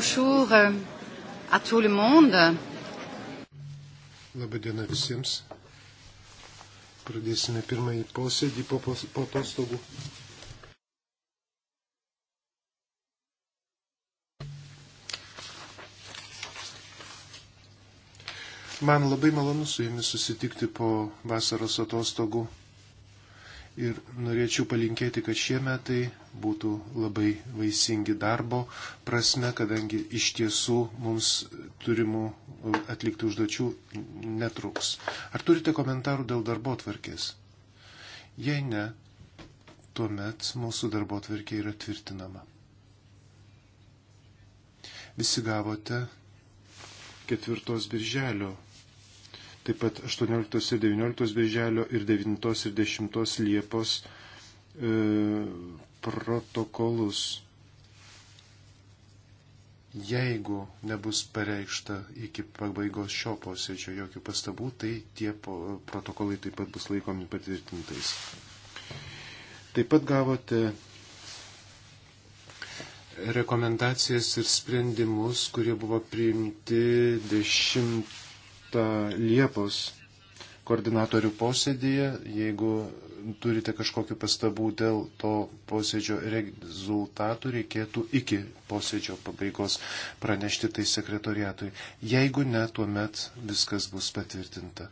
Bonjour euh, à tout le monde. Labadiena visiems. Pradėsime pirmąjį posėdį po, po, po atostogų. Man labai malonu su jumis susitikti po vasaros atostogų ir norėčiau palinkėti, kad šie metai būtų labai vaisingi darbo prasme, kadangi iš tiesų mums turimų atlikti užduočių netruks. Ar turite komentarų dėl darbo tvarkės? Jei ne, tuomet mūsų darbo tvarkė yra tvirtinama. Visi gavote 4 birželio taip pat 18 ir 19 birželio ir 9 ir 10 Liepos e, protokolus. Jeigu nebus pareikšta iki pabaigos šio posėdžio jokių pastabų, tai tie protokolai taip pat bus laikomi patvirtintais. Taip pat gavote rekomendacijas ir sprendimus, kurie buvo priimti 10 Liepos koordinatorių posėdėje. Jeigu turite kažkokiu pastabų dėl to posėdžio rezultatų, reikėtų iki posėdžio pabaigos pranešti tai sekretoriatui. Jeigu ne, tuomet viskas bus patvirtinta.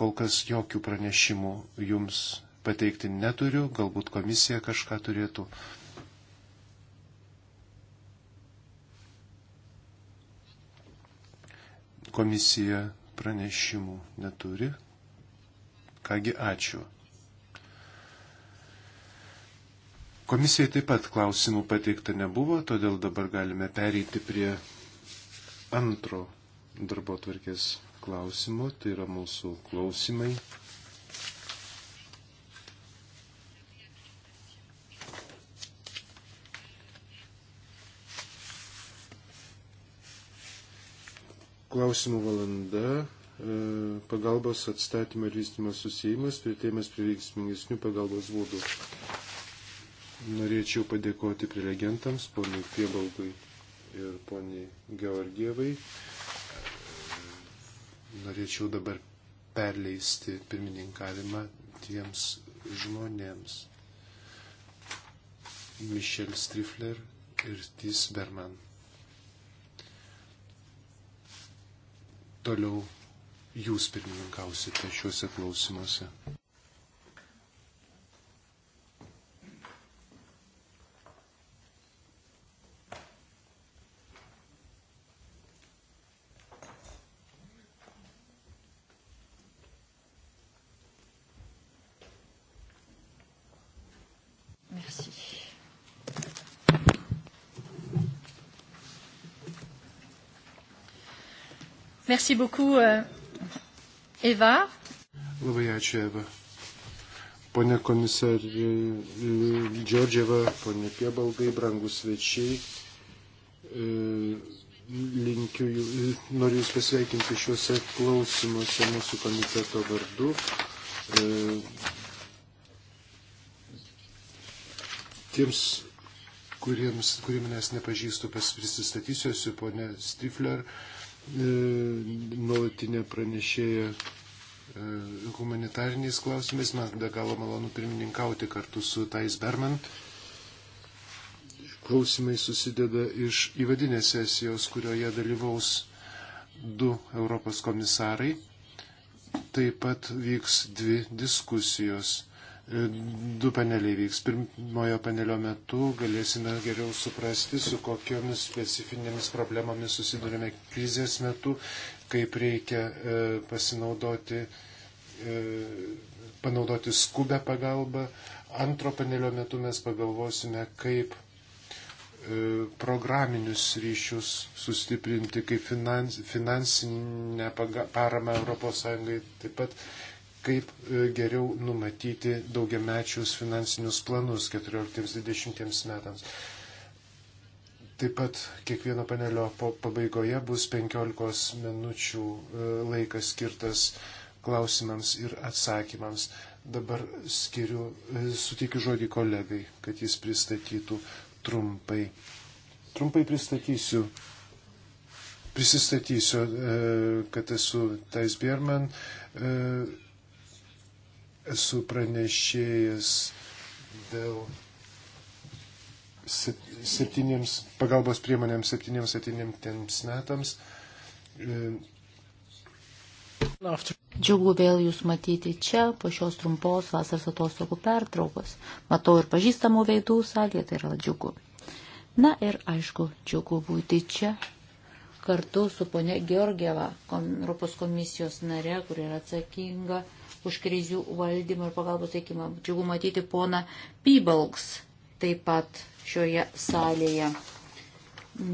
Kol kas jokių pranešimų jums pateikti neturiu, galbūt komisija kažką turėtų. Komisija pranešimų neturi. Kągi, ačiū. Komisijai taip pat klausimų pateikta nebuvo, todėl dabar galime pereiti prie antro darbo tvarkės klausimo, tai yra mūsų klausimai klausimų valanda, e, pagalbos atstatymo ir vystymo susijimas, prieitėjimas prie veiksmingesnių pagalbos būdų. Norėčiau padėkoti prelegentams, poniai Piebaldui ir poniai Georgievai. E, norėčiau dabar perleisti pirmininkavimą tiems žmonėms. Mišel Strifler ir Tis Berman. toliau jūs pirmininkausite šiuose klausimuose. Merci beaucoup, euh, Eva. Labai ačiū, Eva. Pone komisarė Džordževa, pone Piebalgai, brangus svečiai, e, linkiu, e, noriu Jūs pasveikinti šiuose klausimuose mūsų komiteto vardu. E, tiems, kuriems, kurie manęs nepažįstu, prisistatysiu, ponė Stifler. E, E, nuolatinė pranešėja e, humanitariniais klausimais. Man be galo malonu pirmininkauti kartu su Tais Berman. Klausimai susideda iš įvadinės sesijos, kurioje dalyvaus du Europos komisarai. Taip pat vyks dvi diskusijos Du paneliai vyks. Pirmojo panelio metu galėsime geriau suprasti, su kokiomis specifinėmis problemomis susidurime krizės metu, kaip reikia e, pasinaudoti, e, panaudoti skubę pagalbą. Antro panelio metu mes pagalvosime, kaip e, programinius ryšius sustiprinti, kaip finans, finansinę paramą ES, taip pat kaip e, geriau numatyti daugiamečius finansinius planus 14-20 metams. Taip pat kiekvieno panelio pabaigoje bus 15 minučių e, laikas skirtas klausimams ir atsakymams. Dabar skiriu, e, sutikiu žodį kolegai, kad jis pristatytų trumpai. Trumpai pristatysiu. Prisistatysiu, kad esu Tais Bierman, esu pranešėjęs dėl septyniems, pagalbos priemonėms septyniems septynėms metams. E, džiugu vėl jūs matyti čia po šios trumpos vasaros atostogų pertraukos. Matau ir pažįstamų veidų, sakė, tai yra džiugu. Na ir aišku, džiugu būti čia kartu su ponė Georgieva, Europos komisijos nare, kur yra atsakinga už krizių valdymą ir pagalbos teikimą. Džiugu matyti poną Pybalks taip pat šioje salėje.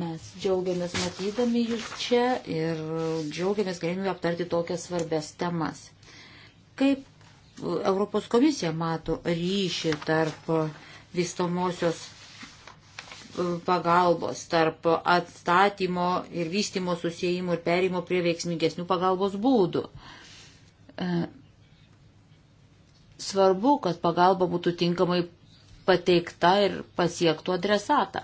Mes džiaugiamės matydami jūs čia ir džiaugiamės galimybę aptarti tokias svarbės temas. Kaip Europos komisija mato ryšį tarp vystomosios e, pagalbos, tarp atstatymo ir vystimo susijimo ir perimo prie veiksmingesnių pagalbos būdų? E, Svarbu, kad pagalba būtų tinkamai pateikta ir pasiektų adresatą.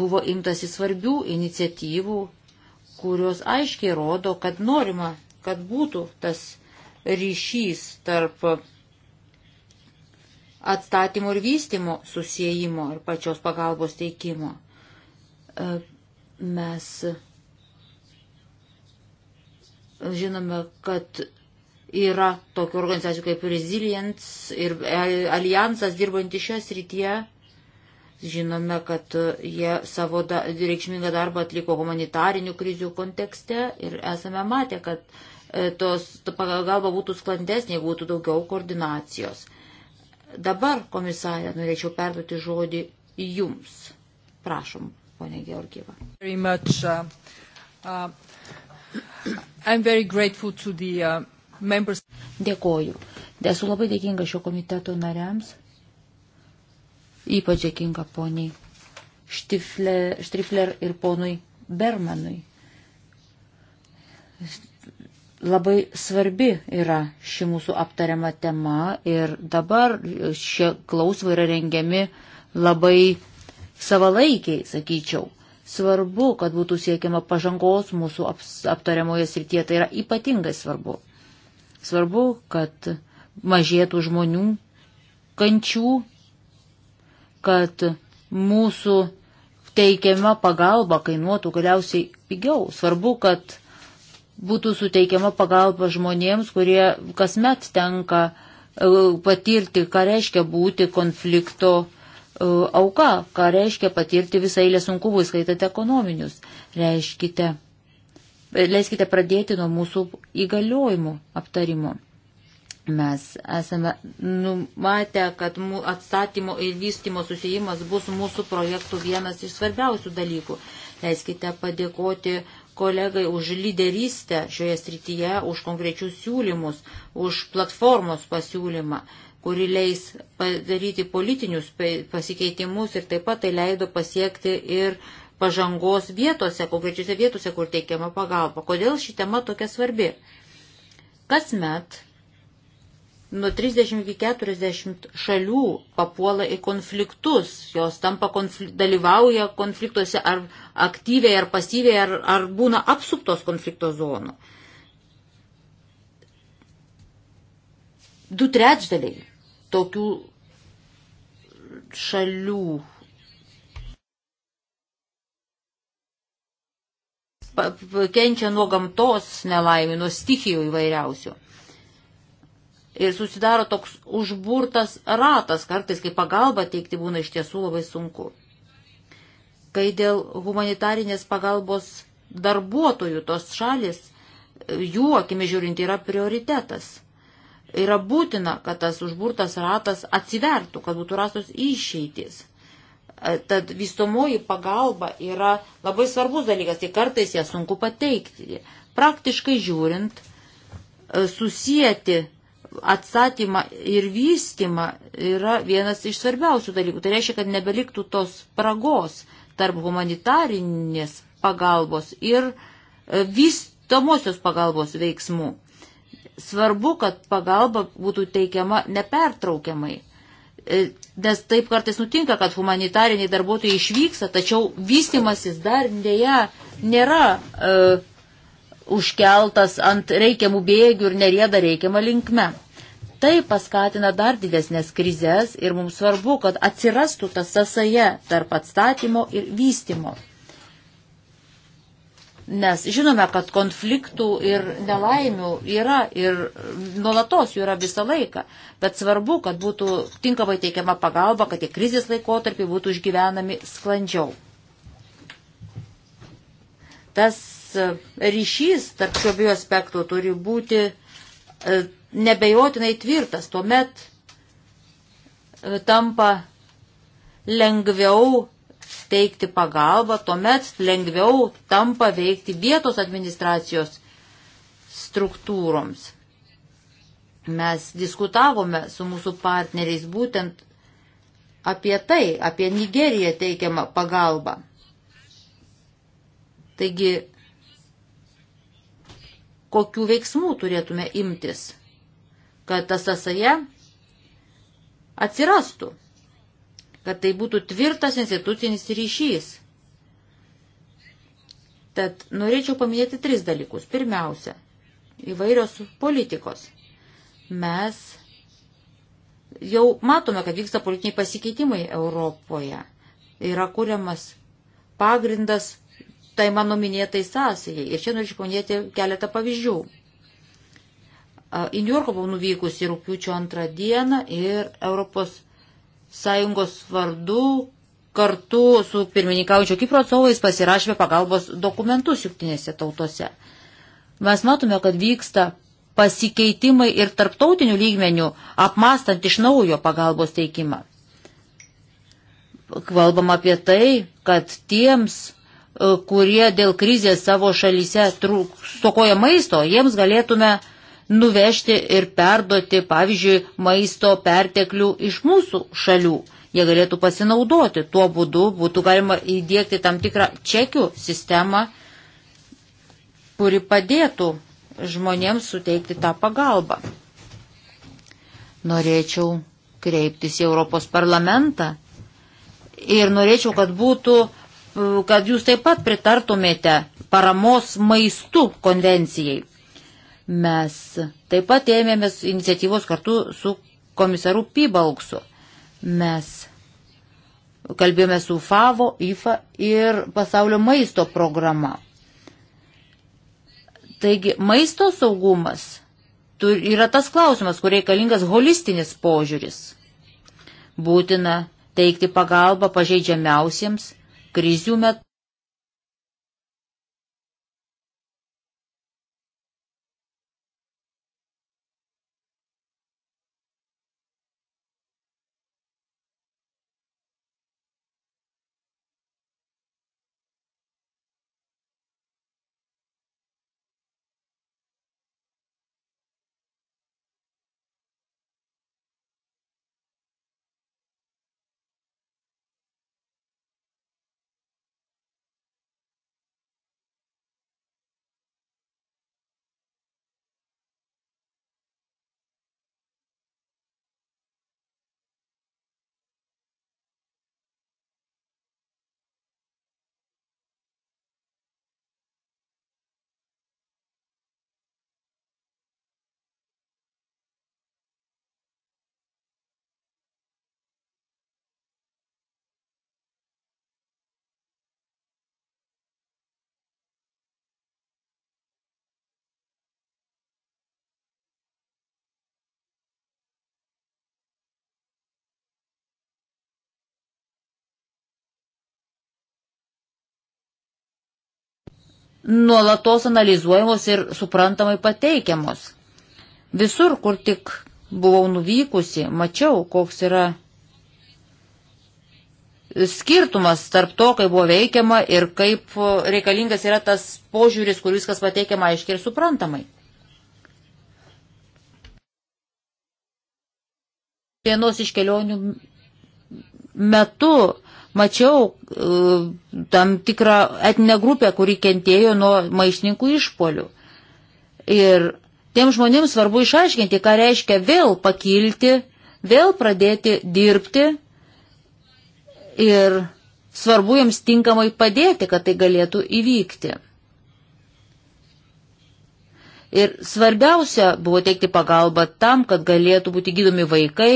Buvo imtasi svarbių iniciatyvų, kurios aiškiai rodo, kad norima, kad būtų tas ryšys tarp atstatymo ir vystimo susijimo ir pačios pagalbos teikimo. E, mes žinome, kad Yra tokių organizacijų kaip Resilience ir Alijansas dirbantys šią srityje. Žinome, kad jie savo da, reikšmingą darbą atliko humanitarinių krizių kontekste ir esame matę, kad e, tos pagalba būtų sklandesnė, jeigu būtų daugiau koordinacijos. Dabar, komisarė, norėčiau perduoti žodį jums. Prašom, ponė Georgieva. Very much, uh, uh, I'm very grateful to the uh, members. Dėkoju. Esu labai dėkinga šio komiteto nariams, ypač dėkinga poniai Štifler, Štrifler ir ponui Bermanui. Labai svarbi yra ši mūsų aptariama tema ir dabar šie klausimai yra rengiami labai savalaikiai, sakyčiau. Svarbu, kad būtų siekiama pažangos mūsų aptariamoje srityje, tai yra ypatingai svarbu. Svarbu, kad mažėtų žmonių kančių, kad mūsų teikiama pagalba kainuotų galiausiai pigiau. Svarbu, kad būtų suteikiama pagalba žmonėms, kurie kasmet tenka e, patirti, ką reiškia būti konflikto e, auka, ką reiškia patirti visą eilę sunkumų, skaitant ekonominius. Reiškite Leiskite pradėti nuo mūsų įgaliojimų aptarimo. Mes esame numatę, kad atstatymo ir vystimo susijimas bus mūsų projektų vienas iš svarbiausių dalykų. Leiskite padėkoti kolegai už lyderystę šioje srityje, už konkrečius siūlymus, už platformos pasiūlymą, kuri leis padaryti politinius pasikeitimus ir taip pat tai leido pasiekti ir uh, pažangos vietose, konkrečiose vietose, kur teikiama pagalba. Kodėl ši tema tokia svarbi? Kasmet nuo 30 iki 40 šalių papuola į konfliktus, jos tampa konflik, dalyvauja konfliktuose ar aktyviai, ar pasyviai, ar, ar būna apsuptos konflikto zonų. Du trečdaliai tokių šalių kenčia nuo gamtos nelaimių, nuo stichijų įvairiausių. Ir susidaro toks užburtas ratas, kartais kai pagalba teikti būna iš tiesų labai sunku. Kai dėl humanitarinės pagalbos darbuotojų tos šalis, jų akimi žiūrint, yra prioritetas. Yra būtina, kad tas užburtas ratas atsivertų, kad būtų rastos išeitis. E, tad vystomoji pagalba yra labai svarbus dalykas, tik kartais ją sunku pateikti. Praktiškai žiūrint, e, susijęti atsatymą ir vystimą yra vienas iš svarbiausių dalykų. Tai reiškia, kad nebeliktų tos spragos tarp humanitarinės pagalbos ir e, vystomosios pagalbos veiksmų. Svarbu, kad pagalba būtų teikiama nepertraukiamai E, nes taip kartais nutinka, kad humanitariniai darbuotojai išvyksta, tačiau vystimasis dar dėja nėra e, užkeltas ant reikiamų bėgių ir nerėda reikiamą linkme. Tai paskatina dar didesnės krizės ir mums svarbu, kad atsirastų ta sąsaja tarp atstatymo ir vystimo. Nes žinome, kad konfliktų ir nelaimių yra ir nuolatos jų yra visą laiką, bet svarbu, kad būtų tinkamai teikiama pagalba, kad tie krizės laikotarpiai būtų išgyvenami sklandžiau. Tas e, ryšys tarp šio abiejų aspektų turi būti e, nebejotinai tvirtas, tuomet e, tampa lengviau teikti pagalbą, tuomet lengviau tampa veikti vietos administracijos struktūroms. Mes diskutavome su mūsų partneriais būtent apie tai, apie Nigeriją teikiamą pagalbą. Taigi, kokių veiksmų turėtume imtis, kad tas sąsaja atsirastų kad tai būtų tvirtas institucinis ryšys. Tad norėčiau paminėti tris dalykus. Pirmiausia, įvairios politikos. Mes jau matome, kad vyksta politiniai pasikeitimai Europoje. Yra kuriamas pagrindas tai mano minėtai sąsajai. Ir čia norėčiau paminėti keletą pavyzdžių. Į Niujorką buvau nuvykusi rūpiučio antrą dieną ir Europos sąjungos vardu kartu su pirmininkaujančio Kipro atstovais pasirašėme pagalbos dokumentus jungtinėse tautose. Mes matome, kad vyksta pasikeitimai ir tarptautinių lygmenių, apmastant iš naujo pagalbos teikimą. Kalbam apie tai, kad tiems, e, kurie dėl krizės savo šalyse stokoja maisto, jiems galėtume uh, nuvežti ir perduoti, pavyzdžiui, maisto perteklių iš mūsų šalių. Jie galėtų pasinaudoti. Tuo būdu būtų galima įdėkti tam tikrą čekių sistemą, kuri padėtų žmonėms suteikti tą pagalbą. Norėčiau kreiptis į Europos parlamentą ir norėčiau, kad būtų, kad jūs taip pat pritartumėte paramos maistu konvencijai. Mes taip pat ėmėmės iniciatyvos kartu su komisaru Pybalksu. Mes kalbėjome su FAVO, IFA ir pasaulio maisto programa. Taigi maisto saugumas yra tas klausimas, kur reikalingas holistinis požiūris. Būtina teikti pagalbą pažeidžiamiausiems krizių metu. nuolatos analizuojamos ir suprantamai pateikiamos. Visur, kur tik buvau nuvykusi, mačiau, koks yra skirtumas tarp to, kaip buvo veikiama ir kaip reikalingas yra tas požiūris, kur viskas pateikiama aiškiai ir suprantamai. Vienos iš kelionių metu mačiau e, tam tikrą etinę grupę, kuri kentėjo nuo maišninkų išpolių. Ir tiem žmonėms svarbu išaiškinti, ką reiškia vėl pakilti, vėl pradėti dirbti ir svarbu jiems tinkamai padėti, kad tai galėtų įvykti. Ir svarbiausia buvo teikti pagalbą tam, kad galėtų būti gydomi vaikai,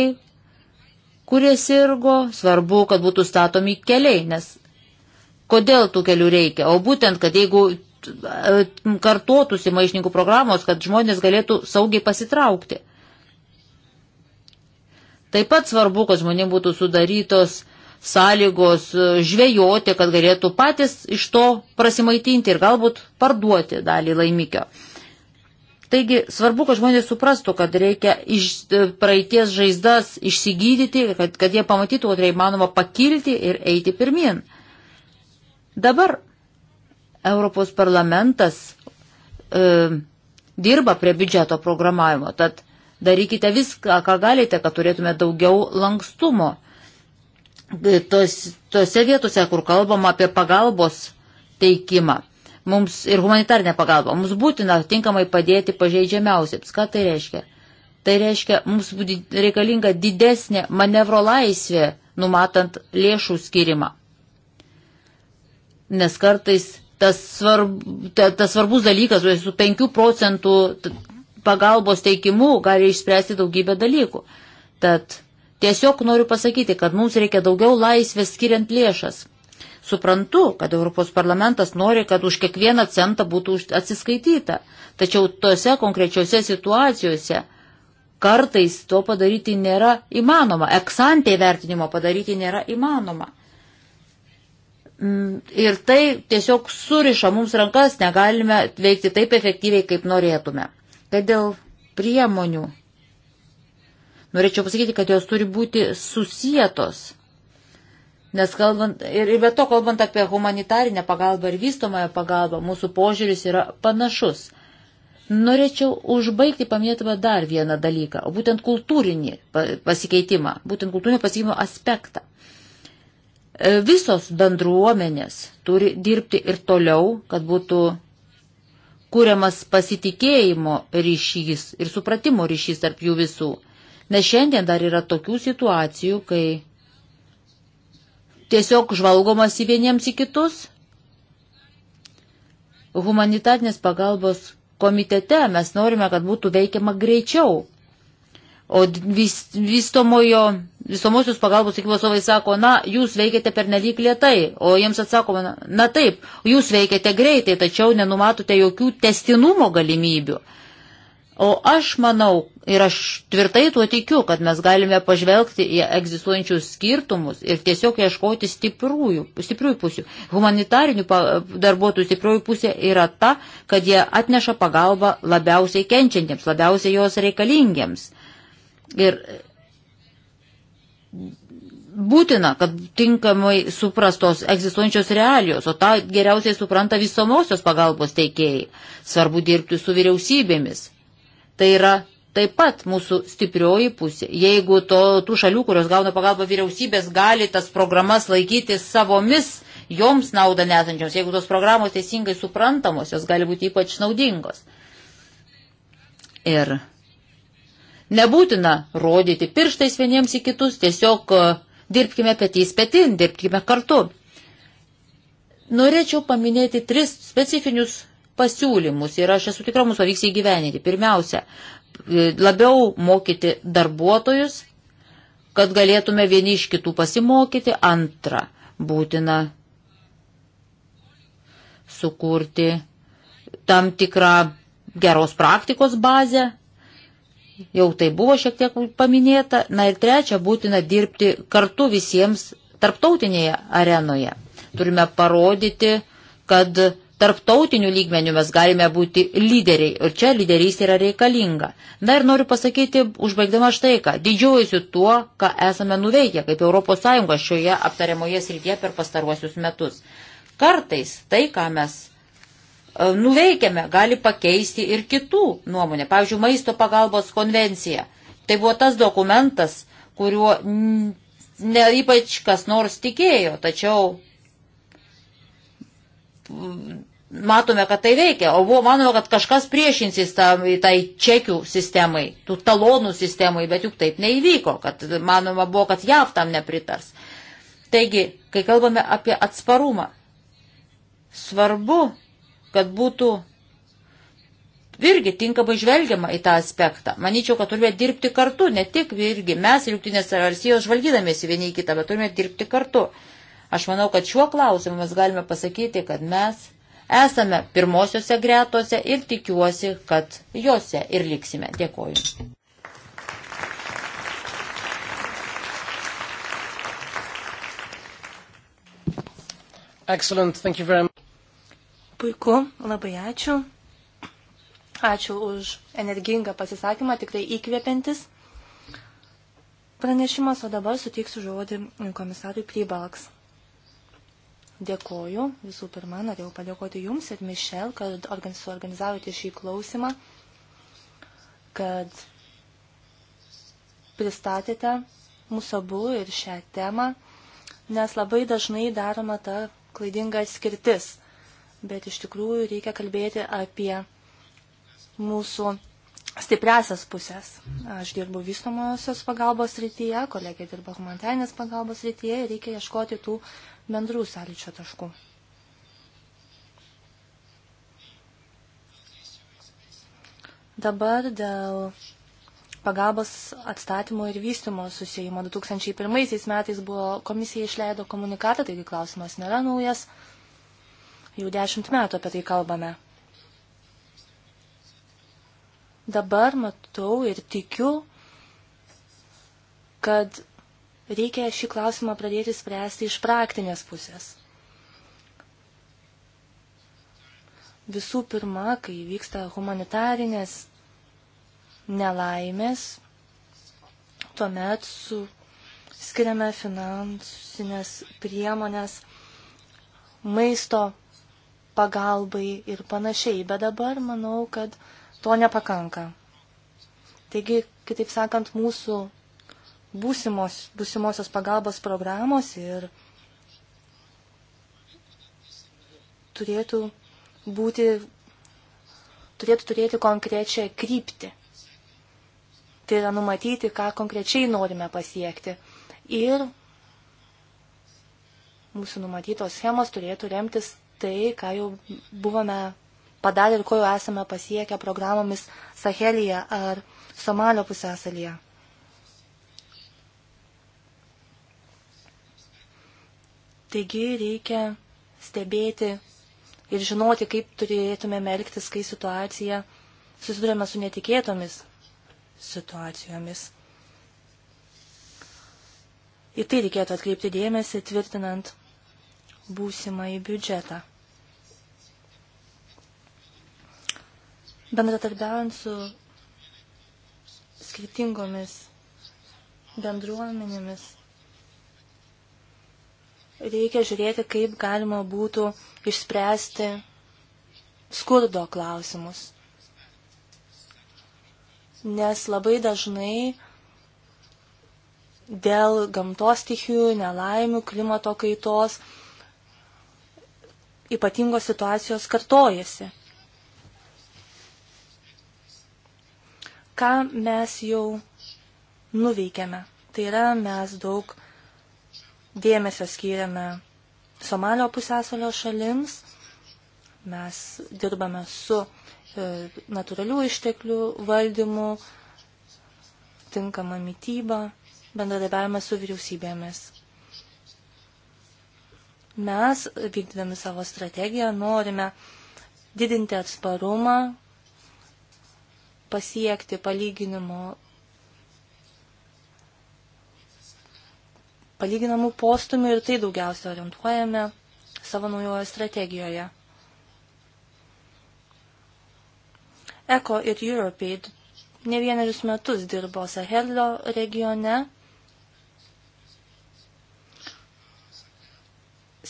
kurie sirgo, svarbu, kad būtų statomi keliai, nes kodėl tų kelių reikia? O būtent, kad jeigu e, kartuotųsi maišininkų programos, kad žmonės galėtų saugiai pasitraukti. Taip pat svarbu, kad žmonėms būtų sudarytos sąlygos e, žvejoti, kad galėtų patys iš to prasimaitinti ir galbūt parduoti dalį laimikio. Taigi svarbu, kad žmonės suprastų, kad reikia iš e, praeities žaizdas išsigydyti, kad, kad jie pamatytų, kad yra įmanoma pakilti ir eiti pirmin. Dabar Europos parlamentas e, dirba prie biudžeto programavimo, tad darykite viską, ką galite, kad turėtume daugiau lankstumo. E, tos, tose vietose, kur kalbama apie pagalbos teikimą mums ir humanitarnė pagalba, mums būtina tinkamai padėti pažeidžiamiausiams. Ką tai reiškia? Tai reiškia, mums reikalinga didesnė manevro laisvė, numatant lėšų skirimą. Nes kartais tas, svarb, ta, tas svarbus dalykas, su 5 procentų pagalbos teikimu gali išspręsti daugybę dalykų. Tad tiesiog noriu pasakyti, kad mums reikia daugiau laisvės skiriant lėšas. Suprantu, kad Europos parlamentas nori, kad už kiekvieną centą būtų atsiskaityta, tačiau tose konkrečiose situacijose kartais to padaryti nėra įmanoma, eksantė vertinimo padaryti nėra įmanoma. Mm, ir tai tiesiog suriša mums rankas, negalime veikti taip efektyviai, kaip norėtume. Tai dėl priemonių. Norėčiau pasakyti, kad jos turi būti susijėtos Nes kalbant, ir be to kalbant apie humanitarinę pagalbą ir vystomąją pagalbą, mūsų požiūris yra panašus. Norėčiau užbaigti paminėtume dar vieną dalyką, o būtent kultūrinį pasikeitimą, būtent kultūrinio pasikeitimo aspektą. E, visos bendruomenės turi dirbti ir toliau, kad būtų kuriamas pasitikėjimo ryšys ir supratimo ryšys tarp jų visų. Nes šiandien dar yra tokių situacijų, kai tiesiog žvalgomas į vieniems į kitus. Humanitarnės pagalbos komitete mes norime, kad būtų veikiama greičiau. O vis, vystomojo, visomosios pagalbos ekipos savai sako, na, jūs veikiate per nelik lietai, o jiems atsakoma, na, na taip, jūs veikiate greitai, tačiau nenumatote jokių testinumo galimybių. O aš manau, ir aš tvirtai tuo tikiu, kad mes galime pažvelgti į egzistuojančius skirtumus ir tiesiog ieškoti stipriųjų, stipriųjų pusių. Humanitarinių darbuotojų stipriųjų pusė yra ta, kad jie atneša pagalbą labiausiai kenčiantiems, labiausiai jos reikalingiems. Ir būtina, kad tinkamai suprastos egzistuojančios realijos, o tą geriausiai supranta visomosios pagalbos teikėjai. Svarbu dirbti su vyriausybėmis. Tai yra taip pat mūsų stiprioji pusė. Jeigu to, tų šalių, kurios gauna pagalbą vyriausybės, gali tas programas laikyti savomis joms naudą nesančios, jeigu tos programos teisingai suprantamos, jos gali būti ypač naudingos. Ir nebūtina rodyti pirštais vieniems į kitus, tiesiog e, dirbkime petys petin, dirbkime kartu. Norėčiau paminėti tris specifinius pasiūlymus ir aš esu tikra, mums pavyks įgyveninti. Pirmiausia, e, labiau mokyti darbuotojus, kad galėtume vieni iš kitų pasimokyti. Antra, būtina sukurti tam tikrą geros praktikos bazę. Jau tai buvo šiek tiek paminėta. Na ir trečia, būtina dirbti kartu visiems tarptautinėje arenoje. Turime parodyti, kad tarptautiniu lygmeniu mes galime būti lyderiai ir čia lyderystė yra reikalinga. Na ir noriu pasakyti, užbaigdama štai ką, didžiuojusiu tuo, ką esame nuveikę kaip ES šioje aptariamoje srityje per pastaruosius metus. Kartais tai, ką mes e, nuveikėme, gali pakeisti ir kitų nuomonę. Pavyzdžiui, maisto pagalbos konvencija. Tai buvo tas dokumentas, kuriuo ne ypač kas nors tikėjo, tačiau matome, kad tai veikia, o buvo manoma, kad kažkas priešinsis tam, tai čekių sistemai, tų talonų sistemai, bet juk taip neįvyko, kad manoma buvo, kad JAV tam nepritars. Taigi, kai kalbame apie atsparumą, svarbu, kad būtų irgi tinkamai žvelgiama į tą aspektą. Manyčiau, kad turime dirbti kartu, ne tik irgi mes, Junktinės valstijos, žvalgydamėsi vieni į kitą, bet turime dirbti kartu. Aš manau, kad šiuo klausimu mes galime pasakyti, kad mes Esame pirmosiose gretose ir tikiuosi, kad juose ir liksime. Dėkoju. Excellent, thank you very much. Puiku, labai ačiū. Ačiū už energingą pasisakymą, tikrai įkvėpiantis pranešimas, o dabar suteiksiu žodį komisarui Prybalks. Dėkoju. Visų pirma, norėjau padėkoti Jums ir Mišel, kad suorganizavote šį klausimą, kad pristatėte mūsų abu ir šią temą, nes labai dažnai daroma ta klaidinga skirtis. Bet iš tikrųjų reikia kalbėti apie mūsų stipriasias pusės. Aš dirbu vystomosios pagalbos rytyje, kolegė dirba humanitarinės pagalbos rytyje ir reikia ieškoti tų bendrų sąlyčio taškų. Dabar dėl pagalbos atstatymo ir vystymo susijimo 2001 metais buvo komisija išleido komunikatą, taigi klausimas nėra naujas. Jau dešimt metų apie tai kalbame. Dabar matau ir tikiu, kad reikia šį klausimą pradėti spręsti iš praktinės pusės. Visų pirma, kai vyksta humanitarinės nelaimės, tuomet su skiriame finansinės priemonės maisto pagalbai ir panašiai, bet dabar manau, kad to nepakanka. Taigi, kitaip sakant, mūsų būsimos, būsimosios pagalbos programos ir turėtų būti, turėtų turėti konkrečią kryptį. Tai yra numatyti, ką konkrečiai norime pasiekti. Ir mūsų numatytos schemos turėtų remtis tai, ką jau buvome padarę ir ko jau esame pasiekę programomis Sahelija ar Somalio pusėsalyje. Taigi reikia stebėti ir žinoti, kaip turėtumėme elgtis, kai situacija susidurėme su netikėtomis situacijomis. Į tai reikėtų atkreipti dėmesį, tvirtinant būsimą į biudžetą. Bendratarbiaujant su skirtingomis bendruomenėmis reikia žiūrėti, kaip galima būtų išspręsti skurdo klausimus. Nes labai dažnai dėl gamtos stichijų, nelaimių, klimato kaitos ypatingos situacijos kartojasi. Ką mes jau nuveikėme? Tai yra mes daug dėmesio skiriame Somalio pusėsalio šalims. Mes dirbame su e, natūralių išteklių valdymu, tinkama mytyba, bendradarbiavime su vyriausybėmis. Mes, vykdydami savo strategiją, norime didinti atsparumą, pasiekti palyginimo palyginamų postumių ir tai daugiausia orientuojame savo naujojo strategijoje. ECO ir Europeid ne vienerius metus dirbo Sahelio regione,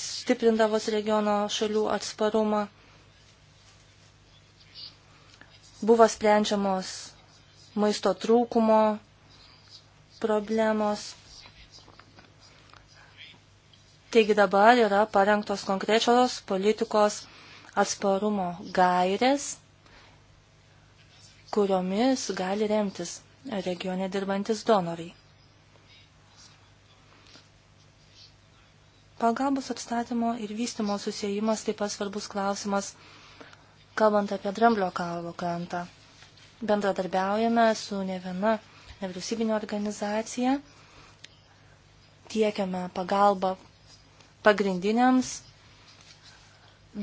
stiprindavos regiono šalių atsparumą, buvo sprendžiamos maisto trūkumo problemos, Taigi dabar yra parengtos konkrečios politikos atsparumo gairės, kuriomis gali remtis regione dirbantis donorai. Pagalbos atstatymo ir vystimo susijimas taip pat svarbus klausimas, kalbant apie Dramblio kalvo krantą. Bendradarbiaujame su ne viena nevyriausybinė organizacija, tiekiame pagalbą pagrindiniams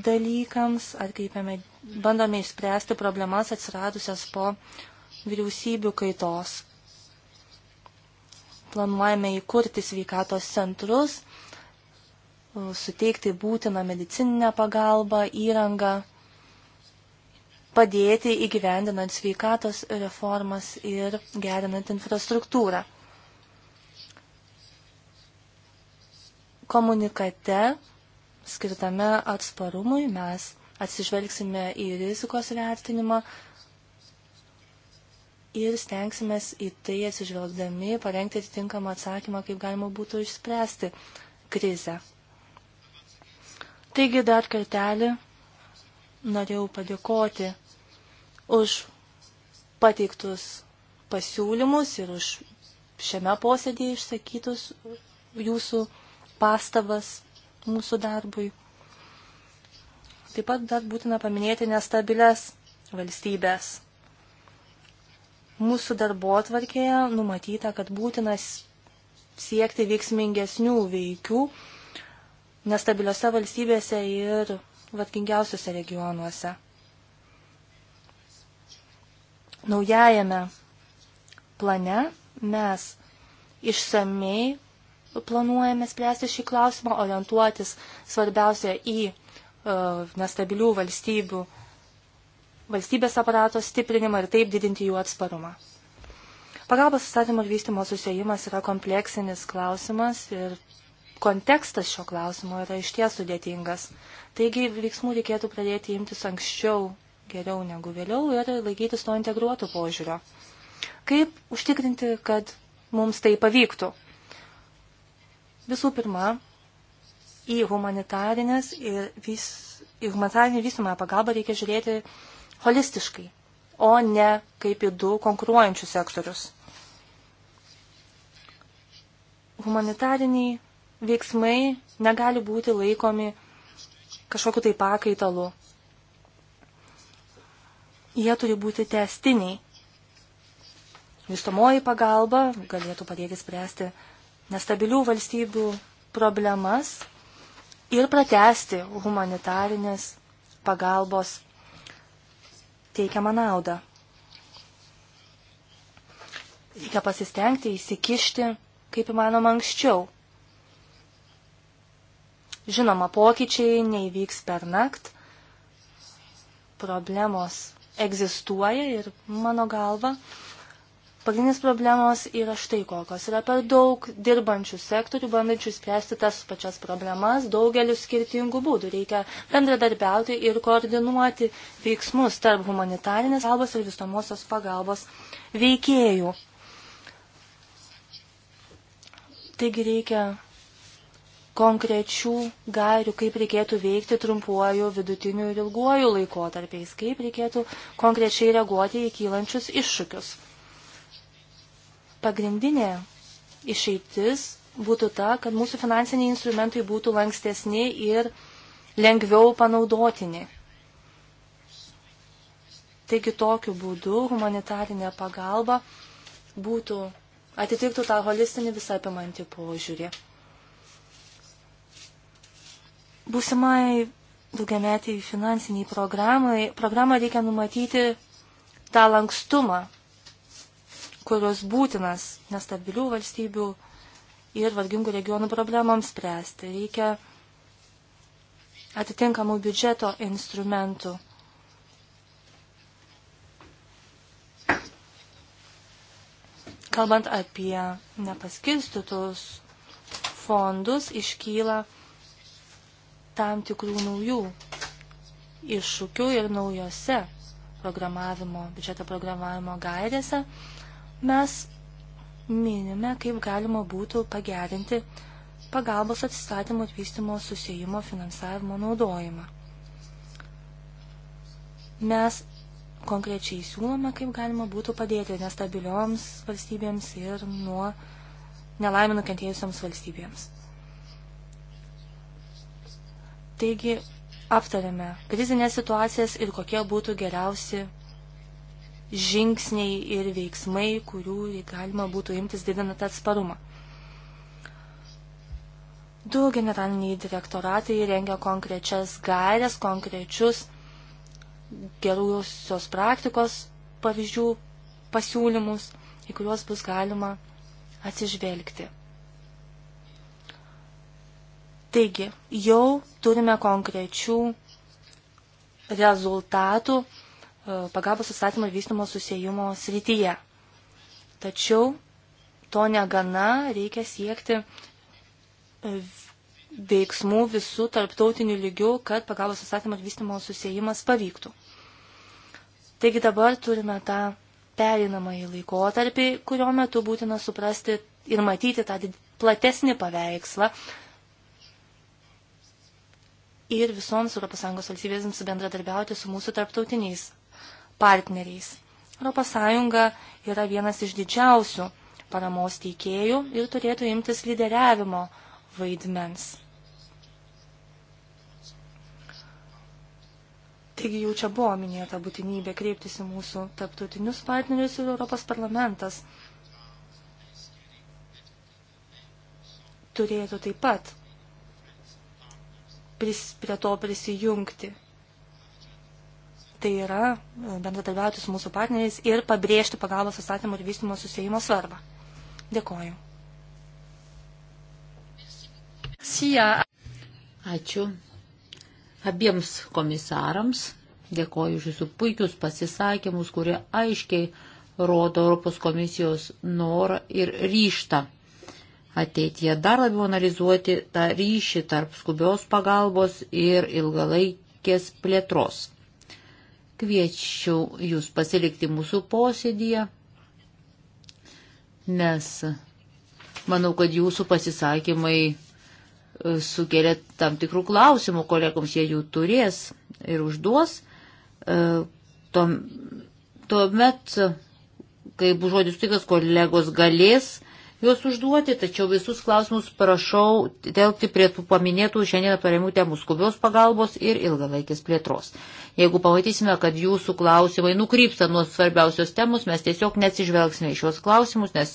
dalykams, atkreipiame, bandome išspręsti problemas atsiradusias po vyriausybių kaitos. Planuojame įkurti sveikatos centrus, suteikti būtiną medicininę pagalbą, įrangą, padėti įgyvendinant sveikatos reformas ir gerinant infrastruktūrą. komunikate skirtame atsparumui mes atsižvelgsime į rizikos vertinimą ir stengsimės į tai atsižvelgdami parengti atitinkamą atsakymą, kaip galima būtų išspręsti krizę. Taigi dar kartelį norėjau padėkoti už pateiktus pasiūlymus ir už šiame posėdėje išsakytus jūsų pastabas mūsų darbui. Taip pat dar būtina paminėti nestabilias valstybės. Mūsų darbo atvarkėje numatyta, kad būtinas siekti veiksmingesnių veikių nestabiliose valstybėse ir vatkingiausiose regionuose. Naujajame plane mes išsamei planuojame spręsti šį klausimą, orientuotis svarbiausia į e, nestabilių valstybių, valstybės aparato stiprinimą ir taip didinti jų atsparumą. Pagalbos įstatymo ir vystymo susijimas yra kompleksinis klausimas ir kontekstas šio klausimo yra išties sudėtingas. Taigi veiksmų reikėtų pradėti imtis anksčiau, geriau negu vėliau ir laikytis to integruoto požiūrio. Kaip užtikrinti, kad mums tai pavyktų? Visų pirma, į, humanitarinės ir vis, į humanitarinį visumą pagalbą reikia žiūrėti holistiškai, o ne kaip į du konkuruojančius sektorius. Humanitariniai veiksmai negali būti laikomi kažkokiu tai pakaitalu. Jie turi būti testiniai. Vystomoji pagalba galėtų padėti spręsti nestabilių valstybių problemas ir pratesti humanitarinės pagalbos teikiamą naudą. Reikia pasistengti įsikišti kaip įmanoma anksčiau. Žinoma, pokyčiai neįvyks per nakt, problemos egzistuoja ir mano galva Pagrindinės problemos yra štai kokios. Yra per daug dirbančių sektorių, bandančių spręsti tas pačias problemas daugeliu skirtingų būdų. Reikia bendradarbiauti ir koordinuoti veiksmus tarp humanitarinės pagalbos ir visomosios pagalbos veikėjų. Taigi reikia konkrečių gairių, kaip reikėtų veikti trumpuoju, vidutiniu ir ilguoju laikotarpiais, kaip reikėtų konkrečiai reaguoti į kylančius iššūkius pagrindinė išeitis būtų ta, kad mūsų finansiniai instrumentai būtų lankstesni ir lengviau panaudotini. Taigi tokiu būdu humanitarinė pagalba būtų atitiktų tą holistinį visą apimantį požiūrį. Būsimai daugiametiai finansiniai programai, programą reikia numatyti tą lankstumą, kurios būtinas nestabilių valstybių ir vargingų regionų problemams spręsti. Reikia atitinkamų biudžeto instrumentų. Kalbant apie nepaskirstytus fondus, iškyla tam tikrų naujų iššūkių ir naujose programavimo, biudžeto programavimo gairėse Mes minime, kaip galima būtų pagerinti pagalbos atsistatymo atvystymo susijimo finansavimo naudojimą. Mes konkrečiai siūlome, kaip galima būtų padėti nestabilioms valstybėms ir nuo nelaimę nukentėjusiams valstybėms. Taigi, aptarėme krizinės situacijas ir kokie būtų geriausi žingsniai ir veiksmai, kurių galima būtų imtis didinant atsparumą. Du generaliniai direktoratai rengia konkrečias gairias, konkrečius gerusios praktikos pavyzdžių pasiūlymus, į kuriuos bus galima atsižvelgti. Taigi, jau turime konkrečių rezultatų pagalbos atstatymo ir vystymo susijimo srityje. Tačiau to negana reikia siekti e, veiksmų visų tarptautinių lygių, kad pagalbos atstatymo ir vystymo susijimas pavyktų. Taigi dabar turime tą pereinamąjį laikotarpį, kurio metu būtina suprasti ir matyti tą platesnį paveikslą ir visoms ES valstybėms bendradarbiauti su mūsų tarptautiniais partneriais. ES yra vienas iš didžiausių paramos teikėjų ir turėtų imtis lyderiavimo vaidmens. Taigi jau čia buvo minėta būtinybė kreiptis į mūsų taptautinius partnerius ir Europos parlamentas turėtų taip pat pris, prie to prisijungti tai yra e, bendradarbiauti su mūsų partneriais ir pabrėžti pagalbos atstatymo ir vystymo susijimo svarbą. Dėkoju. Ačiū abiems komisarams. Dėkoju už jūsų puikius pasisakymus, kurie aiškiai rodo Europos komisijos norą ir ryštą ateityje dar labiau analizuoti tą ryšį tarp skubios pagalbos ir ilgalaikės plėtros. Kviečiu jūs pasilikti mūsų posėdėje, nes manau, kad jūsų pasisakymai e, sukelia tam tikrų klausimų kolegoms, jie jų turės ir užduos. E, tuomet, kai bus žodis tikas, kolegos galės juos užduoti, tačiau visus klausimus prašau telkti prie tų paminėtų šiandien aptariamų temų skubios pagalbos ir ilgalaikės plėtros. Jeigu pamatysime, kad jūsų klausimai nukrypsta nuo svarbiausios temos, mes tiesiog neatsižvelgsime į šios klausimus, nes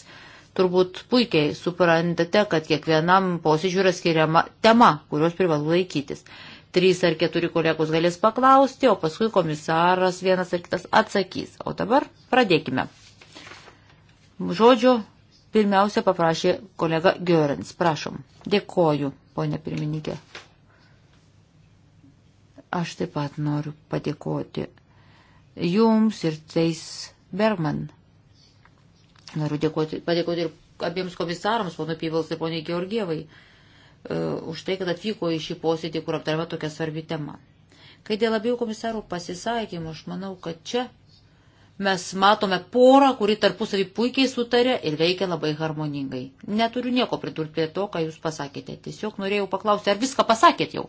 turbūt puikiai suprantate, kad kiekvienam posėdžiui yra skiriama tema, kurios privalu laikytis. Trys ar keturi kolegos galės paklausti, o paskui komisaras vienas ar kitas atsakys. O dabar pradėkime. Žodžio Pirmiausia paprašė kolega Görens. Prašom. Dėkoju, ponė pirmininkė. Aš taip pat noriu padėkoti jums ir tais Bergman. Noriu dėkoti, padėkoti ir abiems komisarams, ponui Pyvals ir poniai Georgievai, e, už tai, kad atvyko į šį posėdį, kur aptarėme tokią svarbi tema. Kai dėl abiejų komisarų pasisakymų, aš manau, kad čia mes matome porą, kuri tarpusavį puikiai sutarė ir veikia labai harmoningai. Neturiu nieko pridurti prie to, ką jūs pasakėte. Tiesiog norėjau paklausti, ar viską pasakėt jau.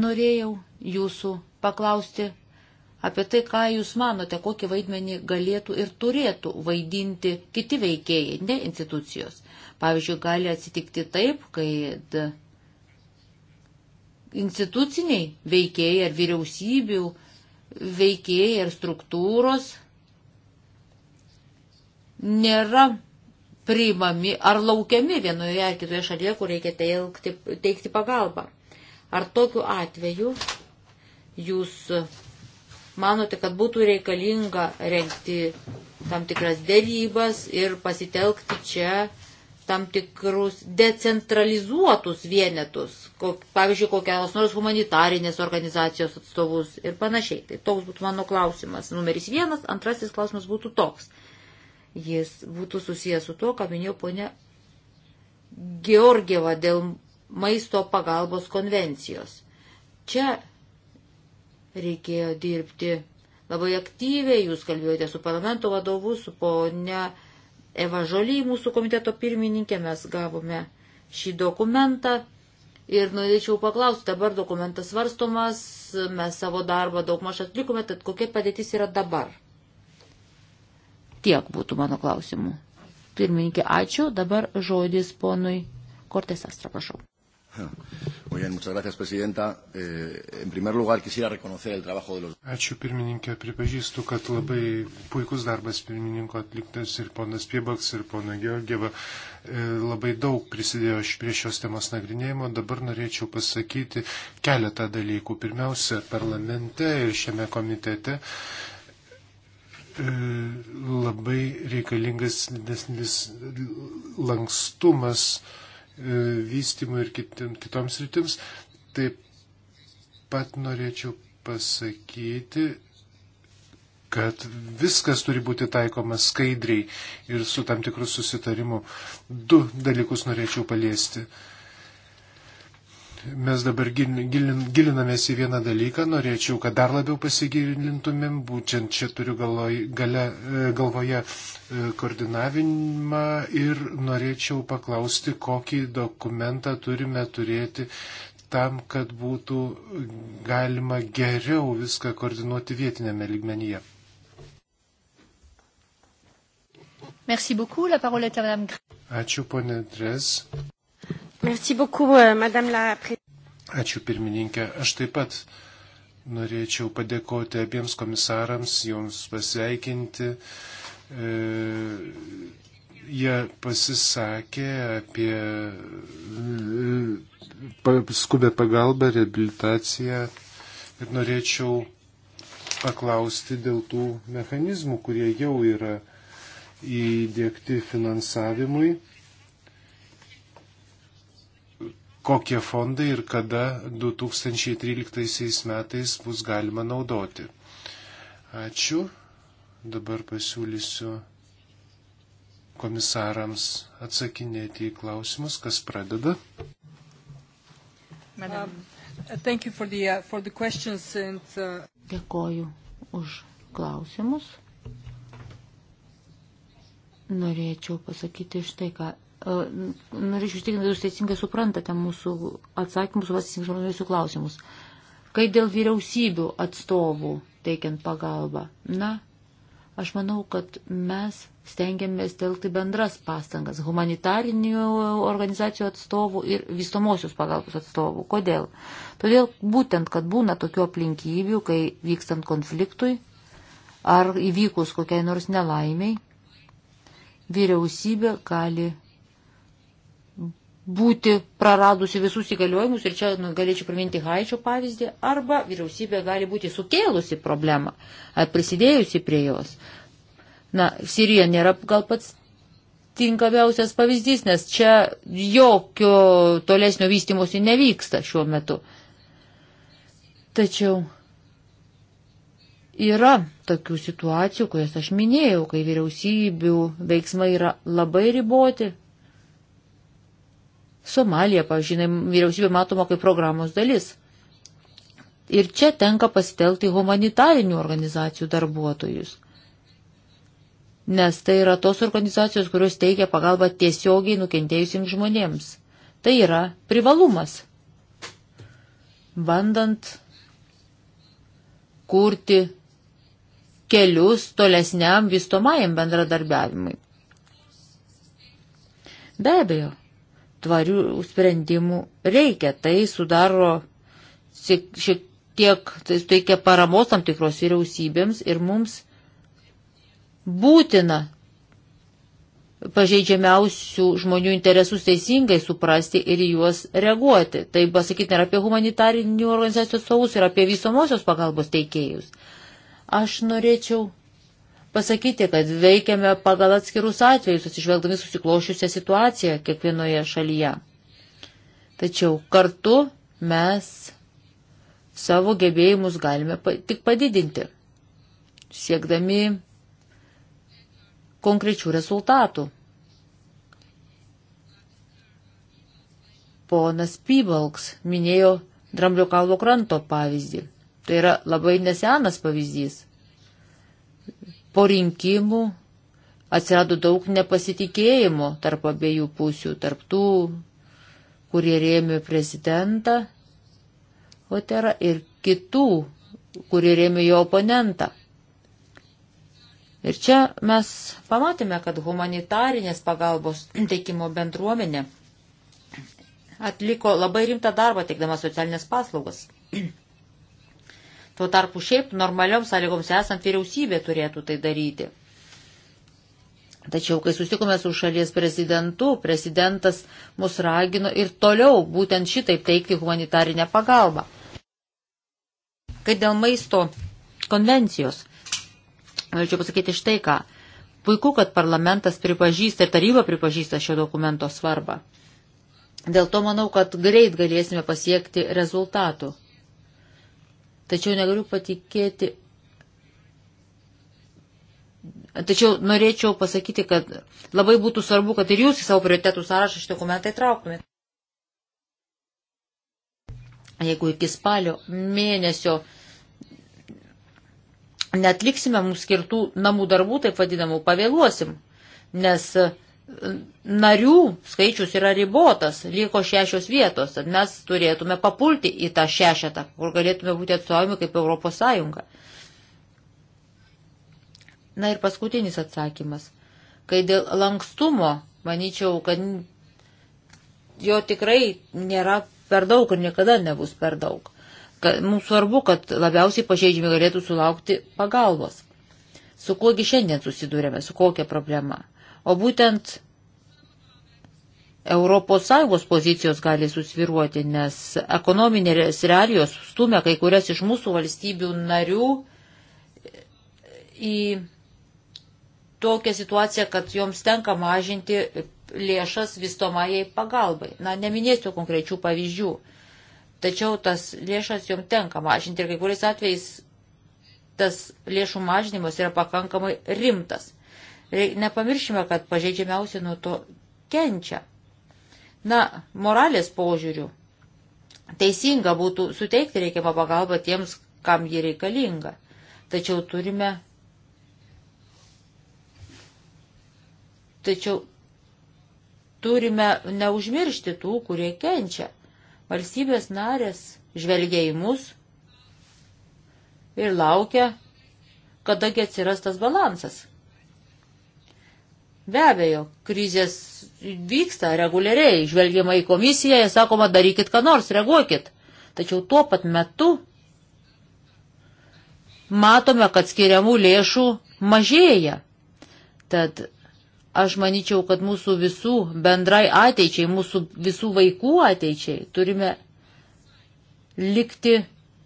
Norėjau jūsų paklausti apie tai, ką jūs manote, kokį vaidmenį galėtų ir turėtų vaidinti kiti veikėjai, ne institucijos. Pavyzdžiui, gali atsitikti taip, kad instituciniai veikėjai ar vyriausybių veikėjai ir struktūros nėra priimami ar laukiami vienoje ar kitoje šalyje, kur reikia teikti, teikti pagalbą. Ar tokiu atveju jūs manote, kad būtų reikalinga renkti tam tikras dėrybas ir pasitelkti čia tam tikrus decentralizuotus vienetus, kok, pavyzdžiui, kokios nors humanitarinės organizacijos atstovus ir panašiai. Tai toks būtų mano klausimas. Numeris vienas, antrasis klausimas būtų toks. Jis būtų susijęs su to, ką minėjo ponė Georgieva dėl maisto pagalbos konvencijos. Čia reikėjo dirbti labai aktyviai, jūs kalbėjote su parlamento vadovu, su ponia. Ne Eva Žoly, mūsų komiteto pirmininkė, mes gavome šį dokumentą ir norėčiau paklausti, dabar dokumentas svarstomas, mes savo darbą daug maž atlikome, tad kokia padėtis yra dabar? Tiek būtų mano klausimų. Pirmininkė, ačiū, dabar žodis ponui Kortės Astra, prašau. Muy bien, muchas gracias, presidenta. Eh, en primer lugar, quisiera reconocer el trabajo de los. Ačiū pirmininkė, pripažįstu, kad labai puikus darbas pirmininko atliktas ir ponas Piebaks, ir pona Georgieva. E, labai daug prisidėjo prie šios temos nagrinėjimo. Dabar norėčiau pasakyti keletą dalykų. Pirmiausia, parlamente ir šiame komitete e, labai reikalingas didesnis lankstumas E, vystimui ir kitoms rytims. Taip pat norėčiau pasakyti, kad viskas turi būti taikoma skaidriai ir su tam tikrus susitarimu. Du dalykus norėčiau paliesti. E, mes dabar gilin, gilinamės į vieną dalyką, norėčiau, kad dar labiau pasigilintumėm, būtent čia turiu galvoj, gale, e, galvoje e, koordinavimą ir norėčiau paklausti, kokį dokumentą turime turėti tam, kad būtų galima geriau viską koordinuoti vietinėme lygmenyje. Merci beaucoup, la parole est à Madame Ačiū, ponė Dres. Beaucoup, euh, la... Ačiū pirmininkė. Aš taip pat norėčiau padėkoti abiems komisarams, joms pasveikinti. E, jie pasisakė apie skubę pagalbą, rehabilitaciją ir norėčiau paklausti dėl tų mechanizmų, kurie jau yra įdėkti finansavimui kokie fondai ir kada 2013 metais bus galima naudoti. Ačiū. Dabar pasiūlysiu komisarams atsakinėti į klausimus, kas pradeda. Madam. Uh, for the, uh, for the and, uh... Dėkoju už klausimus. Norėčiau pasakyti štai, ką Norėčiau užtikrinti, jūs teisingai suprantate mūsų atsakymus, jūsų klausimus. Kai dėl vyriausybių atstovų teikiant pagalbą, na, aš manau, kad mes stengiamės telkti bendras pastangas humanitarinių organizacijų atstovų ir vystomosios pagalbos atstovų. Kodėl? Todėl būtent, kad būna tokių aplinkybių, kai vykstant konfliktui ar įvykus kokiai nors nelaimiai, vyriausybė gali būti praradusi visus įgaliojimus, ir čia nu, galėčiau priminti Haičio pavyzdį, arba vyriausybė gali būti sukėlusi problemą, ar prisidėjusi prie jos. Na, Sirija nėra gal pats tinkamiausias pavyzdys, nes čia jokio tolesnio vystimosi nevyksta šiuo metu. Tačiau yra tokių situacijų, kurias aš minėjau, kai vyriausybių veiksmai yra labai riboti, Somalija, pažinai, vyriausybė matoma kaip programos dalis. Ir čia tenka pasitelkti humanitarinių organizacijų darbuotojus. Nes tai yra tos organizacijos, kurios teikia pagalbą tiesiogiai nukentėjusiems žmonėms. Tai yra privalumas. Bandant kurti kelius tolesniam vystomajam bendradarbiavimui. Be abejo, tvarių sprendimų reikia. Tai sudaro šiek tiek, tai teikia paramos tam tikros vyriausybėms ir mums būtina pažeidžiamiausių žmonių interesus teisingai suprasti ir juos reaguoti. Tai pasakyti ir apie humanitarinių organizacijų savus, ir apie visomosios pagalbos teikėjus. Aš norėčiau pasakyti, kad veikiame pagal atskirus atvejus, atsižvelgdami susiklošiusią situaciją kiekvienoje šalyje. Tačiau kartu mes savo gebėjimus galime tik padidinti, siekdami konkrečių rezultatų. Ponas Pybalks minėjo Dramblio kalvo kranto pavyzdį. Tai yra labai nesenas pavyzdys. Po rinkimų atsirado daug nepasitikėjimo tarp abiejų pusių, tarp tų, kurie rėmė prezidentą Oterą ir kitų, kurie rėmė jo oponentą. Ir čia mes pamatėme, kad humanitarinės pagalbos teikimo bendruomenė atliko labai rimtą darbą teikdama socialinės paslaugas. Tuo tarpu šiaip normalioms sąlygoms esant vyriausybė turėtų tai daryti. Tačiau, kai susitikome su šalies prezidentu, prezidentas mus ragino ir toliau būtent šitaip teikti humanitarinę pagalbą. Kai dėl maisto konvencijos, norėčiau pasakyti štai ką. Puiku, kad parlamentas pripažįsta ir taryba pripažįsta šio dokumento svarbą. Dėl to manau, kad greit galėsime pasiekti rezultatų. Tačiau negaliu patikėti. Tačiau norėčiau pasakyti, kad labai būtų svarbu, kad ir jūs į savo prioritetų sąrašą šitą dokumentą įtrauktumėte. Jeigu iki spalio mėnesio netliksime mums skirtų namų darbų, taip vadinamų, pavėluosim, nes narių skaičius yra ribotas, liko šešios vietos, tad mes turėtume papulti į tą šešetą, kur galėtume būti atstovaujami kaip Europos Sąjunga. Na ir paskutinis atsakymas. Kai dėl lankstumo, manyčiau, kad jo tikrai nėra per daug ir niekada nebus per daug. Kad, mums svarbu, kad labiausiai pažeidžiami galėtų sulaukti pagalbos. Su kuogi šiandien susidūrėme, su kokia problema? o būtent ES pozicijos gali susviruoti, nes ekonominės realijos stumia kai kurias iš mūsų valstybių narių į tokią situaciją, kad joms tenka mažinti lėšas vystomajai pagalbai. Na, neminėsiu konkrečių pavyzdžių, tačiau tas lėšas joms tenka mažinti ir kai kuriais atvejais tas lėšų mažinimas yra pakankamai rimtas. E, Nepamiršime, kad pažeidžiamiausi nuo to kenčia. Na, moralės požiūrių. Teisinga būtų suteikti reikiamą pagalbą tiems, kam ji reikalinga. Tačiau turime. Tačiau turime neužmiršti tų, kurie kenčia. Valstybės narės žvelgia į mus ir laukia, kadagi atsiras tas balansas. Be abejo, krizės vyksta reguliariai, žvelgiama į komisiją, sakoma, darykit ką nors, reaguokit. Tačiau tuo pat metu matome, kad skiriamų lėšų mažėja. Tad aš manyčiau, kad mūsų visų bendrai ateičiai, mūsų visų vaikų ateičiai turime likti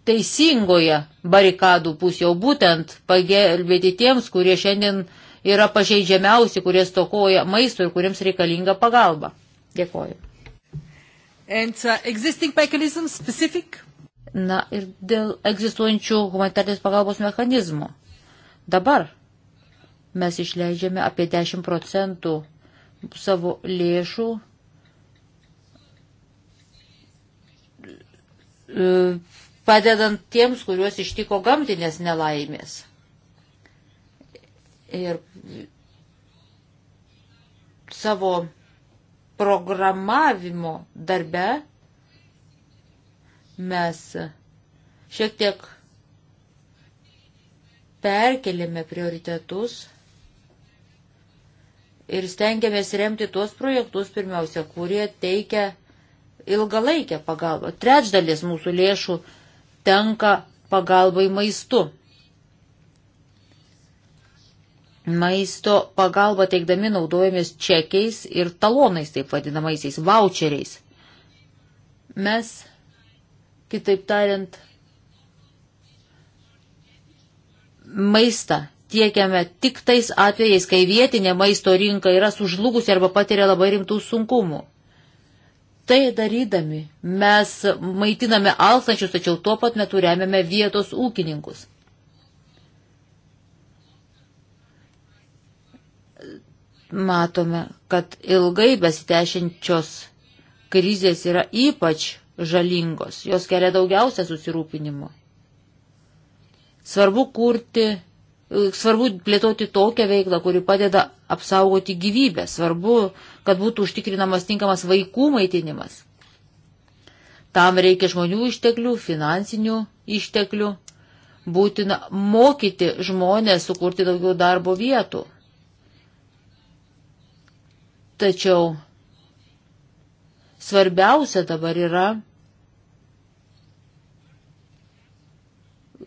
teisingoje barikadų pusėje, būtent pagelbėti tiems, kurie šiandien uh, yra pažeidžiamiausi, kurie stokoja maisto ir kuriems reikalinga pagalba. Dėkoju. And, uh, Na ir dėl egzistuojančių humanitarės pagalbos mechanizmų. Dabar mes išleidžiame apie 10 procentų savo lėšų e, padedant tiems, kuriuos ištiko gamtinės nelaimės. Ir savo programavimo darbe mes šiek tiek perkeliame prioritetus ir stengiamės remti tuos projektus pirmiausia, kurie teikia ilgalaikę pagalbą. Trečdalis mūsų lėšų tenka pagalbai maistu maisto pagalbą teikdami naudojamės čekiais ir talonais, taip vadinamaisiais, voucheriais. Mes, kitaip tariant, maistą tiekiame tik tais atvejais, kai vietinė maisto rinka yra sužlugusi arba patiria labai rimtų sunkumų. Tai darydami mes maitiname alsančius, tačiau tuo pat metu remiame vietos ūkininkus. matome, kad ilgai besitešinčios krizės yra ypač žalingos, jos kelia daugiausia susirūpinimo. Svarbu kurti, svarbu plėtoti tokią veiklą, kuri padeda apsaugoti gyvybę, svarbu, kad būtų užtikrinamas tinkamas vaikų maitinimas. Tam reikia žmonių išteklių, finansinių išteklių, būtina mokyti žmonės sukurti daugiau darbo vietų. Tačiau svarbiausia dabar yra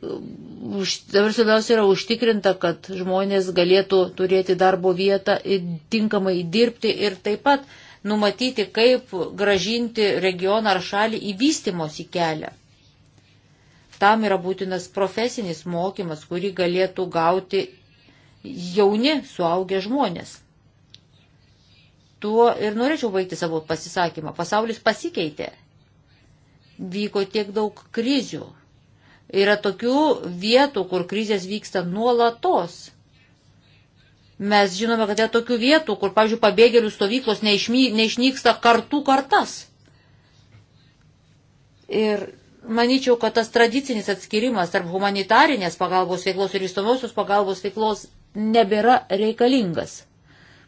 už, dabar svarbiausia yra užtikrinta, kad žmonės galėtų turėti darbo vietą, tinkamai dirbti ir taip pat numatyti, kaip gražinti regioną ar šalį į vystimosi kelią. Tam yra būtinas profesinis mokymas, kurį galėtų gauti jauni suaugę žmonės tuo ir norėčiau baigti savo pasisakymą. Pasaulis pasikeitė. Vyko tiek daug krizių. Yra tokių vietų, kur krizės vyksta nuolatos. Mes žinome, kad yra tokių vietų, kur, pavyzdžiui, pabėgėlių stovyklos neišmy, neišnyksta kartų kartas. Ir manyčiau, kad tas tradicinis atskirimas tarp humanitarinės pagalbos veiklos ir įstomiosios pagalbos veiklos nebėra reikalingas.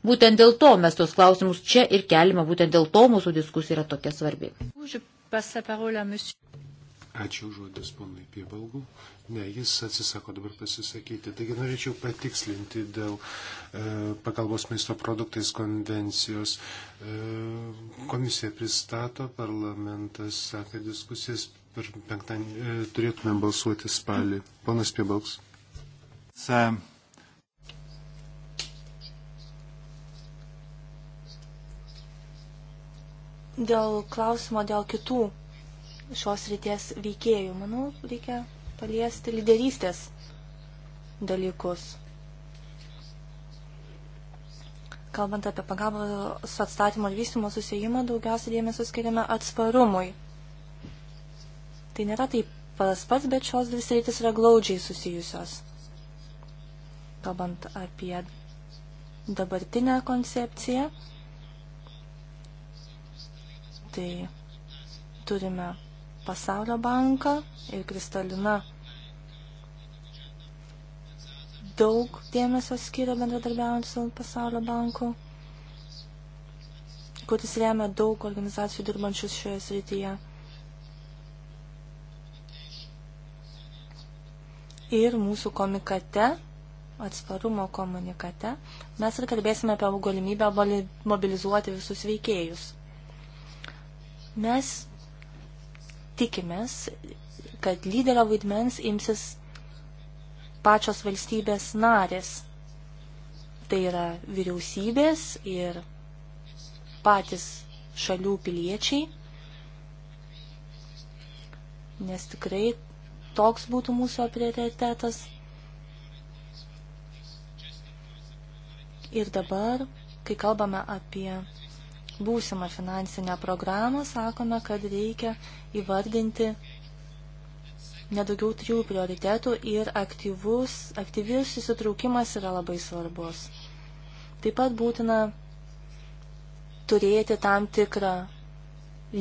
Būtent dėl to mes tos klausimus čia ir kelime, būtent dėl to mūsų diskusija yra tokia svarbi. Ačiū žodis ponui Piebalgų. Ne, jis atsisako dabar pasisakyti. Taigi norėčiau patikslinti dėl e, pagalbos maisto produktais konvencijos. E, komisija pristato, parlamentas sakė diskusijas, per penktadienį e, turėtume balsuoti spalį. Ponas Piebalgs. Sam. Dėl klausimo, dėl kitų šios ryties veikėjų, manau, reikia paliesti lyderystės dalykus. Kalbant apie pagalbą su atstatymo ir vystymo susijimą, daugiausiai dėmesio skiriame atsparumui. Tai nėra taip pas pats, bet šios dvi sritis yra glaudžiai susijusios. Kalbant apie dabartinę koncepciją, Tai turime Pasaulio banką ir Kristalina daug dėmesio skiria bendradarbiaujant su Pasaulio banku, kuris remia daug organizacijų dirbančius šioje srityje. Ir mūsų komikate, atsparumo komunikate, mes ir kalbėsime apie galimybę mobilizuoti visus veikėjus. Mes tikimės, kad lyderio vaidmens imsis pačios valstybės narės. Tai yra vyriausybės ir patys šalių piliečiai, nes tikrai toks būtų mūsų prioritetas. Ir dabar, kai kalbame apie būsimą finansinę programą, sakome, kad reikia įvardinti nedaugiau trijų prioritetų ir aktyvus, aktyvius įsitraukimas yra labai svarbus. Taip pat būtina turėti tam tikrą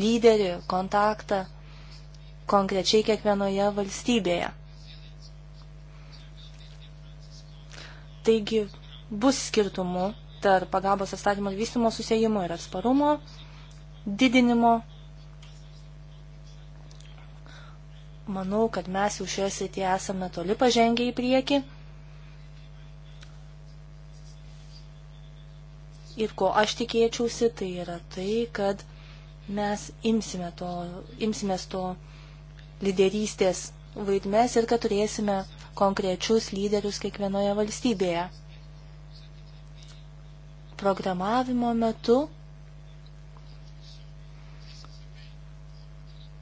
lyderį, kontaktą konkrečiai kiekvienoje valstybėje. Taigi bus skirtumų tarp pagalbos atstatymo vystymo susijimo ir atsparumo didinimo. Manau, kad mes jau šioje srityje esame toli pažengę į priekį. Ir ko aš tikėčiausi, tai yra tai, kad mes imsime to, imsimės to lyderystės vaidmes ir kad turėsime konkrečius lyderius kiekvienoje valstybėje programavimo metu.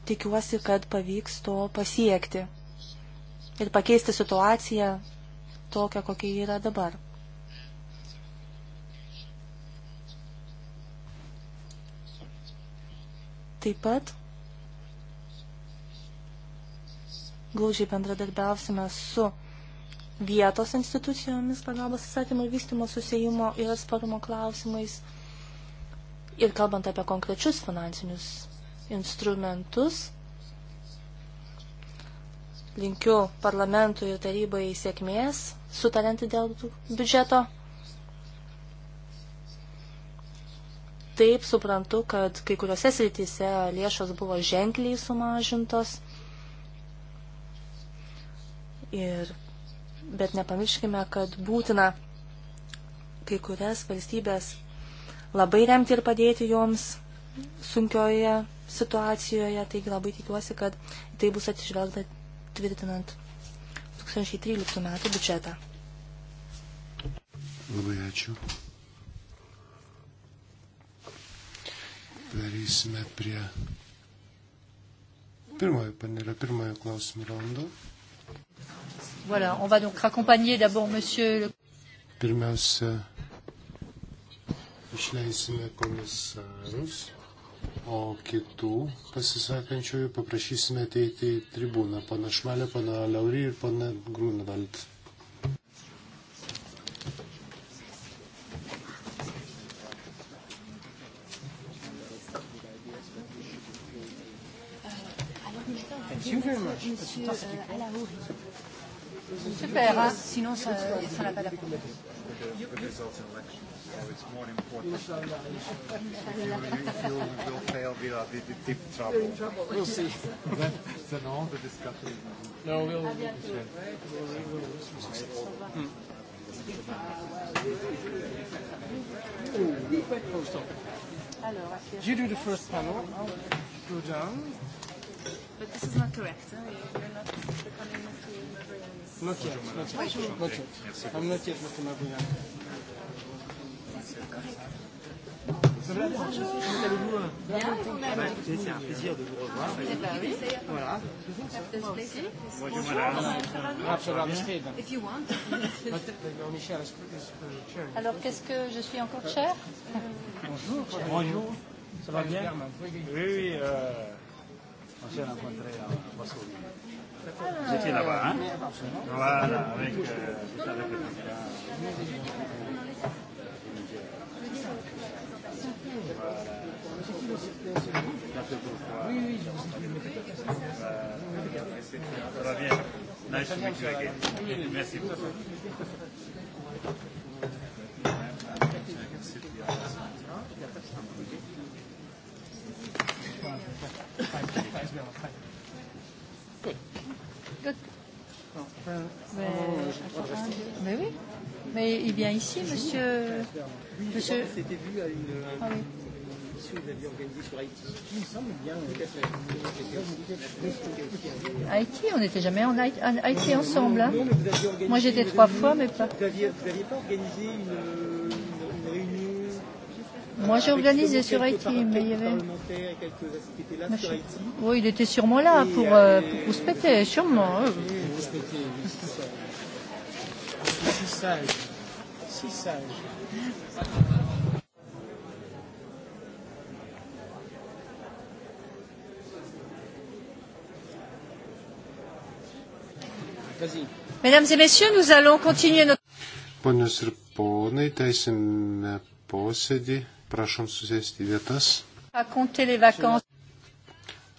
Tikiuosi, kad pavyks to pasiekti ir pakeisti situaciją tokią, kokia yra dabar. Taip pat glaužiai bendradarbiausime su vietos institucijomis pagalbos įstatymo vystymo susijimo ir atsparumo klausimais. Ir kalbant apie konkrečius finansinius instrumentus, linkiu parlamentui ir tarybai sėkmės, sutariant dėl biudžeto. Taip suprantu, kad kai kuriuose srityse lėšos buvo ženkliai sumažintos ir bet nepamirškime, kad būtina kai kurias valstybės labai remti ir padėti joms sunkioje situacijoje, taigi labai tikiuosi, kad tai bus atsižvelgta tvirtinant 2013 metų biudžetą. Labai ačiū. Pereisime prie pirmojo panelio, pirmojo klausimų raundo. Voilà, on va donc raccompagner d'abord monsieur le... Pirmiausia, išleisime komisarus, o kitų pasisakančiųjų paprašysime ateiti į tribūną. Pana Šmalė, pana Laurį ir pana Grunvald. Thank you very much. Monsieur, euh, Super, hein sinon ça, ça n'a pas la peine. We'll see. then, then all the discussion. No, we'll. we'll, we'll, we'll You do the first panel. Go down. But this is not correct. Huh? You're not becoming. Not yet. Not yet. Not yet. I'm not yet, Mr. Mavouya. Bonjour. Comment allez-vous Bien, vous-même. C'est un plaisir de vous revoir. Eh ben oui. Voilà. Bonjour. If you want. Alors, qu'est-ce que je suis encore chair Bonjour. Bonjour. Ça va bien Oui, oui. Euh, on s'est rencontrés à Varsovie. Vous étiez là-bas, hein Voilà, avec. Euh, avec le... Voilà. Oui, oui, je Ça va bien. Nice to meet you again. Merci beaucoup. Thank you. Mais, mais oui. Mais il vient ici, monsieur. Oui, monsieur... C'était vu à une. Euh, ah oui. Sur, sur Haïti. Il me semble bien. Haïti, on n'était jamais en Haïti, en Haïti ensemble. Non, hein. non, mais vous aviez organisé, Moi j'étais trois fois, mais pas. Vous n'aviez pas organisé une euh, Moi, j'ai organisé sur Haïti, mais il y avait. Mais je... Oui, il était sûrement là et, pour, euh, euh pour Ouspeté, sûrement. Oui. Ouspeté, oui, c'est sage. C'est sage. Mesdames et messieurs, nous allons continuer notre. Ponios ir ponai, teisime posėdį. Prašom susėsti vietas.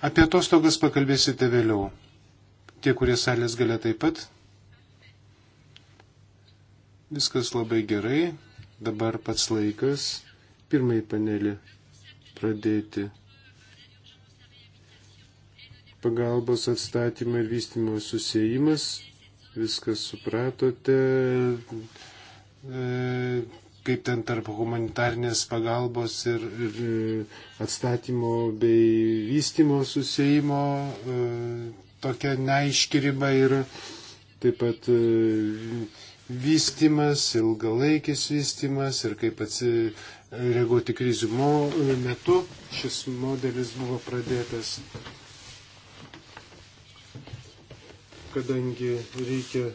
Apie atostogas pakalbėsite vėliau. Tie, kurie salės galia taip pat. Viskas labai gerai. Dabar pats laikas pirmąjį panelį pradėti. Pagalbos atstatymo ir vystymo susijimas. Viskas supratote. E, kaip ten tarp humanitarnės pagalbos ir, ir mm, atstatymo bei vystimo susėjimo e, tokia neaiški riba yra. Taip pat e, vystimas, ilgalaikis vystimas ir kaip atsireaguoti krizių e, metu. Šis modelis buvo pradėtas, kadangi reikia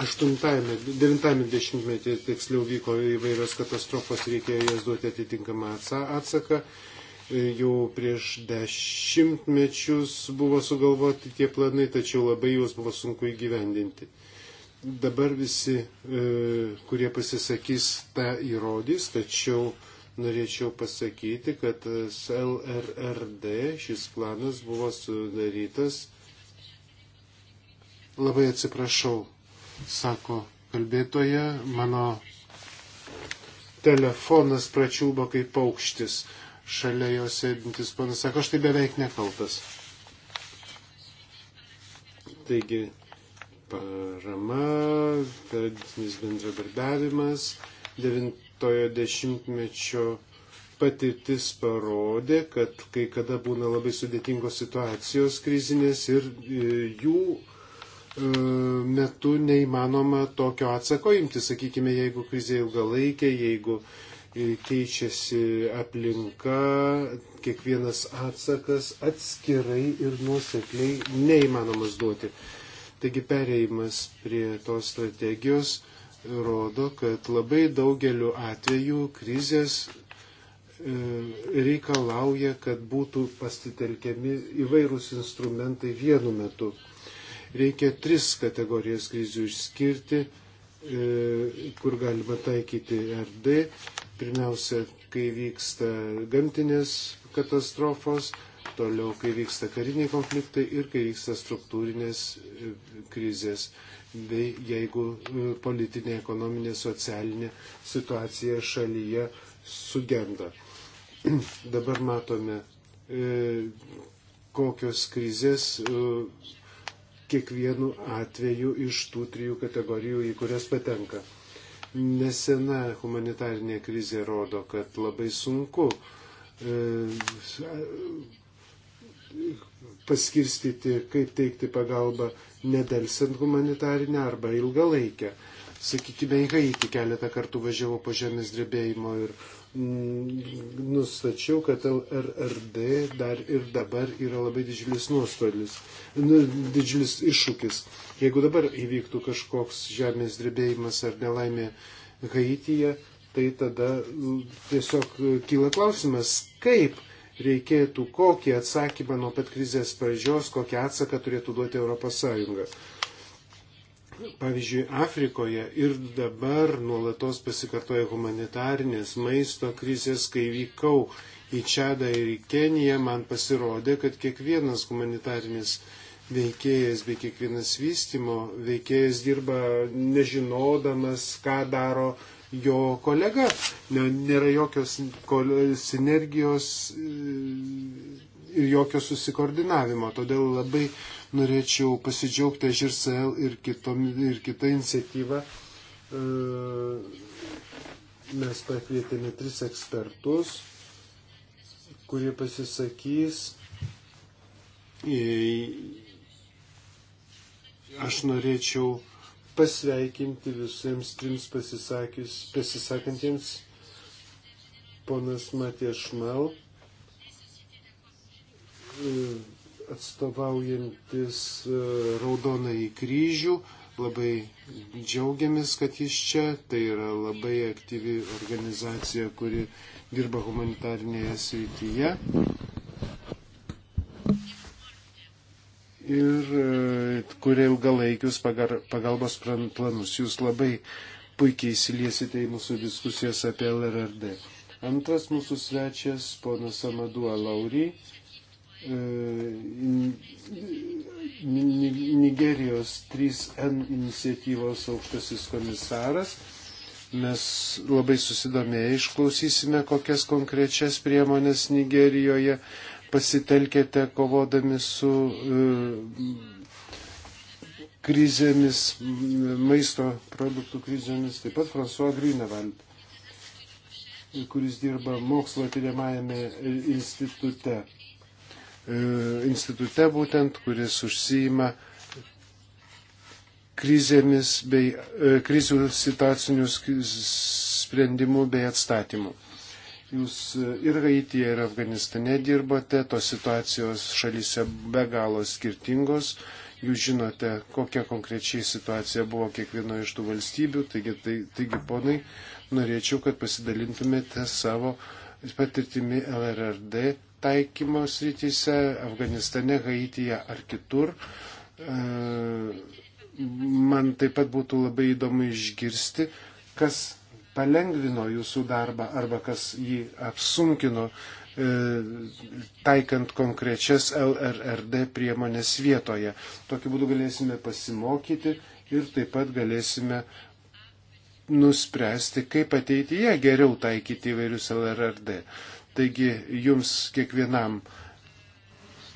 Aštuntajame, devintame dešimtmetyje tiksliau vyko įvairios katastrofos, reikėjo jas duoti atitinkamą atsaką. Jau prieš dešimtmečius buvo sugalvoti tie planai, tačiau labai juos buvo sunku įgyvendinti. Dabar visi, e, kurie pasisakys, tą įrodys, tačiau norėčiau pasakyti, kad LRRD šis planas buvo sudarytas. Labai atsiprašau, sako kalbėtoja, mano telefonas pračiūba kaip paukštis. Šalia jo sėdintis panas sako, aš tai beveik nekaltas. Taigi, parama, tradicinis bendradarbiavimas, devintojo dešimtmečio patirtis parodė, kad kai kada būna labai sudėtingos situacijos krizinės ir e, jų E, metu neįmanoma tokio atsako imti, sakykime, jeigu krizė ilgalaikė, jeigu e, keičiasi aplinka, kiekvienas atsakas atskirai ir nuosekliai neįmanomas duoti. Taigi pereimas prie tos strategijos rodo, kad labai daugeliu atveju krizės e, reikalauja, kad būtų pasitelkiami įvairūs instrumentai vienu metu. Reikia tris kategorijas krizių išskirti, e, kur galima taikyti RD. Pirmiausia, kai vyksta gamtinės katastrofos, toliau, kai vyksta kariniai konfliktai ir kai vyksta struktūrinės e, krizės, bei jeigu e, politinė, ekonominė, socialinė situacija šalyje sugenda. Dabar matome, kokios krizės kiekvienu atveju iš tų trijų kategorijų, į kurias patenka. Nesena humanitarinė krizė rodo, kad labai sunku e, paskirstyti, kaip teikti pagalbą nedelsiant humanitarinę arba ilgalaikę. Sakykime, į Haitį keletą kartų važiavau po žemės drebėjimo ir Mm, nustačiau, kad LRRD dar ir dabar yra labai didžiulis nuostolis, nu, didžiulis iššūkis. Jeigu dabar įvyktų kažkoks žemės drebėjimas ar nelaimė Haityje, tai tada tiesiog kyla klausimas, kaip reikėtų, kokį atsakymą nuo pat krizės pradžios, kokią atsaką turėtų duoti ES pavyzdžiui, Afrikoje ir dabar nuolatos pasikartoja humanitarnės maisto krizės, kai vykau į Čadą ir į Keniją, man pasirodė, kad kiekvienas humanitarnis veikėjas bei kiekvienas vystimo veikėjas dirba nežinodamas, ką daro jo kolega. Nėra jokios sinergijos e, ir jokio susikoordinavimo. Todėl labai Norėčiau pasidžiaugti Žirsael ir, kitom, ir kitą iniciatyvą. E, mes pakvietėme tris ekspertus, kurie pasisakys. E, aš norėčiau pasveikinti visiems trims pasisakantiems ponas Matė Šmal, atstovaujantis e, Raudonąjį kryžių. Labai džiaugiamės, kad jis čia. Tai yra labai aktyvi organizacija, kuri dirba humanitarnėje srityje. Ir e, kuria ilgalaikius pagalbos planus. Jūs labai puikiai įsiliesite į mūsų diskusijas apie LRRD. Antras mūsų svečias, ponas Amadua Laury, Nigerijos 3N iniciatyvos aukštasis komisaras. Mes labai susidomėję išklausysime, kokias konkrečias priemonės Nigerijoje pasitelkėte kovodami su e, krizėmis, maisto produktų krizėmis, taip pat François Grünewald, kuris dirba mokslo tyriamajame institute. E, institute būtent, kuris užsijima krizėmis bei e, krizių situacinių sprendimų bei atstatymų. Jūs e, ir Haityje, ir Afganistane dirbote, tos situacijos šalyse be galo skirtingos. Jūs žinote, kokia konkrečiai situacija buvo kiekvienoje iš tų valstybių. Taigi, tai, taigi ponai, norėčiau, kad pasidalintumėte savo patirtimi LRRD taikymo srityse, Afganistane, Haityje ar kitur. E, man taip pat būtų labai įdomu išgirsti, kas palengvino jūsų darbą arba kas jį apsunkino, e, taikant konkrečias LRRD priemonės vietoje. Tokiu būdu galėsime pasimokyti ir taip pat galėsime nuspręsti, kaip ateityje geriau taikyti įvairius LRRD. Taigi jums kiekvienam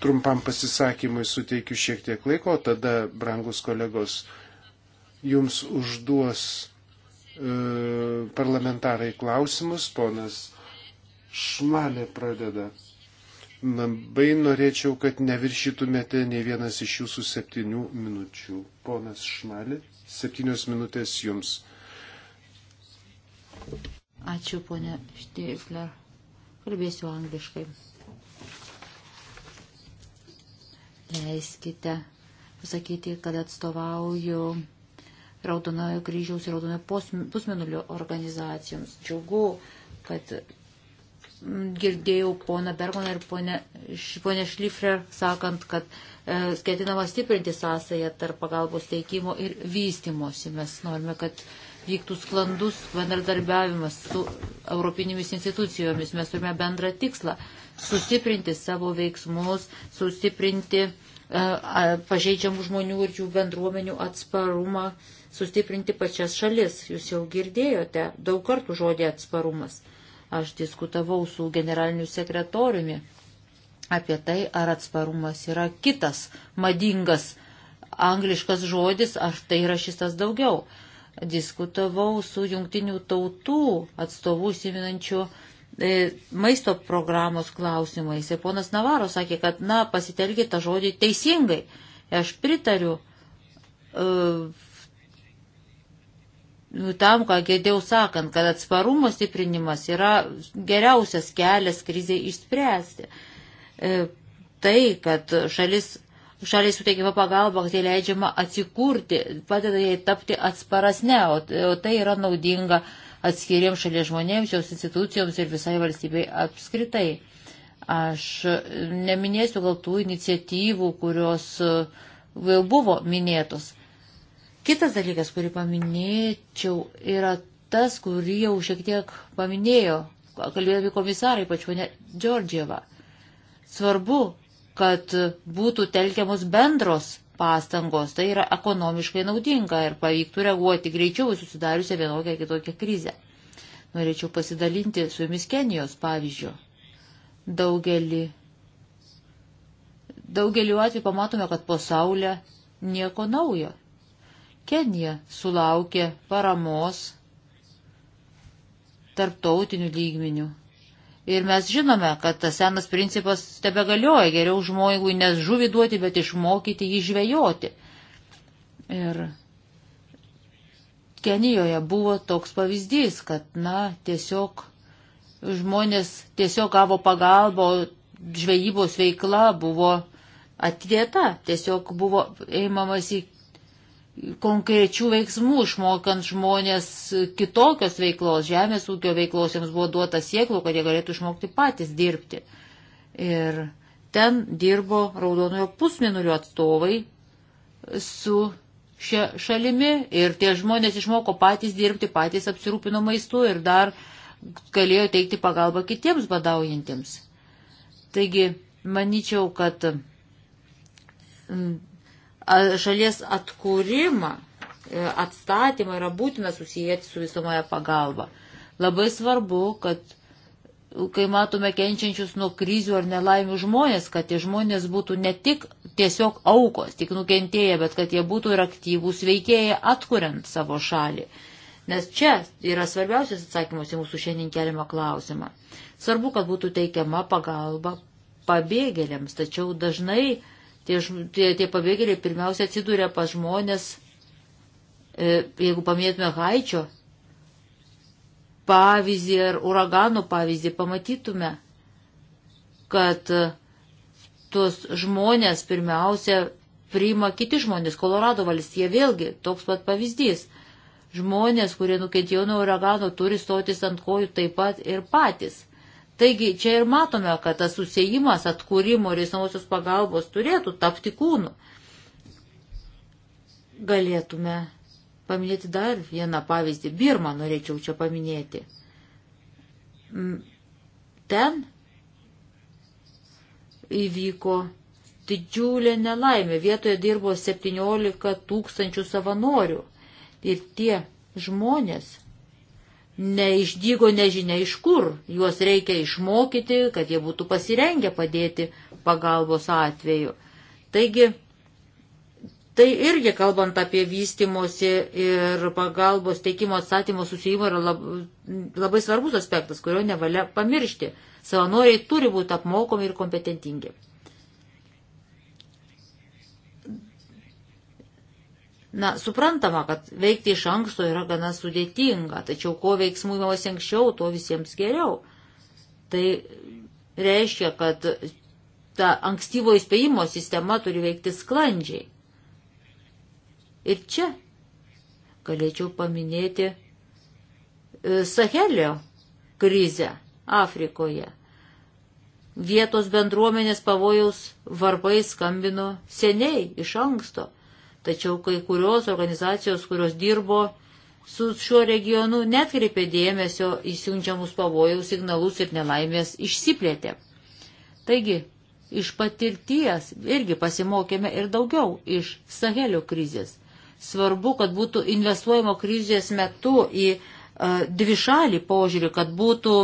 trumpam pasisakymui suteikiu šiek tiek laiko, tada, brangus kolegos, jums užduos e, parlamentarai klausimus, ponas Šmalė pradeda. Labai norėčiau, kad neviršytumėte nei vienas iš jūsų septynių minučių. Ponas Šmalė, septynios minutės jums. Ačiū, ponė Šteifler. Kalbėsiu angliškai. Leiskite pasakyti, kad atstovauju Raudonojo kryžiaus ir Raudonojo pusmenulio organizacijoms. Džiaugu, kad girdėjau poną Bermaną ir ponę, ponę Šlifrę sakant, kad e, ketinama stiprinti sąsąją tarp pagalbos teikimo ir vystimosi. Mes norime, kad vyktų sklandus bendradarbiavimas su europinėmis institucijomis. Mes turime bendrą tikslą - sustiprinti savo veiksmus, sustiprinti e, pažeidžiamų žmonių ir jų bendruomenių atsparumą, sustiprinti pačias šalis. Jūs jau girdėjote daug kartų žodį atsparumas. Aš diskutavau su generaliniu sekretoriumi apie tai, ar atsparumas yra kitas madingas angliškas žodis, ar tai yra šis tas daugiau diskutavau su jungtinių tautų atstovų įsiminančiu e, maisto programos klausimais. Ir ponas Navaro sakė, kad, na, pasitelkit tą žodį teisingai. Aš pritariu e, nu, tam, ką gėdėjau sakant, kad atsparumo stiprinimas yra geriausias kelias kriziai išspręsti. E, tai, kad šalis šaliai suteikiama pagalba, kad jai leidžiama atsikurti, padeda jai tapti atsparasne, o, o tai yra naudinga atskiriems šalies žmonėms, jos institucijoms ir visai valstybei apskritai. Aš neminėsiu gal tų iniciatyvų, kurios jau e, buvo minėtos. Kitas dalykas, kurį paminėčiau, yra tas, kurį jau šiek tiek paminėjo, kalbėdami komisarai, pačiu ne Džordžieva. Svarbu kad būtų telkiamos bendros pastangos. Tai yra ekonomiškai naudinga ir pavyktų reaguoti greičiau į susidariusią vienokią kitokią krizę. Norėčiau pasidalinti su jumis Kenijos pavyzdžių. Daugelį, daugelį atvejų pamatome, kad pasaulė nieko naujo. Kenija sulaukė paramos tarptautinių lygminių Ir mes žinome, kad tas senas principas tebe galioja, geriau žmogui nes žuvį duoti, bet išmokyti jį žvejoti. Ir Kenijoje buvo toks pavyzdys, kad, na, tiesiog žmonės tiesiog gavo pagalbą, žvejybos veikla buvo atidėta, tiesiog buvo eimamas į konkrečių veiksmų, išmokant žmonės kitokios veiklos, žemės ūkio veiklos, jiems buvo duota sieklų, kad jie galėtų išmokti patys dirbti. Ir ten dirbo raudonojo pusminulio atstovai su šia šalimi ir tie žmonės išmoko patys dirbti, patys apsirūpino maistu ir dar galėjo teikti pagalbą kitiems badaujantiems. Taigi, manyčiau, kad šalies atkūrimą, e, atstatymą yra būtina susijęti su visumoje pagalba. Labai svarbu, kad kai matome kenčiančius nuo krizių ar nelaimių žmonės, kad tie žmonės būtų ne tik tiesiog aukos, tik nukentėję, bet kad jie būtų ir aktyvūs veikėjai atkuriant savo šalį. Nes čia yra svarbiausias atsakymas į mūsų šiandien keliamą klausimą. Svarbu, kad būtų teikiama pagalba pabėgėliams, tačiau dažnai Tie, tie, tie pabėgėliai pirmiausia atsidūrė pas žmonės, e, jeigu pamėtume Haičio pavyzdį ar uragano pavyzdį, pamatytume, kad e, tuos žmonės pirmiausia priima kiti žmonės. Kolorado valstija vėlgi toks pat pavyzdys. Žmonės, kurie nukentėjo nuo uragano, turi stotis ant kojų taip pat ir patys. Taigi čia ir matome, kad tas susijimas atkūrimo ir įsamosios pagalbos turėtų tapti kūnu. Galėtume paminėti dar vieną pavyzdį. Birmą norėčiau čia paminėti. Ten įvyko didžiulė nelaimė. Vietoje dirbo 17 tūkstančių savanorių. Ir tie žmonės neišdygo nežinia iš kur. Juos reikia išmokyti, kad jie būtų pasirengę padėti pagalbos atveju. Taigi, tai irgi kalbant apie vystimosi ir pagalbos teikimo atstatymo susijimo yra lab, labai svarbus aspektas, kurio nevalia pamiršti. Savanoriai turi būti apmokomi ir kompetentingi. Na, suprantama, kad veikti iš anksto yra gana sudėtinga, tačiau kuo veiksmų įmavosi anksčiau, tuo visiems geriau. Tai reiškia, kad ta ankstyvo įspėjimo sistema turi veikti sklandžiai. Ir čia galėčiau paminėti e, Sahelio krizę Afrikoje. Vietos bendruomenės pavojaus varpai skambino seniai, iš anksto – Tačiau kai kurios organizacijos, kurios dirbo su šiuo regionu, netkreipė dėmesio įsiunčiamus pavojaus signalus ir nelaimės išsiplėtė. Taigi, iš patirties irgi pasimokėme ir daugiau iš Sahelio krizės. Svarbu, kad būtų investuojama krizės metu į uh, dvišalį požiūrį, kad būtų,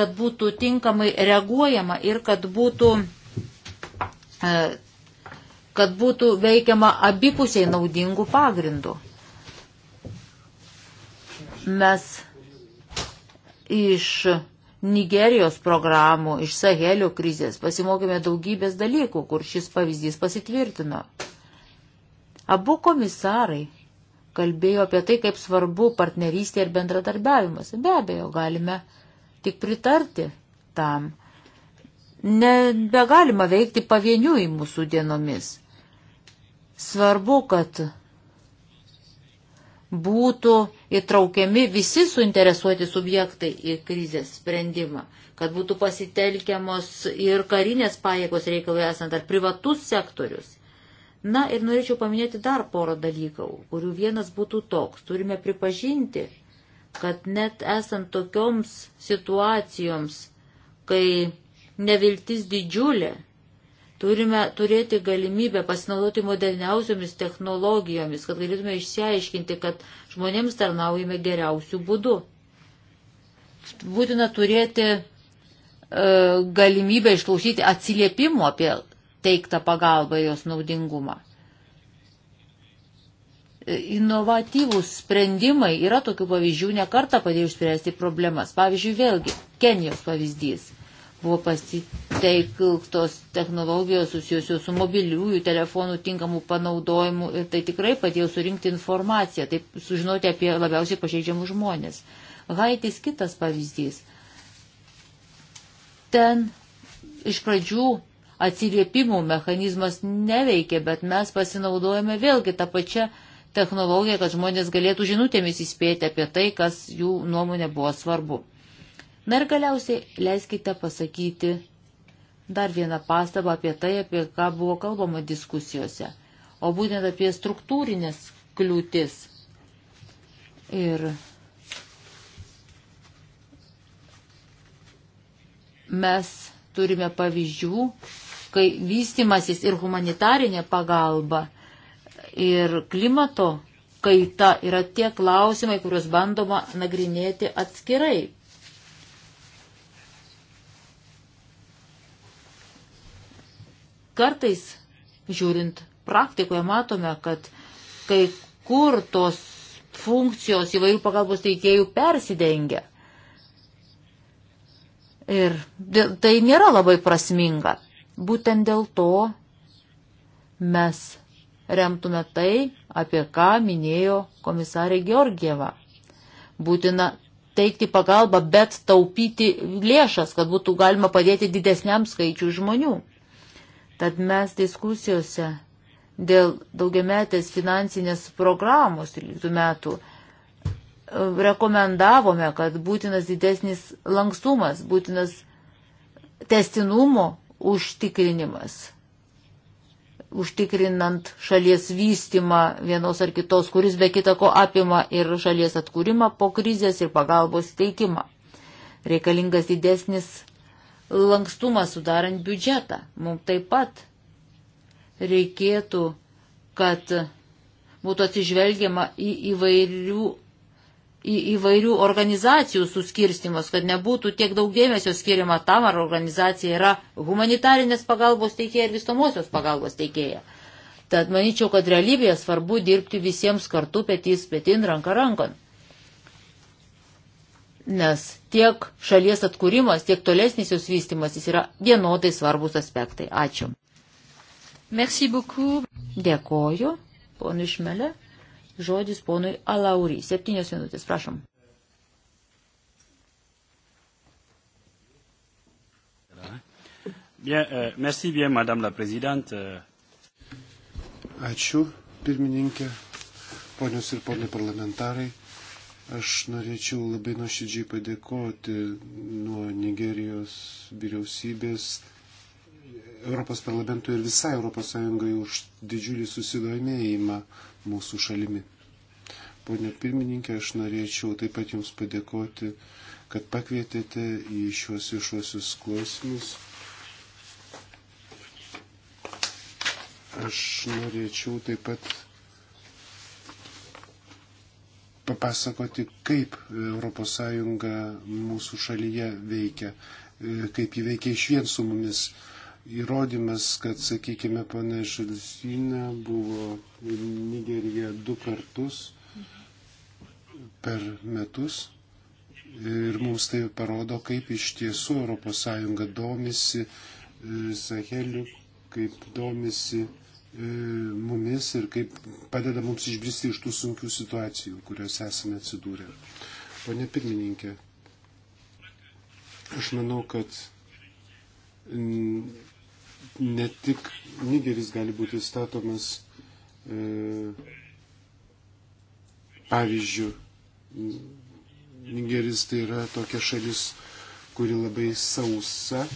kad būtų tinkamai reaguojama ir kad būtų uh, kad būtų veikiama abipusiai naudingų pagrindų. Mes iš Nigerijos programų, iš Sahelio krizės pasimokėme daugybės dalykų, kur šis pavyzdys pasitvirtino. Abu komisarai kalbėjo apie tai, kaip svarbu partnerystė ir bendradarbiavimas. Be abejo, galime tik pritarti tam. Nebegalima veikti pavieniui mūsų dienomis. Svarbu, kad būtų įtraukiami visi suinteresuoti subjektai į krizės sprendimą, kad būtų pasitelkiamos ir karinės pajėgos reikalai esant ar privatus sektorius. Na ir norėčiau paminėti dar porą dalykų, kurių vienas būtų toks. Turime pripažinti, kad net esant tokioms situacijoms, kai neviltis didžiulė, Turime turėti galimybę pasinaudoti moderniausiomis technologijomis, kad galėtume išsiaiškinti, kad žmonėms tarnaujame geriausių būdų. Būtina turėti e, galimybę išklausyti atsiliepimų apie teiktą pagalbą ir jos naudingumą. E, inovatyvūs sprendimai yra tokių pavyzdžių nekarta padėjus spręsti problemas. Pavyzdžiui, vėlgi, Kenijos pavyzdys buvo pasitikėjimas pateiktos technologijos susijusios su mobiliųjų telefonų tinkamų panaudojimu ir tai tikrai padėjo surinkti informaciją, taip sužinoti apie labiausiai pažeidžiamus žmonės. Haitis kitas pavyzdys. Ten iš pradžių atsiliepimų mechanizmas neveikia, bet mes pasinaudojame vėlgi tą pačią technologiją, kad žmonės galėtų žinutėmis įspėti apie tai, kas jų nuomonė buvo svarbu. Na ir galiausiai leiskite pasakyti Dar viena pastaba apie tai, apie ką buvo kalbama diskusijose, o būtent apie struktūrinės kliūtis. Ir mes turime pavyzdžių, kai vystimasis ir humanitarinė pagalba ir klimato kaita yra tie klausimai, kuriuos bandoma nagrinėti atskirai. kartais, žiūrint praktikoje, matome, kad kai kur tos funkcijos įvairių pagalbos teikėjų persidengia. Ir tai nėra labai prasminga. Būtent dėl to mes remtume tai, apie ką minėjo komisarė Georgieva. Būtina teikti pagalbą, bet taupyti lėšas, kad būtų galima padėti didesniam skaičiu žmonių. Tad mes diskusijose dėl daugiametės finansinės programos 13 metų e, rekomendavome, kad būtinas didesnis lankstumas, būtinas testinumo užtikrinimas, užtikrinant šalies vystimą vienos ar kitos, kuris be kitako apima ir šalies atkūrimą po krizės ir pagalbos teikimą. Reikalingas didesnis lankstumą sudarant biudžetą. Mums taip pat reikėtų, kad būtų atsižvelgiama į įvairių į įvairių organizacijų suskirstimus, kad nebūtų tiek daug dėmesio skiriama tam, ar organizacija yra humanitarinės pagalbos teikėja ir vystomosios pagalbos teikėja. Tad manyčiau, kad realybėje svarbu dirbti visiems kartu petys petin ranką rankon nes tiek šalies atkūrimas, tiek tolesnis jos vystimasis yra vienodai svarbus aspektai. Ačiū. Merci beaucoup. Dėkoju, ponui Šmelė. Žodis ponui Alaurį. Septynios minutės, prašom. Bien, euh, merci bien, Madame la Présidente. Ačiū, pirmininkė, ponios ir ponai parlamentarai. Aš norėčiau labai nuoširdžiai padėkoti nuo Nigerijos vyriausybės, Europos parlamentui ir visai ES už didžiulį susidomėjimą mūsų šalimi. Pone pirmininkė, aš norėčiau taip pat Jums padėkoti, kad pakvietėte į šiuos viešuosius klausimus. Aš norėčiau taip pat papasakoti, kaip ES mūsų šalyje veikia, e, kaip ji veikia iš vien su mumis. Įrodymas, kad, sakykime, pana Žalsinė buvo Nigerija du kartus per metus. Ir mums tai parodo, kaip iš tiesų ES domisi e, Saheliu, kaip domisi uh, E, mumis ir kaip padeda mums išbristi iš tų sunkių situacijų, kuriuose esame atsidūrę. Pone pirmininkė, aš manau, kad ne tik Nigeris gali būti statomas e, pavyzdžių. Nigeris tai yra tokia šalis, kuri labai sausa,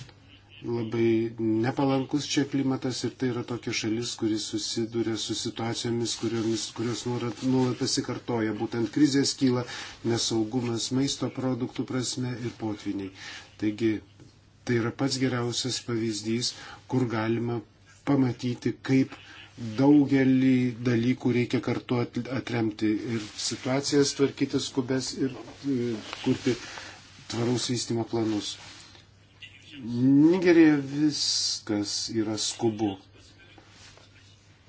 labai nepalankus čia klimatas ir tai yra tokia šalis, kuris susiduria su situacijomis, kuriomis, kurios nuolat pasikartoja. Būtent krizės kyla nesaugumas maisto produktų prasme ir potviniai. Taigi tai yra pats geriausias pavyzdys, kur galima pamatyti, kaip daugelį dalykų reikia kartu atremti ir situacijas tvarkyti skubes ir e, kurti tvaraus vystimo planus. Nigerija viskas yra skubu.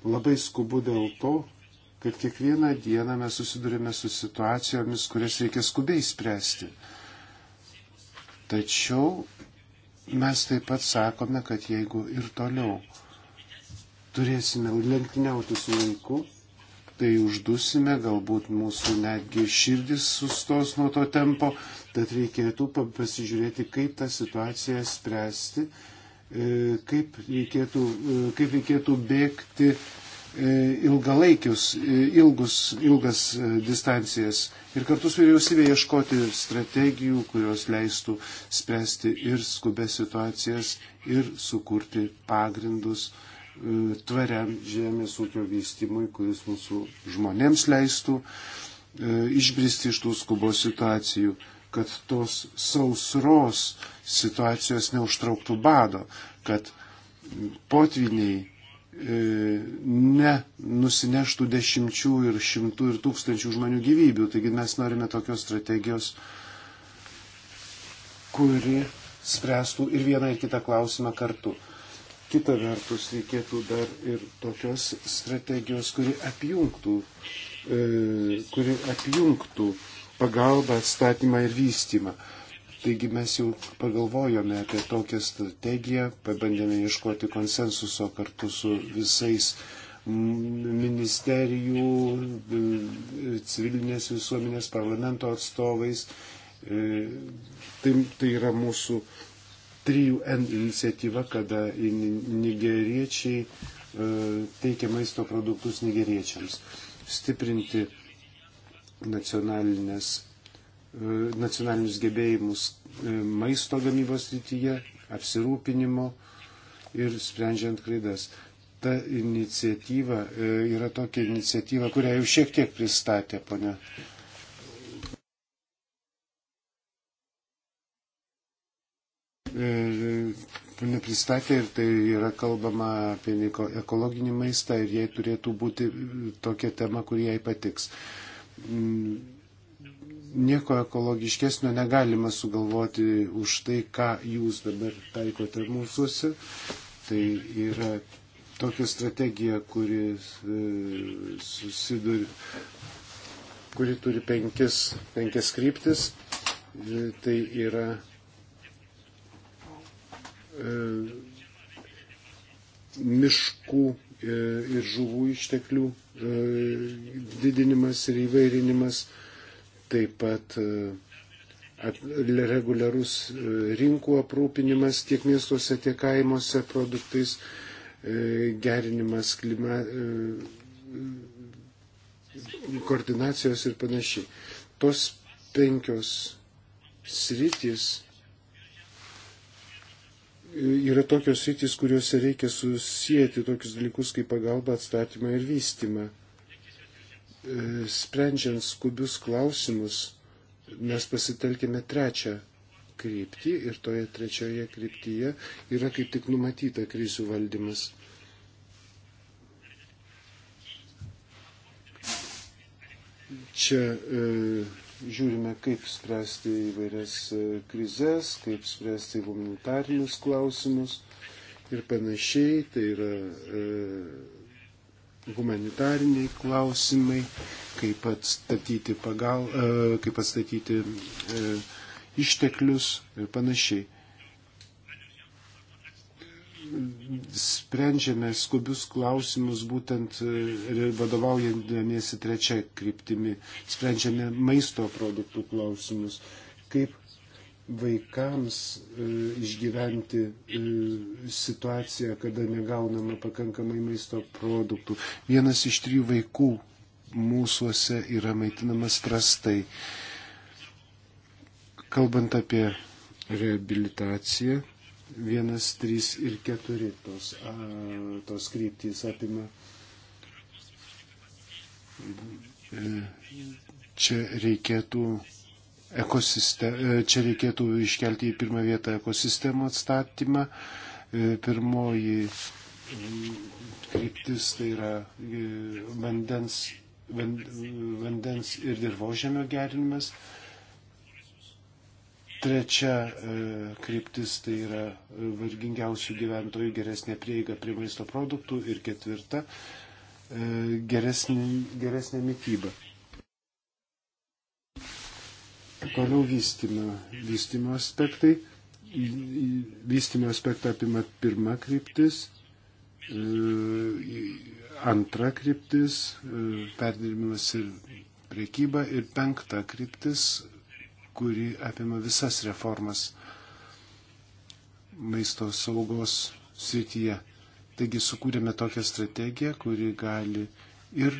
Labai skubu dėl to, kad kiekvieną dieną mes susidurime su situacijomis, kurias reikia skubiai spręsti. Tačiau mes taip pat sakome, kad jeigu ir toliau turėsime lenktyniauti su laiku, tai uždusime, galbūt mūsų netgi širdis sustos nuo to tempo, tad reikėtų pasižiūrėti, kaip tą situaciją spręsti, e, kaip reikėtų, e, kaip reikėtų bėgti e, ilgalaikius, ilgus, ilgas distancijas ir kartu su vyriausybė ieškoti strategijų, kurios leistų spręsti ir skubę situacijas ir sukurti pagrindus uh, tvariam žemės ūkio vystimui, kuris mūsų žmonėms leistų e, išbristi iš tų skubos situacijų, kad tos sausros situacijos neužtrauktų bado, kad potviniai e, ne nusineštų dešimčių ir šimtų ir tūkstančių žmonių gyvybių. Taigi mes norime tokios strategijos, kuri spręstų ir vieną ir kitą klausimą kartu kita vertus reikėtų dar ir tokios strategijos, kuri apjungtų, e, kuri apjungtų pagalbą, atstatymą ir vystymą. Taigi mes jau pagalvojome apie tokią strategiją, pabandėme ieškoti konsensuso kartu su visais ministerijų, e, civilinės visuomenės, parlamento atstovais. E, tai, tai yra mūsų 3N iniciatyva, kada nigeriečiai e, teikia maisto produktus nigeriečiams. Stiprinti e, nacionalinius gebėjimus e, maisto gamybos rytyje, apsirūpinimo ir sprendžiant klaidas. Ta iniciatyva yra tokia iniciatyva, kurią jau šiek tiek pristatė ponia pristatė ir tai yra kalbama apie ekologinį maistą ir jai turėtų būti e, tokia tema, kuri jai patiks. Mm, nieko ekologiškesnio negalima sugalvoti už tai, ką jūs dabar taikote mūsųsi. Tai yra tokia strategija, kuri e, susiduri, kuri turi penkis, penkis kryptis. E, tai yra E, miškų e, ir žuvų išteklių e, didinimas ir įvairinimas, taip pat reguliarus rinkų aprūpinimas tiek miestuose, tiek kaimuose produktais, gerinimas klima, koordinacijos ir panašiai. Tos penkios sritys yra tokios sritis, kuriuose reikia susijęti tokius dalykus kaip pagalba, atstatymą ir vystymą. E, sprendžiant skubius klausimus, mes pasitelkėme trečią kryptį ir toje trečioje kryptyje yra kaip tik numatyta krizių valdymas. Čia e, žiūrime, kaip spręsti įvairias e, krizės, kaip spręsti humanitarinius klausimus ir panašiai. Tai yra e, humanitariniai klausimai, kaip atstatyti, pagal, e, kaip atstatyti e, išteklius ir panašiai sprendžiame skubius klausimus būtent e, vadovaujamėsi trečia kryptimi. Sprendžiame maisto produktų klausimus. Kaip vaikams e, išgyventi e, situaciją, kada negaunama pakankamai maisto produktų. Vienas iš trijų vaikų mūsųse yra maitinamas prastai. Kalbant apie reabilitaciją, 1, 3 ir 4 tos, a, tos kryptys apima. E, čia reikėtų, e, čia reikėtų iškelti į pirmą vietą ekosistemų atstatymą. E, pirmoji mm, kryptis tai yra vandens, vandens ir dirbožėmio gerinimas. Trečia e, kryptis tai yra e, vargingiausių gyventojų geresnė prieiga prie maisto produktų ir ketvirta e, geresnė, geresnė mytyba. Toliau vystymą, vystymo aspektai. Vystymo aspektą apima pirma kryptis, antra kryptis, perdirbimas ir priekyba ir penkta kryptis kuri apima visas reformas maisto saugos srityje. Taigi sukūrėme tokią strategiją, kuri gali ir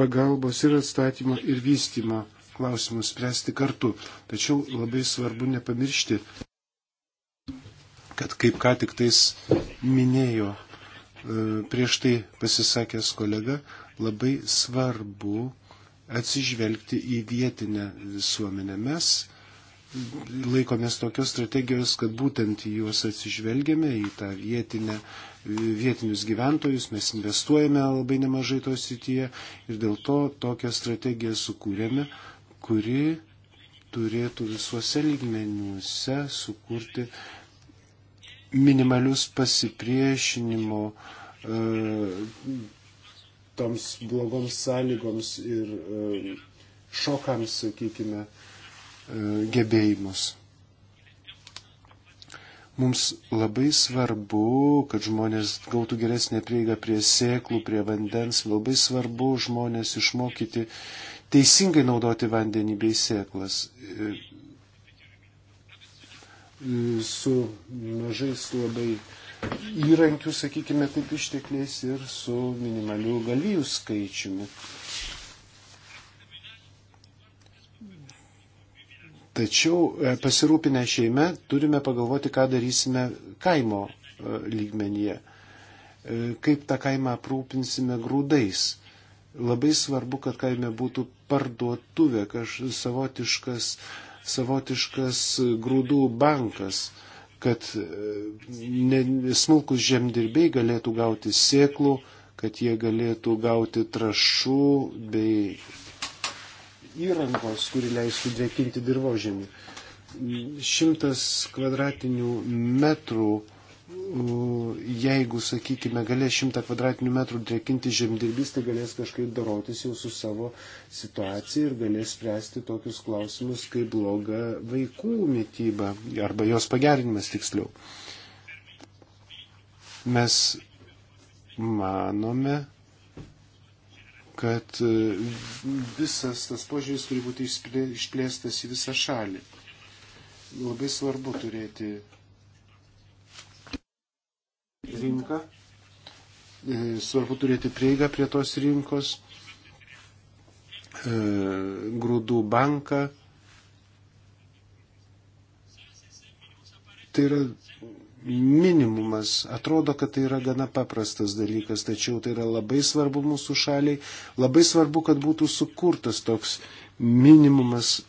pagalbos, ir atstatymo, ir vystymo klausimus spręsti kartu. Tačiau labai svarbu nepamiršti, kad kaip ką tik tais minėjo e, prieš tai pasisakęs kolega, labai svarbu atsižvelgti į vietinę visuomenę. Mes laikomės tokios strategijos, kad būtent į juos atsižvelgiame, į tą vietinę, vietinius gyventojus, mes investuojame labai nemažai to sityje ir dėl to tokią strategiją sukūrėme, kuri turėtų visuose lygmeniuose sukurti minimalius pasipriešinimo e, toms blogoms sąlygoms ir e, šokams, sakykime, e, gebėjimus. Mums labai svarbu, kad žmonės gautų geresnę prieigą prie sėklų, prie vandens. Labai svarbu žmonės išmokyti teisingai naudoti vandenį bei sėklas. E, su mažais labai įrankių, sakykime, taip ištekliais ir su minimaliu galvijų skaičiumi. Tačiau e, pasirūpinę šeime turime pagalvoti, ką darysime kaimo e, lygmenyje, e, kaip tą kaimą aprūpinsime grūdais. Labai svarbu, kad kaime būtų parduotuvė, kažkoks savotiškas, savotiškas grūdų bankas kad e, smulkus žemdirbiai galėtų gauti sėklų, kad jie galėtų gauti trašų bei įrangos, kuri leistų drėkinti dirbožemį. Šimtas kvadratinių metrų jeigu, sakykime, galės 100 kvadratinių metrų drekinti žemdirbys, tai galės kažkaip darotis jau su savo situacija ir galės spręsti tokius klausimus, kaip bloga vaikų mytyba arba jos pagerinimas tiksliau. Mes manome, kad e, visas tas požiūris turi būti išplėstas į visą šalį. Labai svarbu turėti rinką. E, svarbu turėti prieigą prie tos rinkos, e, grūdų banką. Tai yra minimumas. Atrodo, kad tai yra gana paprastas dalykas, tačiau tai yra labai svarbu mūsų šaliai. Labai svarbu, kad būtų sukurtas toks minimumas,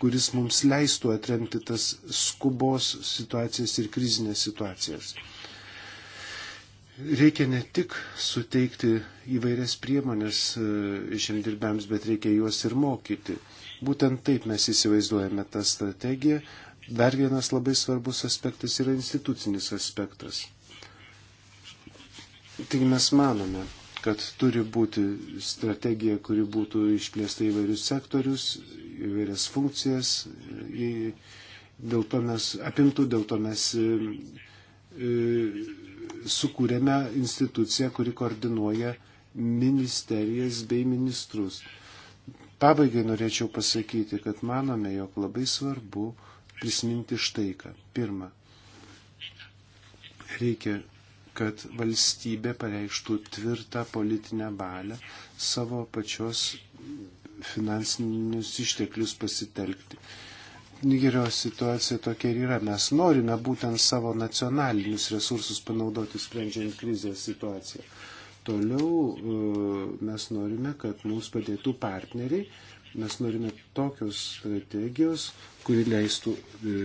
kuris mums leistų atremti tas skubos situacijas ir krizinės situacijas. Reikia ne tik suteikti įvairias priemonės e, žemdirbiams, bet reikia juos ir mokyti. Būtent taip mes įsivaizduojame tą strategiją. Dar vienas labai svarbus aspektas yra institucinis aspektas. Taigi mes manome, kad turi būti strategija, kuri būtų išplėsta įvairius sektorius, įvairias funkcijas, į, dėl to mes apimtų, dėl to mes į, e, į, e, sukūrėme instituciją, kuri koordinuoja ministerijas bei ministrus. Pabaigai norėčiau pasakyti, kad manome, jog labai svarbu prisiminti štai ką. Pirma, reikia, kad valstybė pareikštų tvirtą politinę valią savo pačios finansinius išteklius pasitelkti. Nigerijos situacija tokia ir yra. Mes norime būtent savo nacionalinius resursus panaudoti sprendžiant krizės situaciją. Toliau e, mes norime, kad mums padėtų partneriai, mes norime tokios strategijos, kuri leistų e,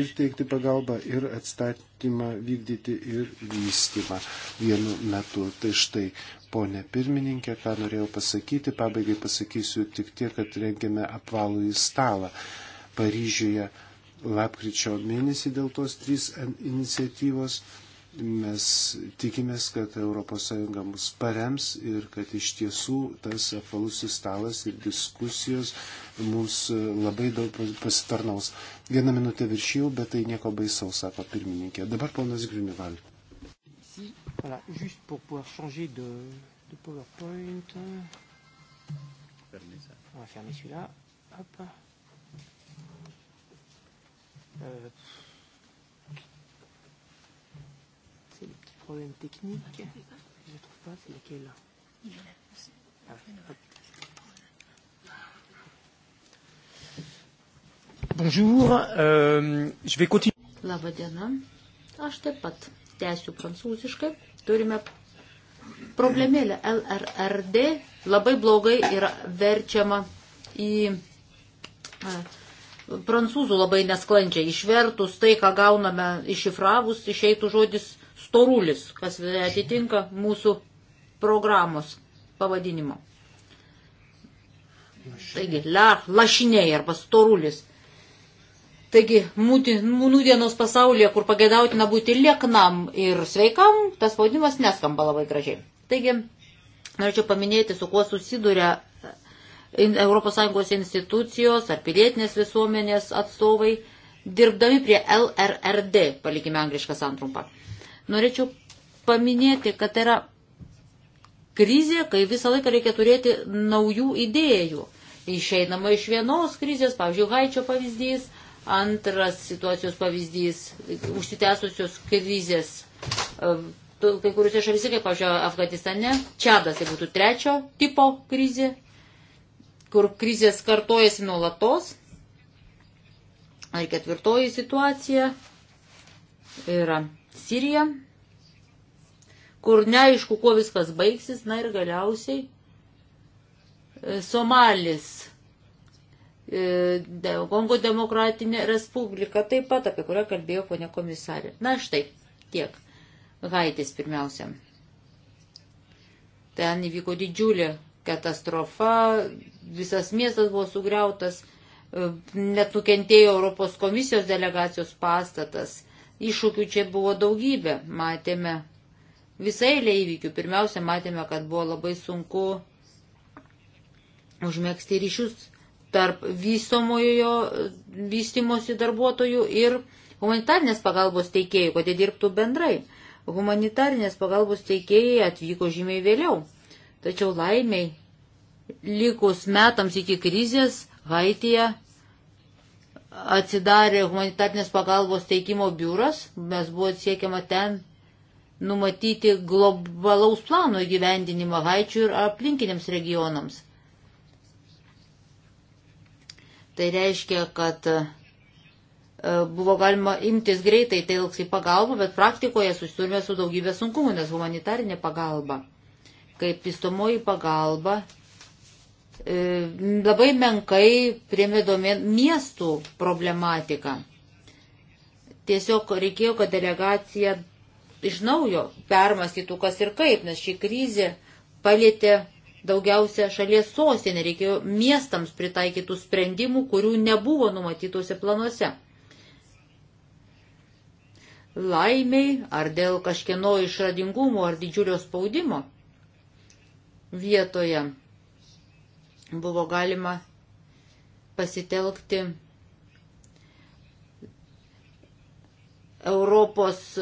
ir teikti pagalbą, ir atstatymą vykdyti, ir vystymą vienu metu. Tai štai, ponė pirmininkė, ką norėjau pasakyti, pabaigai pasakysiu tik tiek, kad rengiame apvalų į stalą. Paryžiuje lapkričio mėnesį dėl tos trys iniciatyvos. Mes tikimės, kad ES mus parems ir kad iš tiesų tas apvalusis stalas ir diskusijos mums labai daug pasitarnaus. Vieną minutę viršijau, bet tai nieko baisaus, sako pirmininkė. Dabar ponas Grinival. Voilà, juste pour pouvoir changer de, de PowerPoint. Fermez ça. On va fermer celui-là. Hop. Evet. Eh, c'est les petits problèmes techniques. Je ne trouve pas, c'est lequel Il est là. Ah, hop. Bonjour, euh, je vais continuer. Labą dieną. Aš taip pat tęsiu prancūziškai. Turime problemėlę LRRD. Labai blogai yra verčiama į. Uh, prancūzų labai nesklandžiai. Išvertus tai, ką gauname iššifravus, išeitų žodis storulis, kas atitinka mūsų programos pavadinimo. Taigi, la, lašiniai arba storulis. Taigi, nūdienos pasaulyje, kur pagėdautina būti lieknam ir sveikam, tas pavadimas neskamba labai gražiai. Taigi, norėčiau paminėti, su kuo susiduria ES institucijos ar pilietinės visuomenės atstovai, dirbdami prie LRRD, palikime anglišką santrumpą. Norėčiau paminėti, kad tai yra krizė, kai visą laiką reikia turėti naujų idėjų. Išeinama iš vienos krizės, pavyzdžiui, Haičio pavyzdys, antras situacijos pavyzdys, užsitęsusios krizės e, kai kuriuose šalyse, kaip, pavyzdžiui, Afganistane, Čadas, tai būtų trečio tipo krizė, kur krizės kartojasi nuolatos. Ir ketvirtoji situacija yra Sirija, kur neaišku, kuo viskas baigsis. Na ir galiausiai e, Somalis, e, Kongo demokratinė respublika, taip pat apie kurią kalbėjo ponia komisarė. Na štai, tiek. Haitis pirmiausia. Ten įvyko didžiulė katastrofa, visas miestas buvo sugriautas, e, net nukentėjo Europos komisijos delegacijos pastatas. Iššūkių čia buvo daugybė, matėme visai eilė įvykių. Pirmiausia, matėme, kad buvo labai sunku užmėgsti ryšius tarp vystomojo vystimosi darbuotojų ir humanitarnės pagalbos teikėjų, kad jie dirbtų bendrai. Humanitarnės pagalbos teikėjai atvyko žymiai vėliau. Tačiau laimiai, likus metams iki krizės, Haitija atsidarė humanitarnės pagalbos teikimo biuras, mes buvo siekiama ten numatyti globalaus plano įgyvendinimą Haičių ir aplinkiniams regionams. Tai reiškia, kad e, buvo galima imtis greitai telks į pagalbą, bet praktikoje susidurime su daugybė sunkumų, nes humanitarinė pagalba kaip įstomoji pagalba e, labai menkai priemė domėn miestų problematiką. Tiesiog reikėjo, kad delegacija iš naujo permastytų kas ir kaip, nes šį krizę palėtė daugiausia šalies sostinė, reikėjo miestams pritaikytų sprendimų, kurių nebuvo numatytose planuose. Laimiai, ar dėl kažkieno išradingumo, ar didžiulio spaudimo vietoje buvo galima pasitelkti Europos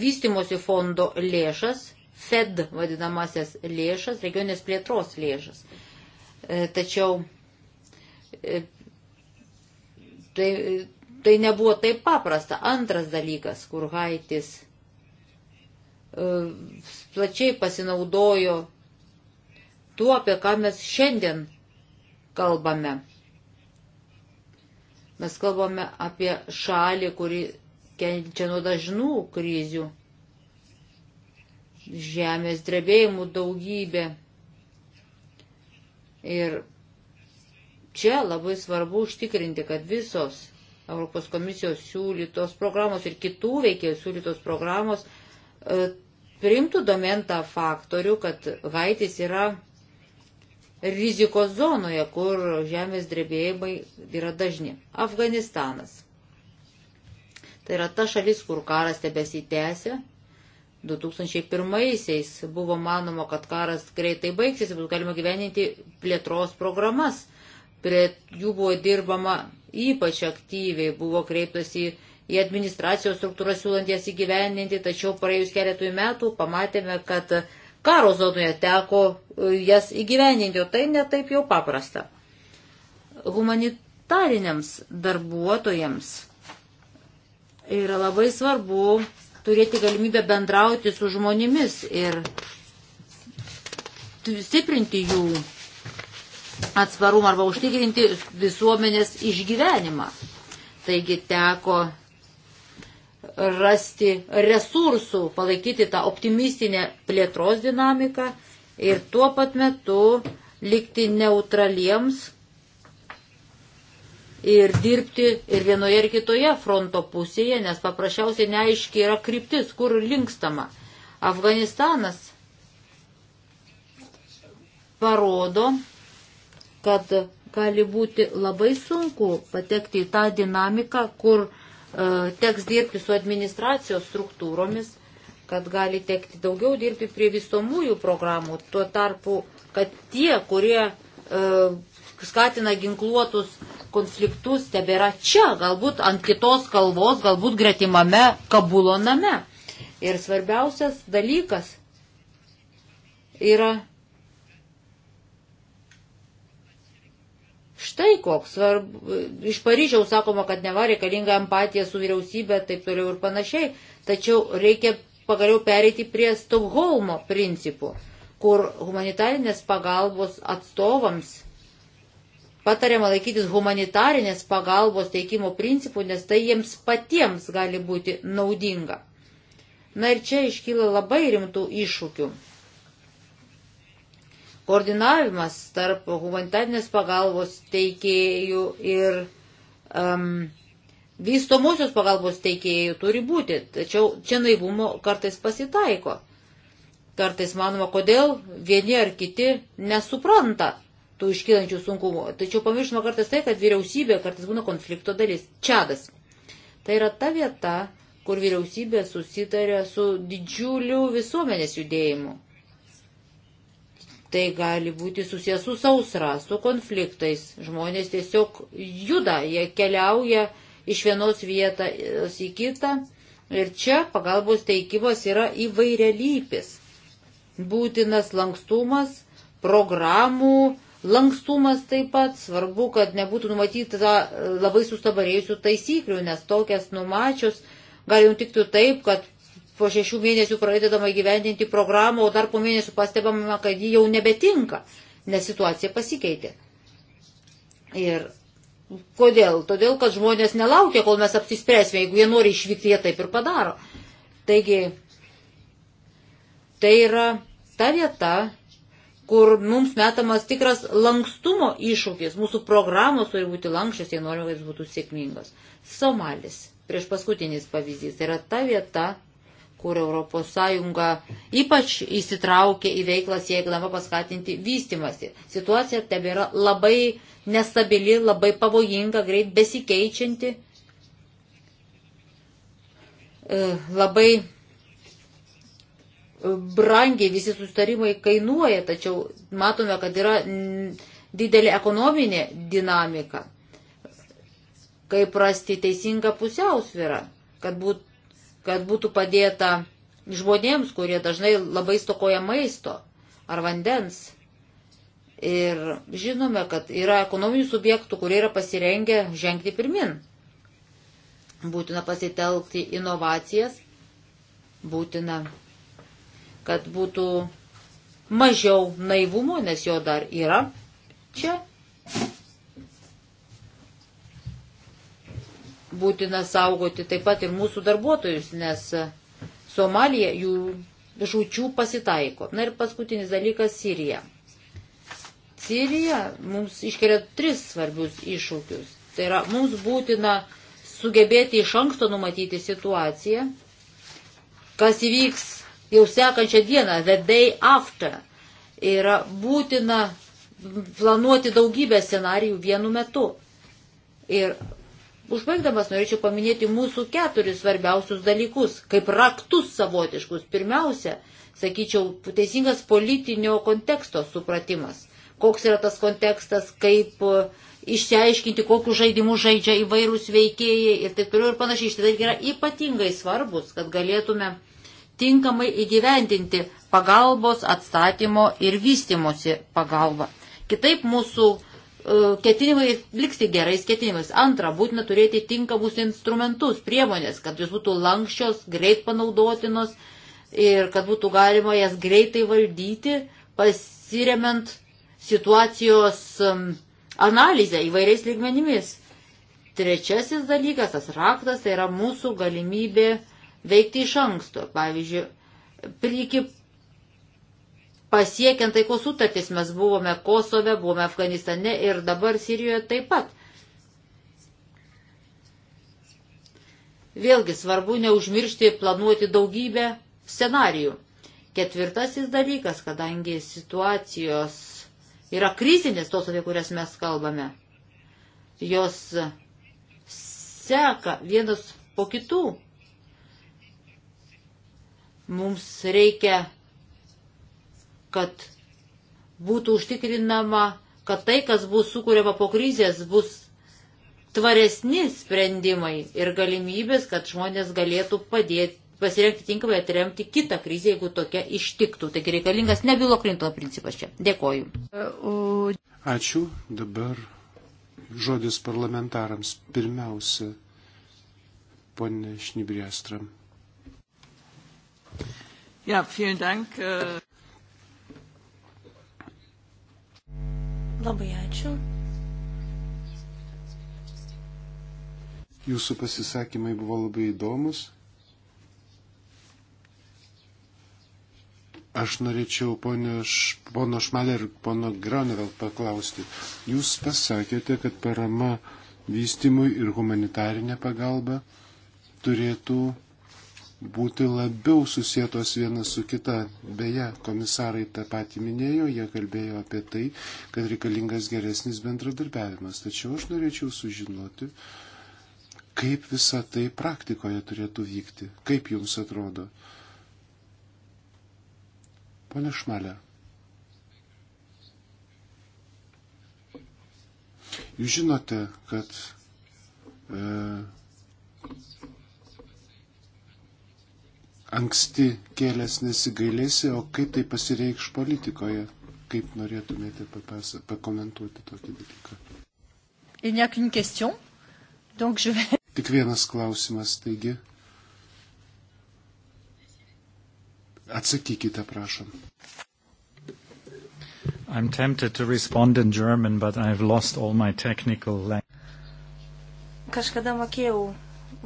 vystimosi fondo lėšas, FED vadinamasias lėšas, regionės plėtros lėšas. E, tačiau e, tai, tai nebuvo taip paprasta. Antras dalykas, kur Haitis E, plačiai pasinaudojo tuo, apie ką mes šiandien kalbame. Mes kalbame apie šalį, kuri kenčia nuo dažnų krizių, žemės drebėjimų daugybė. Ir čia labai svarbu užtikrinti, kad visos Europos komisijos siūlytos programos ir kitų veikėjų siūlytos programos E, priimtų domentą faktorių, kad Haitis yra rizikos zonoje, kur žemės drebėjimai yra dažni. Afganistanas. Tai yra ta šalis, kur karas tebesitęsia. 2001-aisiais buvo manoma, kad karas greitai baigsis, būtų galima gyveninti plėtros programas. Prie jų buvo dirbama ypač aktyviai buvo kreiptasi į, į administracijos struktūrą siūlanties įgyveninti, tačiau praėjus keletui metų pamatėme, kad karo zonoje teko e, jas įgyveninti, o tai netaip jau paprasta. Humanitariniams darbuotojams yra labai svarbu turėti galimybę bendrauti su žmonėmis ir stiprinti jų atsparumą arba užtikrinti visuomenės išgyvenimą. Taigi teko rasti resursų, palaikyti tą optimistinę plėtros dinamiką ir tuo pat metu likti neutraliems ir dirbti ir vienoje ir kitoje fronto pusėje, nes paprasčiausiai neaiškiai yra kryptis, kur linkstama. Afganistanas parodo, kad gali būti labai sunku patekti į tą dinamiką, kur e, teks dirbti su administracijos struktūromis, kad gali tekti daugiau dirbti prie visomųjų programų, tuo tarpu, kad tie, kurie e, skatina ginkluotus konfliktus, tebėra čia, galbūt ant kitos kalvos, galbūt gretimame kabulo name. Ir svarbiausias dalykas yra Štai koks svarbu, iš Paryžiaus sakoma, kad neva reikalinga empatija su vyriausybė, taip toliau ir panašiai, tačiau reikia pagaliau pereiti prie Stokholmo principų, kur humanitarinės pagalbos atstovams patariama laikytis humanitarinės pagalbos teikimo principų, nes tai jiems patiems gali būti naudinga. Na ir čia iškyla labai rimtų iššūkių. Koordinavimas tarp humanitarnės pagalbos teikėjų ir um, vystomosios pagalbos teikėjų turi būti, tačiau čia naivumo kartais pasitaiko. Kartais manoma, kodėl vieni ar kiti nesupranta tų iškylančių sunkumų. Tačiau pamiršoma kartais tai, kad vyriausybė kartais būna konflikto dalis. Čadas. Tai yra ta vieta, kur vyriausybė susitarė su didžiuliu visuomenės judėjimu. Tai gali būti susijęs su sausra, su konfliktais. Žmonės tiesiog juda, jie keliauja iš vienos vietos į kitą. Ir čia pagalbos teikimas yra įvairialypis. Būtinas lankstumas, programų lankstumas taip pat. Svarbu, kad nebūtų numatyta e, labai sustabarėjusių taisyklių, nes tokias numačius gali nutikti taip, kad po šešių mėnesių pradedama gyvendinti programą, o dar po mėnesių pastebama, kad ji jau nebetinka, nes situacija pasikeitė. Ir kodėl? Todėl, kad žmonės nelaukia, kol mes apsispręsime, jeigu jie nori išvykti, jie taip ir padaro. Taigi, tai yra ta vieta, kur mums metamas tikras lankstumo iššūkis. Mūsų programos turi būti lankščios, jei norime, kad jis būtų sėkmingas. Somalis, prieš paskutinis pavyzdys, tai yra ta vieta, kur ES ypač įsitraukė į veiklą siekdama paskatinti vystimasi. Situacija tebėra labai nestabili, labai pavojinga, greit besikeičianti, e, labai brangiai visi sustarimai kainuoja, tačiau matome, kad yra didelė ekonominė dinamika. Kaip rasti teisingą pusiausvyrą, kad būtų kad būtų padėta žmonėms, kurie dažnai labai stokoja maisto ar vandens. Ir žinome, kad yra ekonominių subjektų, kurie yra pasirengę žengti pirmin. Būtina pasitelkti inovacijas, būtina, kad būtų mažiau naivumo, nes jo dar yra čia. būtina saugoti taip pat ir mūsų darbuotojus, nes Somalija jų žučių pasitaiko. Na ir paskutinis dalykas - Sirija. Sirija mums iškelia tris svarbius iššūkius. Tai yra, mums būtina sugebėti iš anksto numatyti situaciją, kas įvyks jau sekančią dieną, the day after. Yra būtina planuoti daugybę scenarijų vienu metu. Ir Užbaigdamas norėčiau paminėti mūsų keturis svarbiausius dalykus, kaip raktus savotiškus. Pirmiausia, sakyčiau, teisingas politinio konteksto supratimas. Koks yra tas kontekstas, kaip e, išsiaiškinti, kokius žaidimus žaidžia įvairūs veikėjai ir taip toliau ir panašiai. Šitai yra ypatingai svarbus, kad galėtume tinkamai įgyvendinti pagalbos atstatymo ir vystimosi pagalbą. Kitaip mūsų E, ketinimai likti gerais ketinimais. Antra, būtina turėti tinkamus instrumentus, priemonės, kad jos būtų lankščios, greit panaudotinos ir kad būtų galima jas greitai valdyti, pasiremiant situacijos analizę įvairiais lygmenimis. Trečiasis dalykas, tas raktas, tai yra mūsų galimybė veikti iš anksto. Pavyzdžiui, iki pasiekiant taikos sutartis mes buvome Kosove, buvome Afganistane ir dabar Sirijoje taip pat. Vėlgi svarbu neužmiršti planuoti daugybę scenarijų. Ketvirtasis dalykas, kadangi situacijos yra krizinės, tos apie kurias mes kalbame, jos seka vienas po kitų. Mums reikia kad būtų užtikrinama, kad tai, kas bus sukūrėma po krizės, bus tvaresni sprendimai ir galimybės, kad žmonės galėtų padėti pasirengti tinkamai atremti kitą krizę, jeigu tokia ištiktų. Taigi reikalingas nebilo Klintono principas čia. Dėkoju. Ačiū. Dabar žodis parlamentarams. Pirmiausia, ponė Šnibriestram. Ja, vielen Dank. Äh, Labai ačiū. Jūsų pasisakymai buvo labai įdomus. Aš norėčiau ponio, pono Šmaler ir pono Granevel paklausti. Jūs pasakėte, kad parama vystimui ir humanitarinė pagalba turėtų būti labiau susijėtos viena su kita. Beje, komisarai tą patį minėjo, jie kalbėjo apie tai, kad reikalingas geresnis bendradarbiavimas. Tačiau aš norėčiau sužinoti, kaip visa tai praktikoje turėtų vykti. Kaip jums atrodo? Pone Šmalė. Jūs žinote, kad e, anksti kėlęs nesigailėsi, o kaip tai pasireikš politikoje? Kaip norėtumėte papasa, pakomentuoti tokį dalyką? Tik vienas klausimas, taigi. Atsakykite, prašom. I'm tempted to respond in German, but I've lost all my technical language. Kažkada mokėjau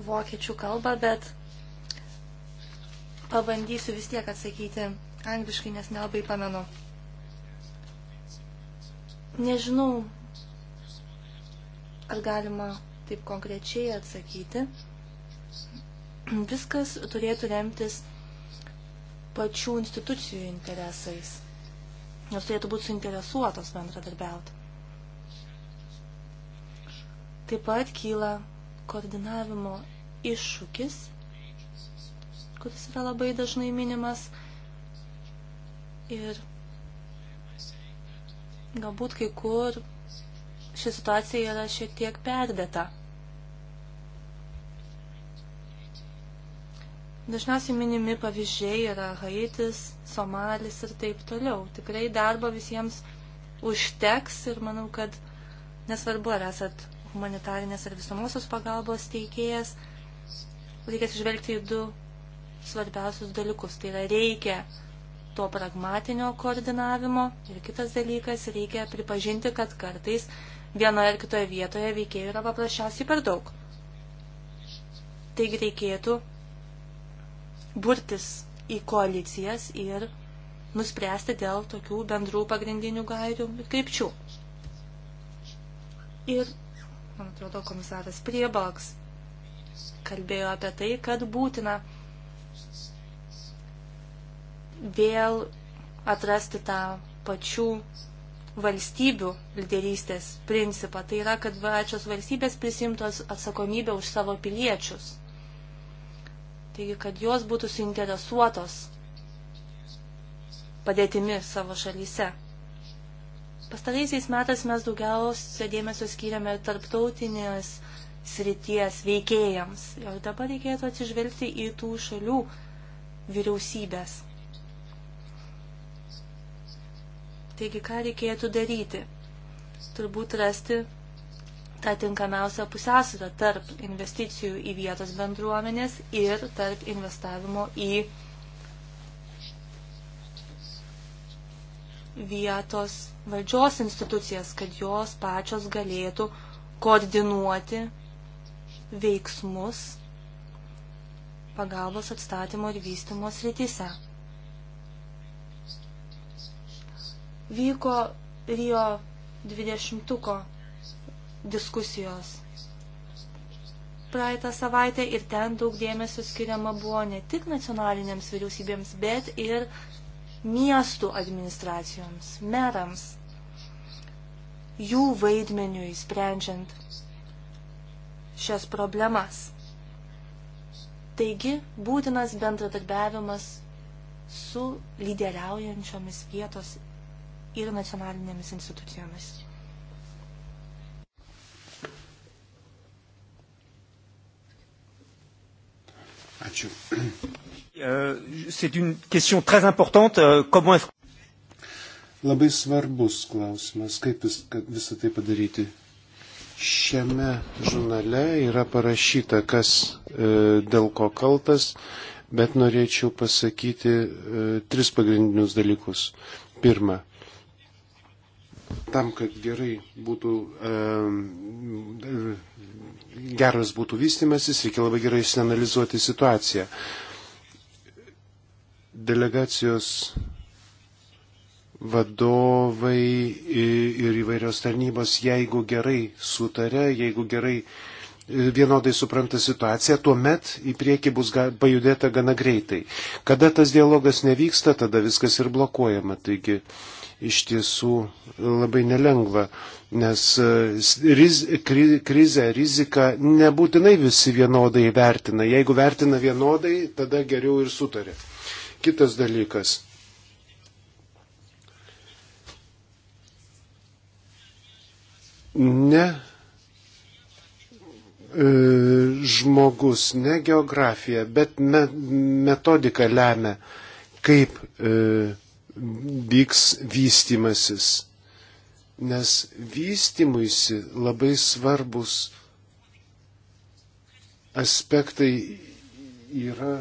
vokiečių kalbą, bet Pabandysiu vis tiek atsakyti angliškai, nes nelabai pamenu. Nežinau, ar galima taip konkrečiai atsakyti. Viskas turėtų remtis pačių institucijų interesais. Jos turėtų būti suinteresuotos bendradarbiauti. Taip pat kyla koordinavimo iššūkis – kuris yra labai dažnai minimas. Ir galbūt kai kur ši situacija yra šiek tiek perdėta. Dažniausiai minimi pavyzdžiai yra Haitis, Somalis ir taip toliau. Tikrai darbo visiems užteks ir manau, kad nesvarbu, ar esat humanitarinės ar visomosios pagalbos teikėjas, reikia atsižvelgti į du svarbiausius dalykus. Tai yra reikia to pragmatinio koordinavimo ir kitas dalykas reikia pripažinti, kad kartais vienoje ar kitoje vietoje veikėjų yra paprasčiausiai per daug. Taigi reikėtų burtis į koalicijas ir nuspręsti dėl tokių bendrų pagrindinių gairių ir krypčių. Ir, man atrodo, komisaras Priebalks kalbėjo apie tai, kad būtina vėl atrasti tą pačių valstybių lyderystės principą. Tai yra, kad vačios valstybės prisimtos atsakomybę už savo piliečius. Taigi, kad jos būtų suinteresuotos padėtimi savo šalyse. Pastaraisiais metais mes daugiausia dėmesio skiriame tarptautinės srities veikėjams. Ir dabar reikėtų atsižvelgti į tų šalių vyriausybės. Taigi, ką reikėtų daryti? Turbūt rasti tą tinkamiausią pusiausvyrą tarp investicijų į vietos bendruomenės ir tarp investavimo į vietos valdžios institucijas, kad jos pačios galėtų koordinuoti veiksmus pagalbos atstatymo ir vystymo srityse. vyko Rio 20-ko diskusijos praeitą savaitę ir ten daug dėmesio skiriama buvo ne tik nacionalinėms vyriausybėms, bet ir miestų administracijoms, merams, jų vaidmeniui sprendžiant šias problemas. Taigi būtinas bendradarbiavimas su lyderiaujančiomis vietos ir nacionalinėmis institucijomis. Ačiū. Euh, c'est une question très importante. Euh, comment est-ce Labai svarbus klausimas, kaip vis, visą tai padaryti. Šiame žurnale yra parašyta, kas e, dėl ko kaltas, bet norėčiau pasakyti e, tris pagrindinius dalykus. Pirma, tam, kad gerai būtų, e, geras būtų vystimasis, reikia labai gerai išanalizuoti situaciją. Delegacijos vadovai ir įvairios tarnybos, jeigu gerai sutarė, jeigu gerai e, vienodai supranta situaciją, tuomet į priekį bus pajudėta gana greitai. Kada tas dialogas nevyksta, tada viskas ir blokuojama. Taigi, uh, iš tiesų labai nelengva, nes e, riz, kri, krizę, riziką nebūtinai visi vienodai vertina. Jeigu vertina vienodai, tada geriau ir sutarė. Kitas dalykas. Ne e, žmogus, ne geografija, bet metodika lemia, kaip e, vyks vystimasis. Nes vystimuisi labai svarbus aspektai yra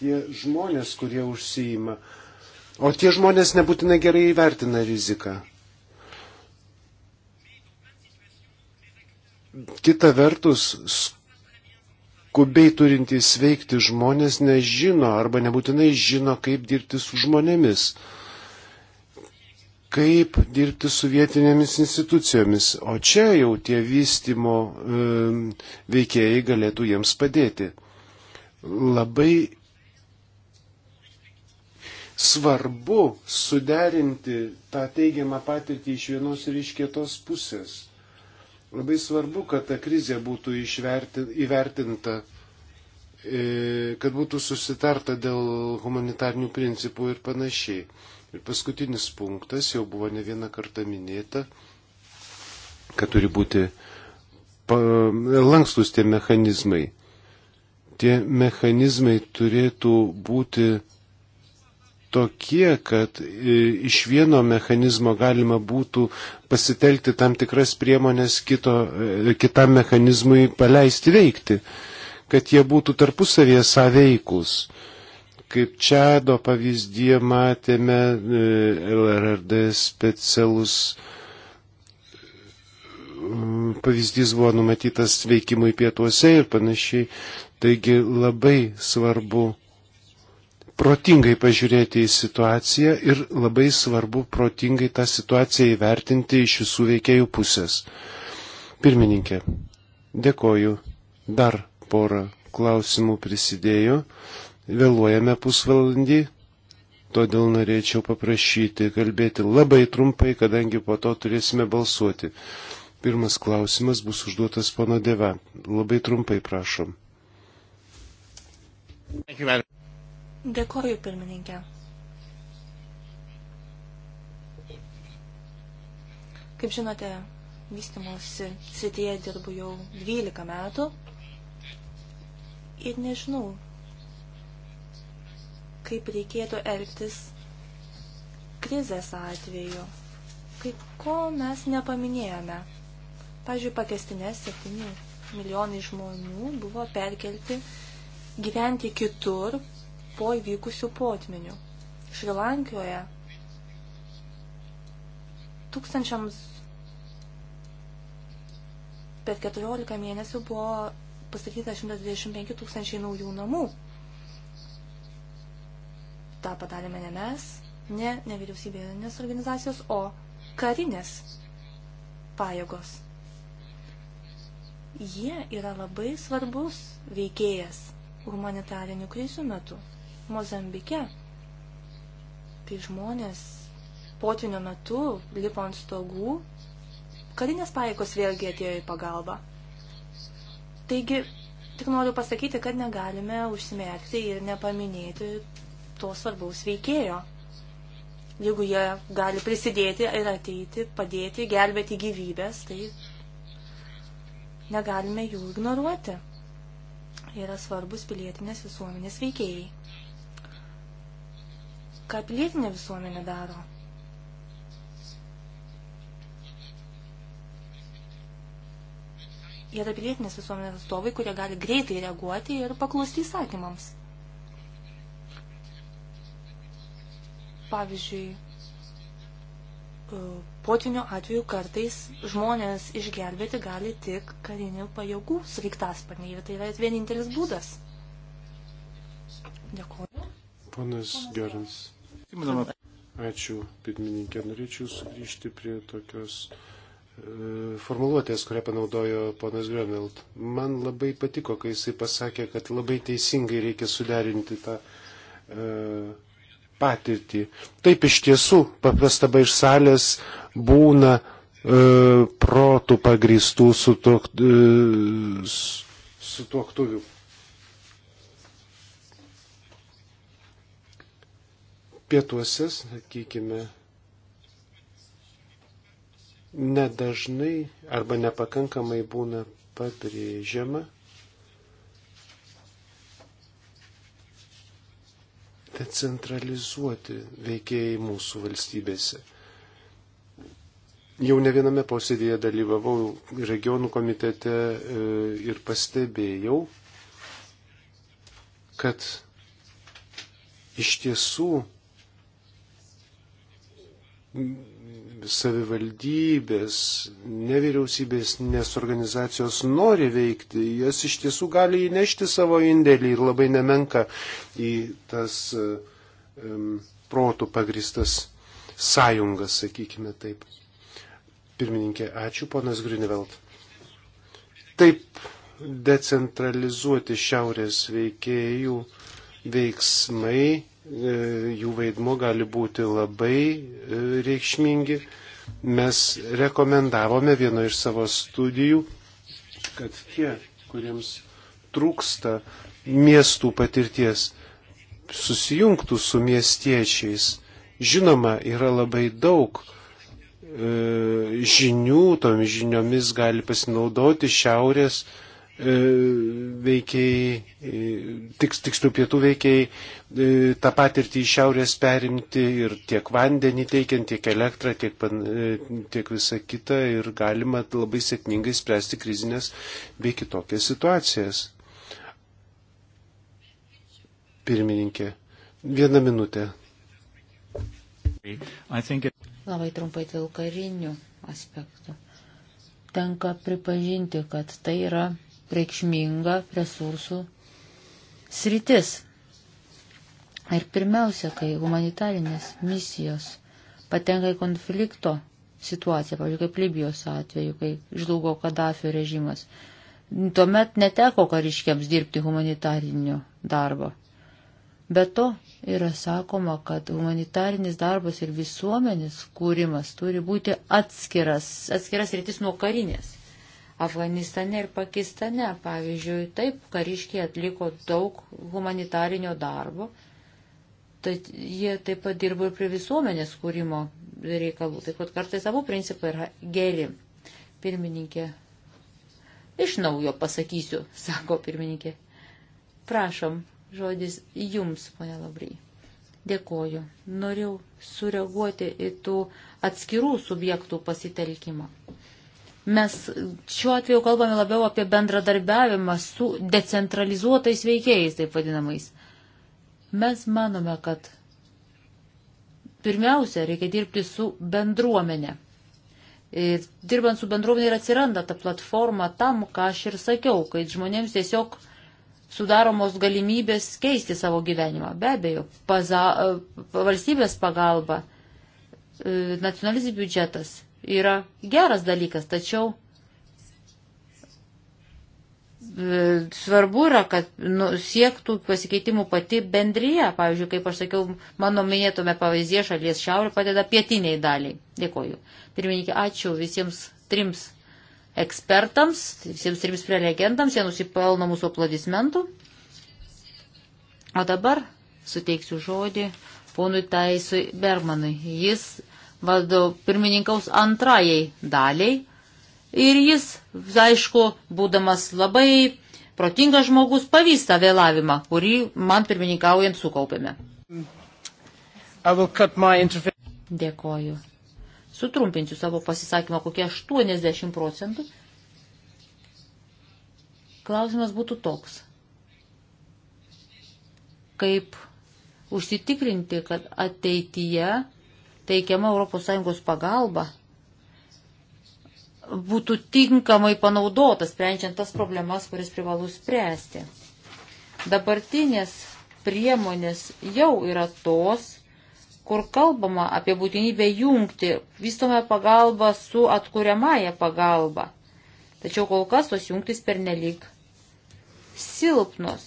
tie žmonės, kurie užsiima. O tie žmonės nebūtinai gerai įvertina riziką. Kita vertus, skubiai turintys veikti žmonės nežino arba nebūtinai žino, kaip dirbti su žmonėmis kaip dirbti su vietinėmis institucijomis, o čia jau tie vystimo e, veikėjai galėtų jiems padėti. Labai svarbu suderinti tą teigiamą patirtį iš vienos ir iš kitos pusės. Labai svarbu, kad ta krizė būtų išverti, įvertinta, e, kad būtų susitarta dėl humanitarnių principų ir panašiai. Ir paskutinis punktas jau buvo ne vieną kartą minėta, kad turi būti lankstus tie mechanizmai. Tie mechanizmai turėtų būti tokie, kad iš vieno mechanizmo galima būtų pasitelkti tam tikras priemonės kito, e, kitam mechanizmui paleisti veikti, kad jie būtų tarpusavėje sąveikus. Kaip Čado pavyzdyje matėme, e, LRRD specialus mm, pavyzdys buvo numatytas veikimui pietuose ir panašiai. Taigi labai svarbu protingai pažiūrėti į situaciją ir labai svarbu protingai tą situaciją įvertinti iš visų veikėjų pusės. Pirmininkė, dėkoju. Dar porą klausimų prisidėjo vėluojame pusvalandį, todėl norėčiau paprašyti kalbėti labai trumpai, kadangi po to turėsime balsuoti. Pirmas klausimas bus užduotas pono Deva. Labai trumpai prašom. Dėkoju, pirmininkė. Kaip žinote, vystimosi srityje dirbu jau 12 metų ir nežinau, kaip reikėtų elgtis krizės atveju. Kai ko mes nepaminėjome. Pavyzdžiui, pakestinė 7 milijonai žmonių buvo perkelti gyventi kitur po įvykusių potminių. Šrilankijoje tūkstančiams per 14 mėnesių buvo pastatyta 125 tūkstančiai naujų namų tą padarėme ne mes, ne nevyriausybinės organizacijos, o karinės pajėgos. Jie yra labai svarbus veikėjas humanitarinių krizių metu. Mozambike, kai žmonės potvinio metu lipo ant stogų, karinės pajėgos vėlgi atėjo į pagalbą. Taigi, tik noriu pasakyti, kad negalime užsimerkti ir nepaminėti to svarbaus veikėjo. Jeigu jie gali prisidėti ir ateiti, padėti, gelbėti gyvybės, tai negalime jų ignoruoti. Yra svarbus pilietinės visuomenės veikėjai. Ką pilietinė visuomenė daro? yra pilietinės visuomenės atstovai, kurie gali greitai reaguoti ir paklusti įsakymams. Pavyzdžiui, e, potinio atveju kartais žmonės išgelbėti gali tik karinių pajėgų sraigtasparniai ir tai yra vienintelis būdas. Dėkuoju. Ponas Gerins. Ačiū, pirmininkė. Norėčiau sugrįžti prie tokios e, formuluotės, kurią panaudojo ponas Grönveld. Man labai patiko, kai jisai pasakė, kad labai teisingai reikia suderinti tą e, patirtį. Taip iš tiesų, paprastaba iš salės būna e, protų pagristų su, tuok, e, su tuoktuviu. Pietuose, sakykime, nedažnai arba nepakankamai būna pabrėžiama, decentralizuoti veikėjai mūsų valstybėse. Jau ne viename posėdėje dalyvavau regionų komitete e, ir pastebėjau, kad iš tiesų savivaldybės, nevyriausybės, nes organizacijos nori veikti, jas iš tiesų gali įnešti savo indėlį ir labai nemenka į tas um, protų pagristas sąjungas, sakykime taip. Pirmininkė, ačiū, ponas Grinevelt. Taip, decentralizuoti šiaurės veikėjų veiksmai E, jų vaidmo gali būti labai e, reikšmingi. Mes rekomendavome vieno iš savo studijų, kad tie, kuriems trūksta miestų patirties, susijungtų su miestiečiais. Žinoma, yra labai daug e, žinių, tomis žiniomis gali pasinaudoti šiaurės E, veikiai, e, tiks, tiksliau pietų veikiai e, tą patirtį iš šiaurės perimti ir tiek vandenį teikiant, tiek elektrą, tiek, pan, tiek visą kitą ir galima labai sėkmingai spręsti krizinės bei kitokias situacijas. Pirmininkė, vieną minutę. Labai trumpai dėl karinių aspektų. Tenka pripažinti, kad tai yra reikšminga resursų sritis. Ir pirmiausia, kai humanitarinės misijos patenka į konflikto situaciją, pavyzdžiui, kaip Libijos atveju, kai žlugo Kadafio režimas, tuomet neteko kariškiams dirbti humanitarinio darbo. Be to yra sakoma, kad humanitarinis darbas ir visuomenės kūrimas turi būti atskiras, atskiras rytis nuo karinės. Afganistane ir Pakistane, pavyzdžiui, taip kariškiai atliko daug humanitarinio darbo, tai jie taip pat dirbo ir prie visuomenės kūrimo reikalų, taip pat kartais abu principai yra geri. Pirmininkė, iš naujo pasakysiu, sako pirmininkė. Prašom, žodis jums, ponia Labry. Dėkoju. Norėjau sureaguoti į tų atskirų subjektų pasitelkimą. Mes šiuo atveju kalbame labiau apie bendradarbiavimą su decentralizuotais veikėjais, taip vadinamais. Mes manome, kad pirmiausia, reikia dirbti su bendruomenė. Ir dirbant su bendruomenė ir atsiranda ta platforma tam, ką aš ir sakiau, kai žmonėms tiesiog sudaromos galimybės keisti savo gyvenimą. Be abejo, paza, valstybės pagalba, e, nacionalinis biudžetas yra geras dalykas, tačiau e, svarbu yra, kad nu, siektų pasikeitimų pati bendryje. Pavyzdžiui, kaip aš sakiau, mano minėtume pavyzdė šalies šiaurė padeda pietiniai daliai. Dėkoju. Pirmininkė, ačiū visiems trims ekspertams, visiems trims prelegentams, jie nusipelno mūsų aplodismentų. O dabar suteiksiu žodį ponui Taisui Bermanui. Jis vado, pirmininkaus antrajai daliai. Ir jis, aišku, būdamas labai protingas žmogus, pavystą vėlavimą, kurį man pirmininkaujant sukaupėme. Dėkoju. Sutrumpinsiu savo pasisakymą kokie 80 procentų. Klausimas būtų toks. Kaip užsitikrinti, kad ateityje teikiama ES pagalba būtų tinkamai panaudotas, sprendžiant tas problemas, kuris privalu spręsti. Dabartinės priemonės jau yra tos, kur kalbama apie būtinybę jungti vystomą pagalbą su atkuriamąją pagalbą. Tačiau kol kas tos jungtis pernelyg silpnos.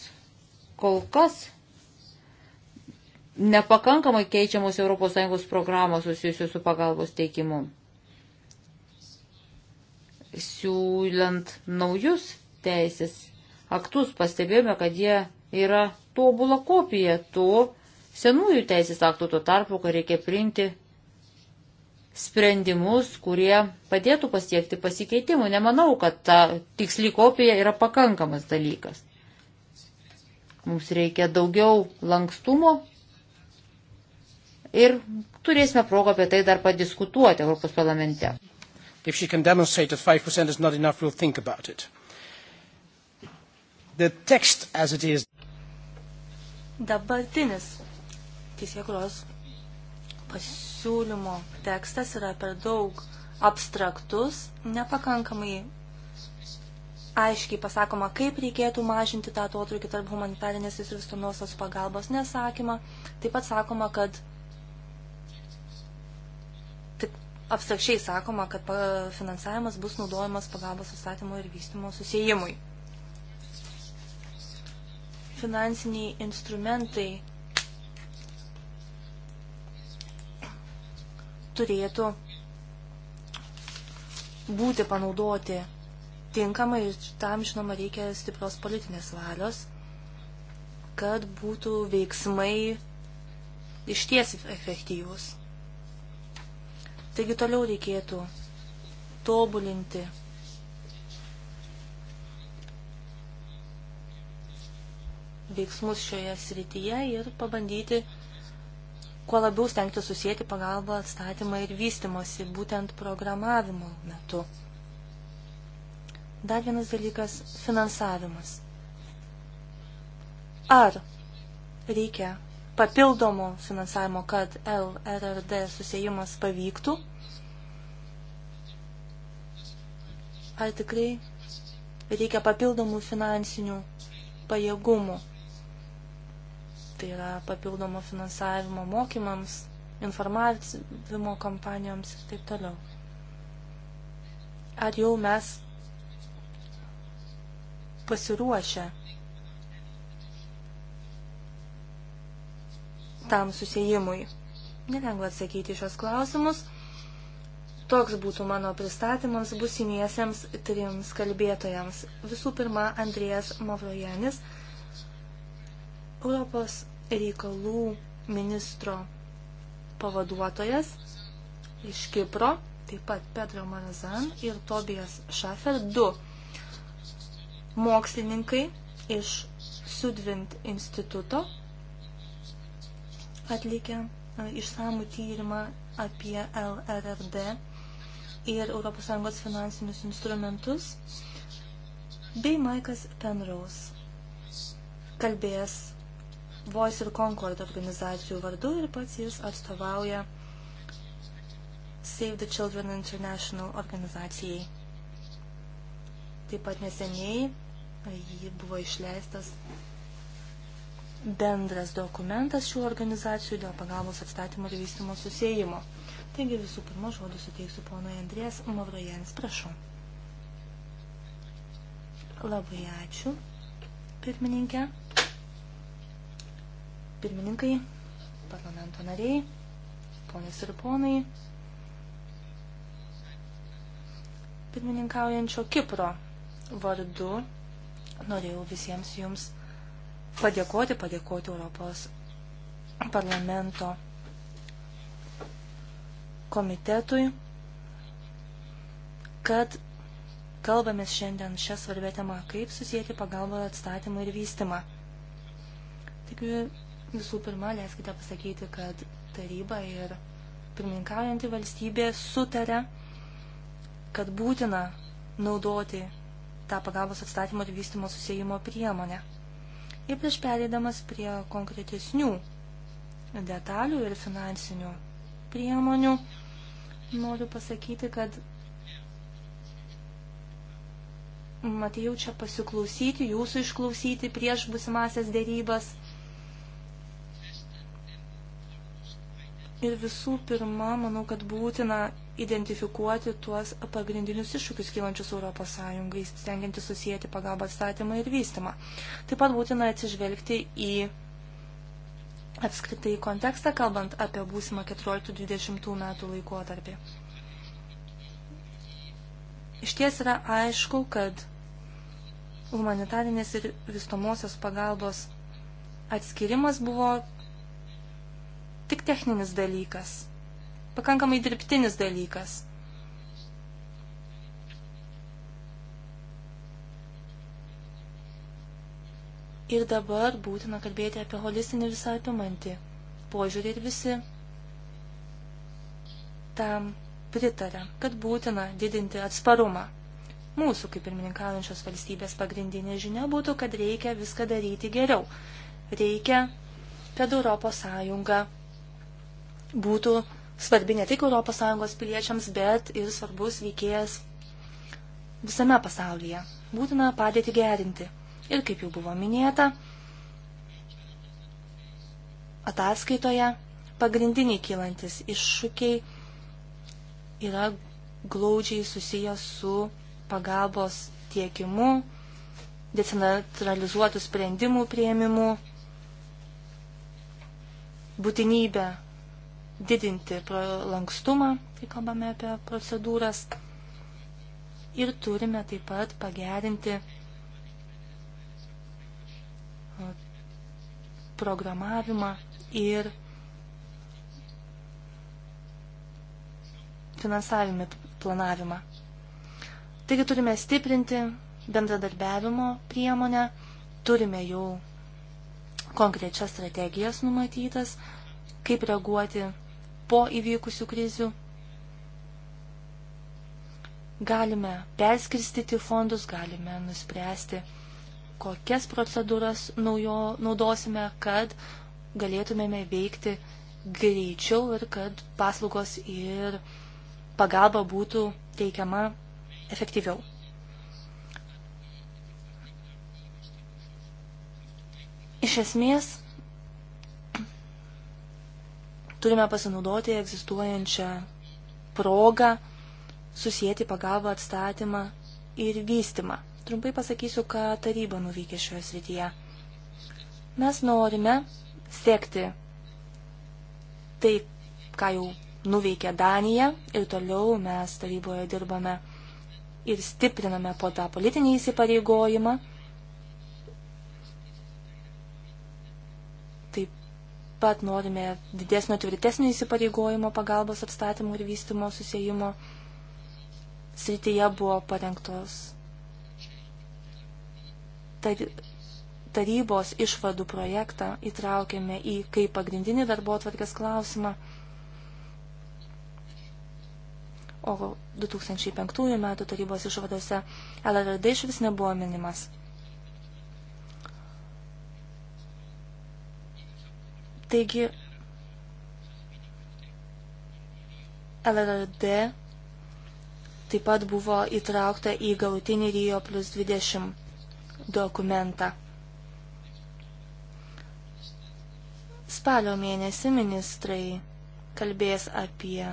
Kol kas nepakankamai keičiamos ES programos susijusios su pagalbos teikimu. Siūlant naujus teisės aktus, pastebėjome, kad jie yra tobula kopija to senųjų teisės aktų, tuo tarpu, kad reikia priimti sprendimus, kurie padėtų pasiekti pasikeitimų. Nemanau, kad ta tiksli kopija yra pakankamas dalykas. Mums reikia daugiau lankstumo ir turėsime progą apie tai dar padiskutuoti Europos parlamente. If she can demonstrate that 5% is not enough, we'll think about it. The text as it is. Dabartinis teisėkuros pasiūlymo tekstas yra per daug abstraktus, nepakankamai aiškiai pasakoma, kaip reikėtų mažinti tą atotrukį tarp humanitarinės ir visuomenosios pagalbos nesakymą. Taip pat sakoma, kad apsakščiai sakoma, kad finansavimas bus naudojamas pagalbos atstatymo ir vystymo susijimui. Finansiniai instrumentai turėtų būti panaudoti tinkamai ir tam, žinoma, reikia stiprios politinės valios, kad būtų veiksmai išties efektyvus. Taigi toliau reikėtų tobulinti veiksmus šioje srityje ir pabandyti kuo labiau stengti susijęti pagalbą atstatymą ir vystimosi būtent programavimo metu. Dar vienas dalykas – finansavimas. Ar reikia papildomo finansavimo, kad LRRD susijimas pavyktų? Ar tikrai reikia papildomų finansinių pajėgumų? Tai yra papildomo finansavimo mokymams, informavimo kompanijoms ir taip toliau. Ar jau mes pasiruošę tam susijimui? Nelengva atsakyti šios klausimus. Toks būtų mano pristatymams busimiesiems trims kalbėtojams. Visų pirma, Andrijas Mavrojanis, Europos reikalų ministro pavaduotojas iš Kipro, taip pat Pedro Marazan ir Tobijas Šafer, du mokslininkai iš Sudvint instituto atlikę e, išsamų tyrimą apie LRRD ir ES finansinius instrumentus, bei Maikas Penrose kalbės Voice ir Concord organizacijų vardu ir pats jis atstovauja Save the Children International organizacijai. Taip pat neseniai e, jį buvo išleistas bendras dokumentas šių organizacijų dėl pagalbos atstatymo ir vystymo susijimo. Taigi visų pirma žodį suteiksiu ponui Andrės Mavrojens, prašau. Labai ačiū, pirmininkė, pirmininkai, parlamento nariai, ponės ir ponai, pirmininkaujančio Kipro vardu norėjau visiems jums padėkoti, padėkoti Europos parlamento komitetui, kad kalbamės šiandien šią svarbę temą, kaip susijęti pagalbą atstatymą ir vystimą. Tik visų pirma, leiskite pasakyti, kad taryba ir pirmininkaujanti valstybė sutarė, kad būtina naudoti tą pagalbos atstatymo ir vystymo susijimo priemonę. Ir prieš perėdamas prie konkretesnių detalių ir finansinių priemonių, noriu pasakyti, kad matėjau čia pasiklausyti, jūsų išklausyti prieš busimasias dėrybas. Ir visų pirma, manau, kad būtina identifikuoti tuos pagrindinius iššūkius kylančius Europos Sąjungai, stengiantis susijęti pagalbą atstatymą ir vystymą. Taip pat būtina atsižvelgti į apskritai kontekstą, kalbant apie būsimą 14-20 metų laikotarpį. Iš ties yra aišku, kad humanitarinės ir vystomosios pagalbos atskirimas buvo tik techninis dalykas – pakankamai dirbtinis dalykas. Ir dabar būtina kalbėti apie holistinį visą apimantį. Požiūrį ir visi tam pritarė, kad būtina didinti atsparumą. Mūsų, kaip pirmininkaujančios valstybės, pagrindinė žinia būtų, kad reikia viską daryti geriau. Reikia, kad Europos Sąjunga būtų svarbi ne tik ES piliečiams, bet ir svarbus veikėjas visame pasaulyje. Būtina padėti gerinti. Ir kaip jau buvo minėta, ataskaitoje pagrindiniai kylantis iššūkiai yra glaudžiai susijęs su pagalbos tiekimu, decentralizuotų sprendimų prieimimu, būtinybę didinti lankstumą, kai kalbame apie procedūras. Ir turime taip pat pagerinti programavimą ir finansavimą planavimą. Taigi turime stiprinti bendradarbiavimo priemonę, turime jau konkrečias strategijas numatytas, kaip reaguoti po įvykusių krizių. Galime perskirstyti fondus, galime nuspręsti, kokias procedūras naujo, naudosime, kad galėtumėme veikti greičiau ir kad paslaugos ir pagalba būtų teikiama efektyviau. Iš esmės, Turime pasinaudoti egzistuojančią progą susijęti pagalbą atstatymą ir vystimą. Trumpai pasakysiu, ką taryba nuveikė šioje srityje. Mes norime siekti tai, ką jau nuveikė Danija ir toliau mes taryboje dirbame ir stipriname po tą politinį įsipareigojimą pat norime didesnio tvirtesnio įsipareigojimo pagalbos atstatymų ir vystymo susijimo. Srityje buvo parengtos tar tarybos išvadų projektą įtraukėme į kaip pagrindinį darbo atvarkės klausimą. O 2005 metų tarybos išvadose LRD iš vis nebuvo minimas. Taigi, LRD taip pat buvo įtraukta į galutinį Rio plus 20 dokumentą. Spalio mėnesį ministrai kalbės apie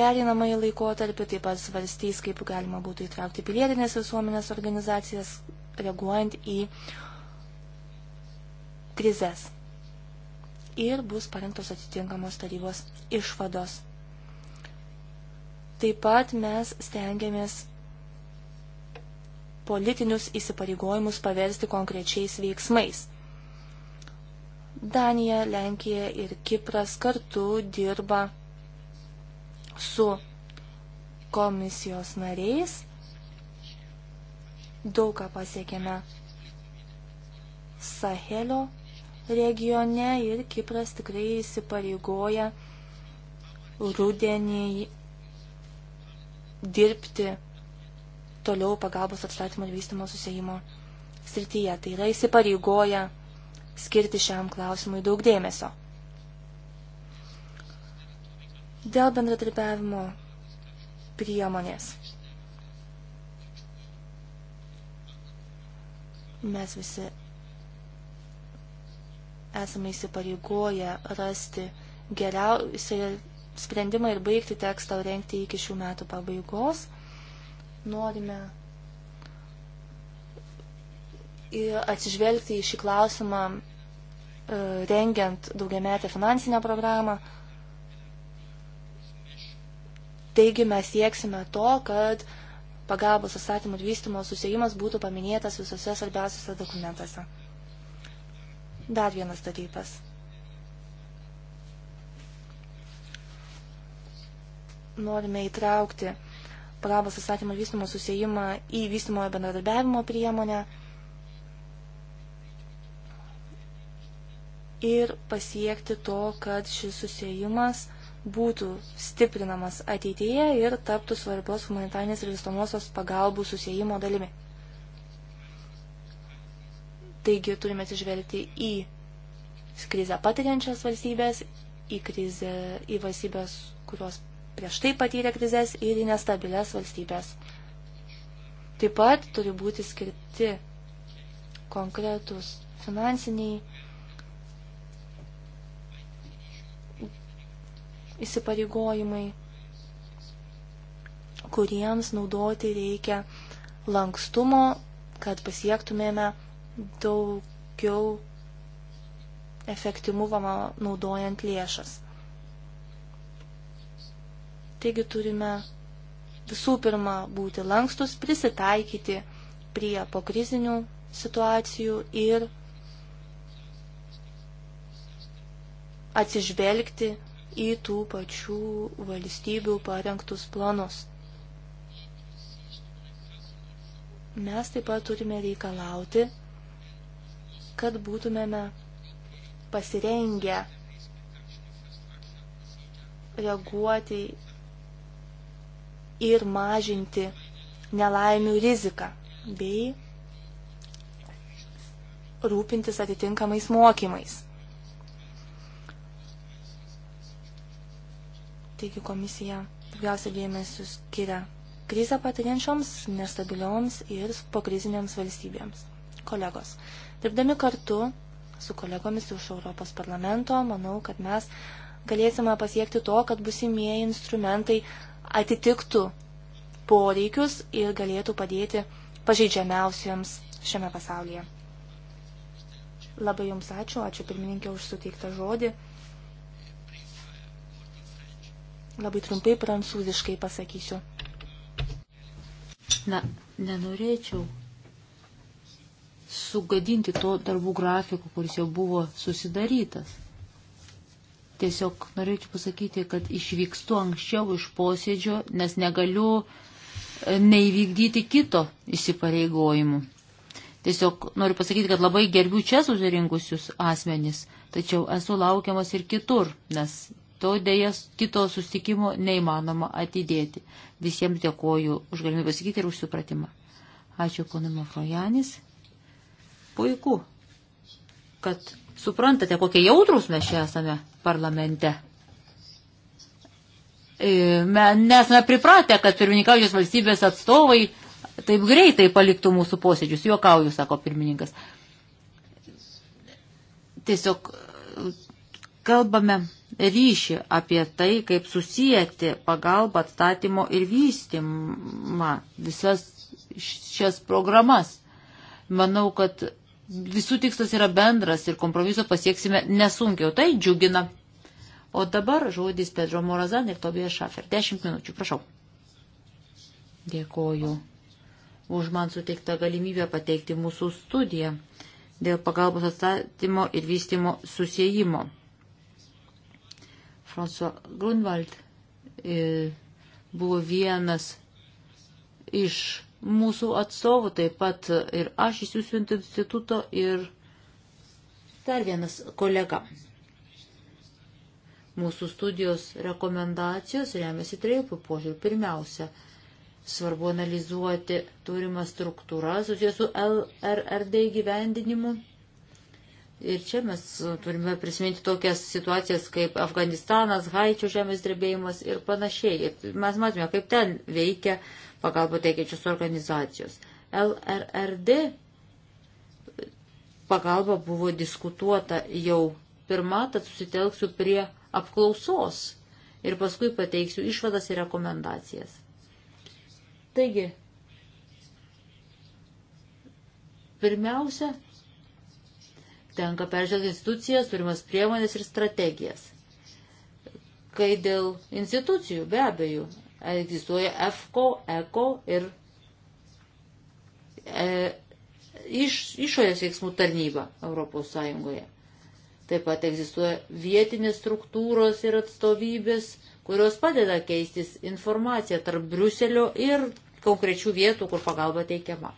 perinamąjį laikotarpį, taip pat svarstys, kaip galima būtų įtraukti pilietinės visuomenės organizacijas, reaguojant į krizės. Ir bus parengtos atitinkamos tarybos išvados. Taip pat mes stengiamės politinius įsipareigojimus paversti konkrečiais veiksmais. Danija, Lenkija ir Kipras kartu dirba su komisijos nariais. Daug ką pasiekėme Sahelio regione ir Kipras tikrai įsipareigoja rudenį dirbti toliau pagalbos atstatymo ir vystymo susijimo srityje. Tai yra įsipareigoja skirti šiam klausimui daug dėmesio. Dėl bendradarbiavimo priemonės. Mes visi esame įsipareigoję rasti geriausią sprendimą ir baigti tekstą rengti iki šių metų pabaigos. Norime atsižvelgti į šį klausimą e, rengiant daugiametę finansinę programą. Taigi mes sieksime to, kad pagalbos atstatymų ir vystymo susijimas būtų paminėtas visose svarbiausiose dokumentuose. Dar vienas dalykas. Norime įtraukti pagalbos įstatymą ir vystymo susijimą į vystymojo bendradarbiavimo priemonę ir pasiekti to, kad šis susijimas būtų stiprinamas ateityje ir taptų svarbios humanitarnės ir vystomosios pagalbų susijimo dalimi. Taigi turime atsižvelgti į krizę patiriančias valstybės, į, krizę, į valstybės, kurios prieš tai patyrė krizės ir į nestabilės valstybės. Taip pat turi būti skirti konkretus finansiniai įsipareigojimai, kuriems naudoti reikia lankstumo, kad pasiektumėme daugiau efektyvumo naudojant lėšas. Taigi turime visų pirma būti lankstus, prisitaikyti prie pokrizinių situacijų ir atsižvelgti į tų pačių valstybių parengtus planus. Mes taip pat turime reikalauti, kad būtumėme pasirengę reaguoti ir mažinti nelaimių riziką bei rūpintis atitinkamais mokymais. Taigi komisija daugiausia dėmesio skiria krizę patiriančioms, nestabilioms ir pokriziniams valstybėms. Kolegos, dirbdami kartu su kolegomis iš Europos parlamento, manau, kad mes galėsime pasiekti to, kad busimieji instrumentai atitiktų poreikius ir galėtų padėti pažeidžiamiausiams šiame pasaulyje. Labai Jums ačiū, ačiū pirmininkė už suteiktą žodį. Labai trumpai prancūziškai pasakysiu. Na, nenorėčiau sugadinti to darbų grafiko, kuris jau buvo susidarytas. Tiesiog norėčiau pasakyti, kad išvykstu anksčiau iš posėdžio, nes negaliu e, neįvykdyti kito įsipareigojimų. Tiesiog noriu pasakyti, kad labai gerbiu čia susirinkusius asmenis, tačiau esu laukiamas ir kitur, nes to dėjas kito sustikimo neįmanoma atidėti. Visiems dėkoju už galimybę pasakyti ir už supratimą. Ačiū, ponai Mafrojanis. Puiku, kad suprantate, kokie jautrus mes čia esame parlamente. E, mes nesame pripratę, kad pirmininkaujančios valstybės atstovai taip greitai paliktų mūsų posėdžius. Juokauju, sako pirmininkas. Tiesiog e, kalbame ryšį apie tai, kaip susijęti pagalbą atstatymo ir vystymą visas šias programas. Manau, kad visų tikslas yra bendras ir kompromiso pasieksime nesunkiau. Tai džiugina. O dabar žodis Pedro Morazan ir Tobija Šafer. Dešimt minučių, prašau. Dėkoju už man suteiktą galimybę pateikti mūsų studiją dėl pagalbos atstatymo ir vystimo susijimo. François Grunwald e, buvo vienas iš mūsų atstovų, taip pat ir aš įsiusiu instituto ir dar vienas kolega. Mūsų studijos rekomendacijos remiasi trejų požiūrį. Pirmiausia, svarbu analizuoti turimas struktūras susijęs su LRRD gyvendinimu Ir čia mes turime prisiminti tokias situacijas kaip Afganistanas, Haičio žemės drebėjimas ir panašiai. Ir mes matome, kaip ten veikia pagalba teikiančios organizacijos. LRRD pagalba buvo diskutuota jau pirmą, tad susitelksiu prie apklausos ir paskui pateiksiu išvadas ir rekomendacijas. Taigi, pirmiausia, tenka peržvelgti institucijas, turimas priemonės ir strategijas. Kai dėl institucijų, be abejo, egzistuoja EFCO, ECO ir e, iš, išorės veiksmų tarnyba Europos Sąjungoje. Taip pat egzistuoja vietinės struktūros ir atstovybės, kurios padeda keistis informaciją tarp Briuselio ir konkrečių vietų, kur pagalba teikiama.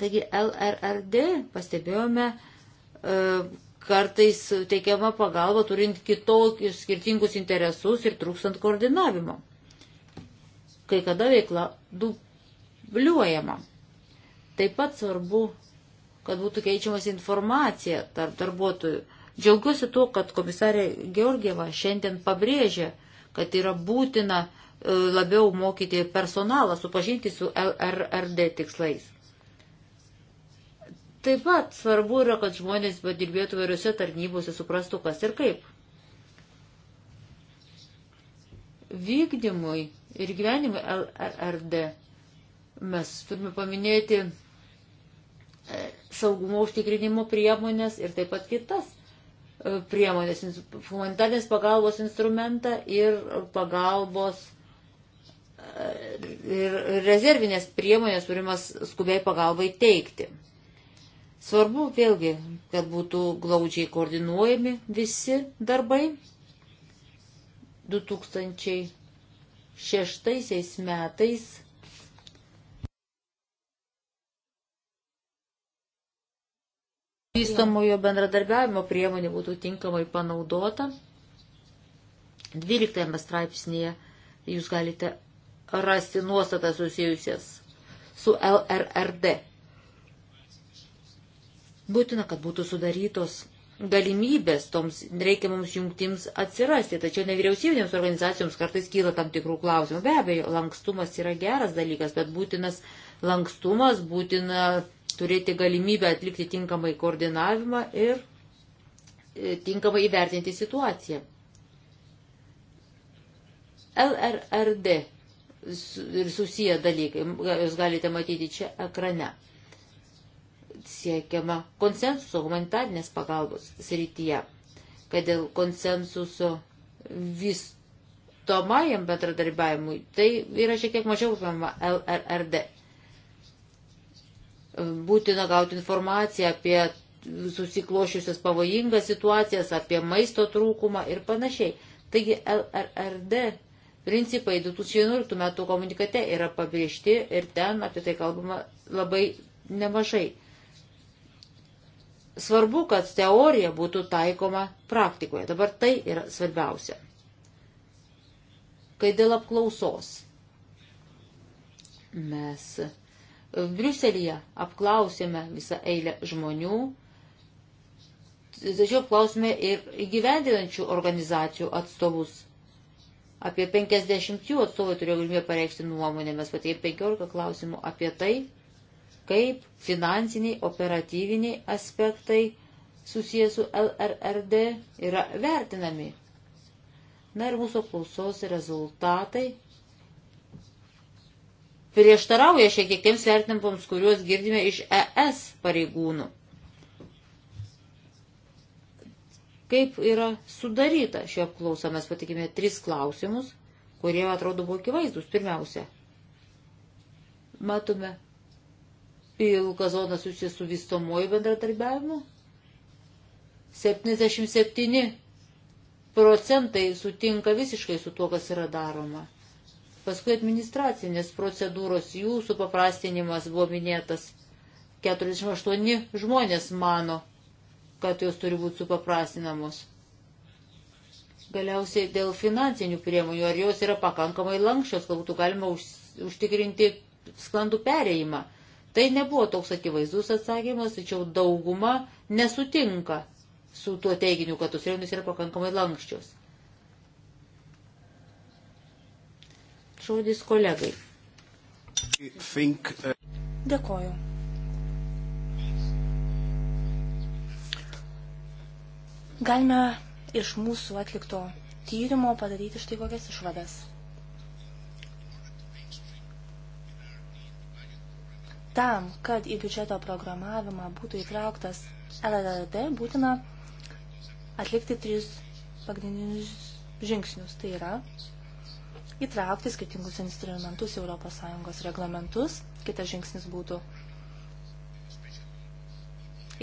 Taigi LRRD pastebėjome, e, kartais teikiama pagalba turint kitokius skirtingus interesus ir trūkstant koordinavimo. Kai kada veikla dubliuojama. Taip pat svarbu, kad būtų keičiamas informacija tarp darbuotojų. Džiaugiuosi tuo, kad komisarė Georgieva šiandien pabrėžė, kad yra būtina e, labiau mokyti personalą, supažinti su LRRD tikslais. Taip pat svarbu yra, kad žmonės padirbėtų vairiose tarnybose, suprastų kas ir kaip. Vykdymui ir gyvenimui LRRD mes turime paminėti e, saugumo užtikrinimo priemonės ir taip pat kitas e, priemonės, humanitarnės pagalbos instrumentą ir pagalbos e, ir rezervinės priemonės turimas skubiai pagalbai teikti. Svarbu vėlgi, kad būtų glaudžiai koordinuojami visi darbai. 2006 metais vystamojo bendradarbiavimo priemonė būtų tinkamai panaudota. 12 straipsnėje jūs galite rasti nuostatas susijusias su LRRD Būtina, kad būtų sudarytos galimybės toms reikiamoms jungtims atsirasti, tačiau nevyriausybinėms organizacijoms kartais kyla tam tikrų klausimų. Be abejo, lankstumas yra geras dalykas, bet būtinas lankstumas, būtina turėti galimybę atlikti tinkamai koordinavimą ir e, tinkamai įvertinti situaciją. LRRD ir susiję dalykai, jūs galite matyti čia ekrane siekiama konsensuso humanitarnės pagalbos srityje, kad dėl konsensuso vystomajam bendradarbiavimui tai yra šiek tiek mažiau žinoma LRRD. Būtina gauti informaciją apie susiklošiusias pavojingas situacijas, apie maisto trūkumą ir panašiai. Taigi LRRD principai 2011 metų komunikate yra pabrėžti ir ten apie tai kalbama labai nemažai. Svarbu, kad teorija būtų taikoma praktikoje. Dabar tai yra svarbiausia. Kai dėl apklausos mes Briuselėje apklausėme visą eilę žmonių, tačiau apklausėme ir įgyvendinančių organizacijų atstovus. Apie 50 jų atstovai turėjo galimybę pareikšti nuomonę, mes pateikėme 15 klausimų apie tai, kaip finansiniai, operatyviniai aspektai susijęs su LRRD yra vertinami. Na ir mūsų apklausos rezultatai prieštarauja šiek tiek tiems vertinimpams, kuriuos girdime iš ES pareigūnų. Kaip yra sudaryta ši apklausa, mes patikime tris klausimus, kurie atrodo buvo akivaizdus. Pirmiausia, matome pilka zona susijusi su vystomoju bendradarbiavimu. 77 procentai sutinka visiškai su tuo, kas yra daroma. Paskui administracinės procedūros jų supaprastinimas buvo minėtas. 48 žmonės mano, kad jos turi būti supaprastinamos. Galiausiai dėl finansinių priemonių, ar jos yra pakankamai lankščios, kad būtų galima už, užtikrinti sklandų perėjimą. Tai nebuvo toks akivaizdus atsakymas, tačiau dauguma nesutinka su tuo teiginiu, kad tos rėmės yra pakankamai lankščios. Žodis kolegai. Think, uh... Dėkoju. Galime iš mūsų atlikto tyrimo padaryti štai kokias išvadas. Tam, kad į biudžeto programavimą būtų įtrauktas LRD, būtina atlikti tris pagrindinius žingsnius. Tai yra įtraukti skirtingus instrumentus ES reglamentus. Kitas žingsnis būtų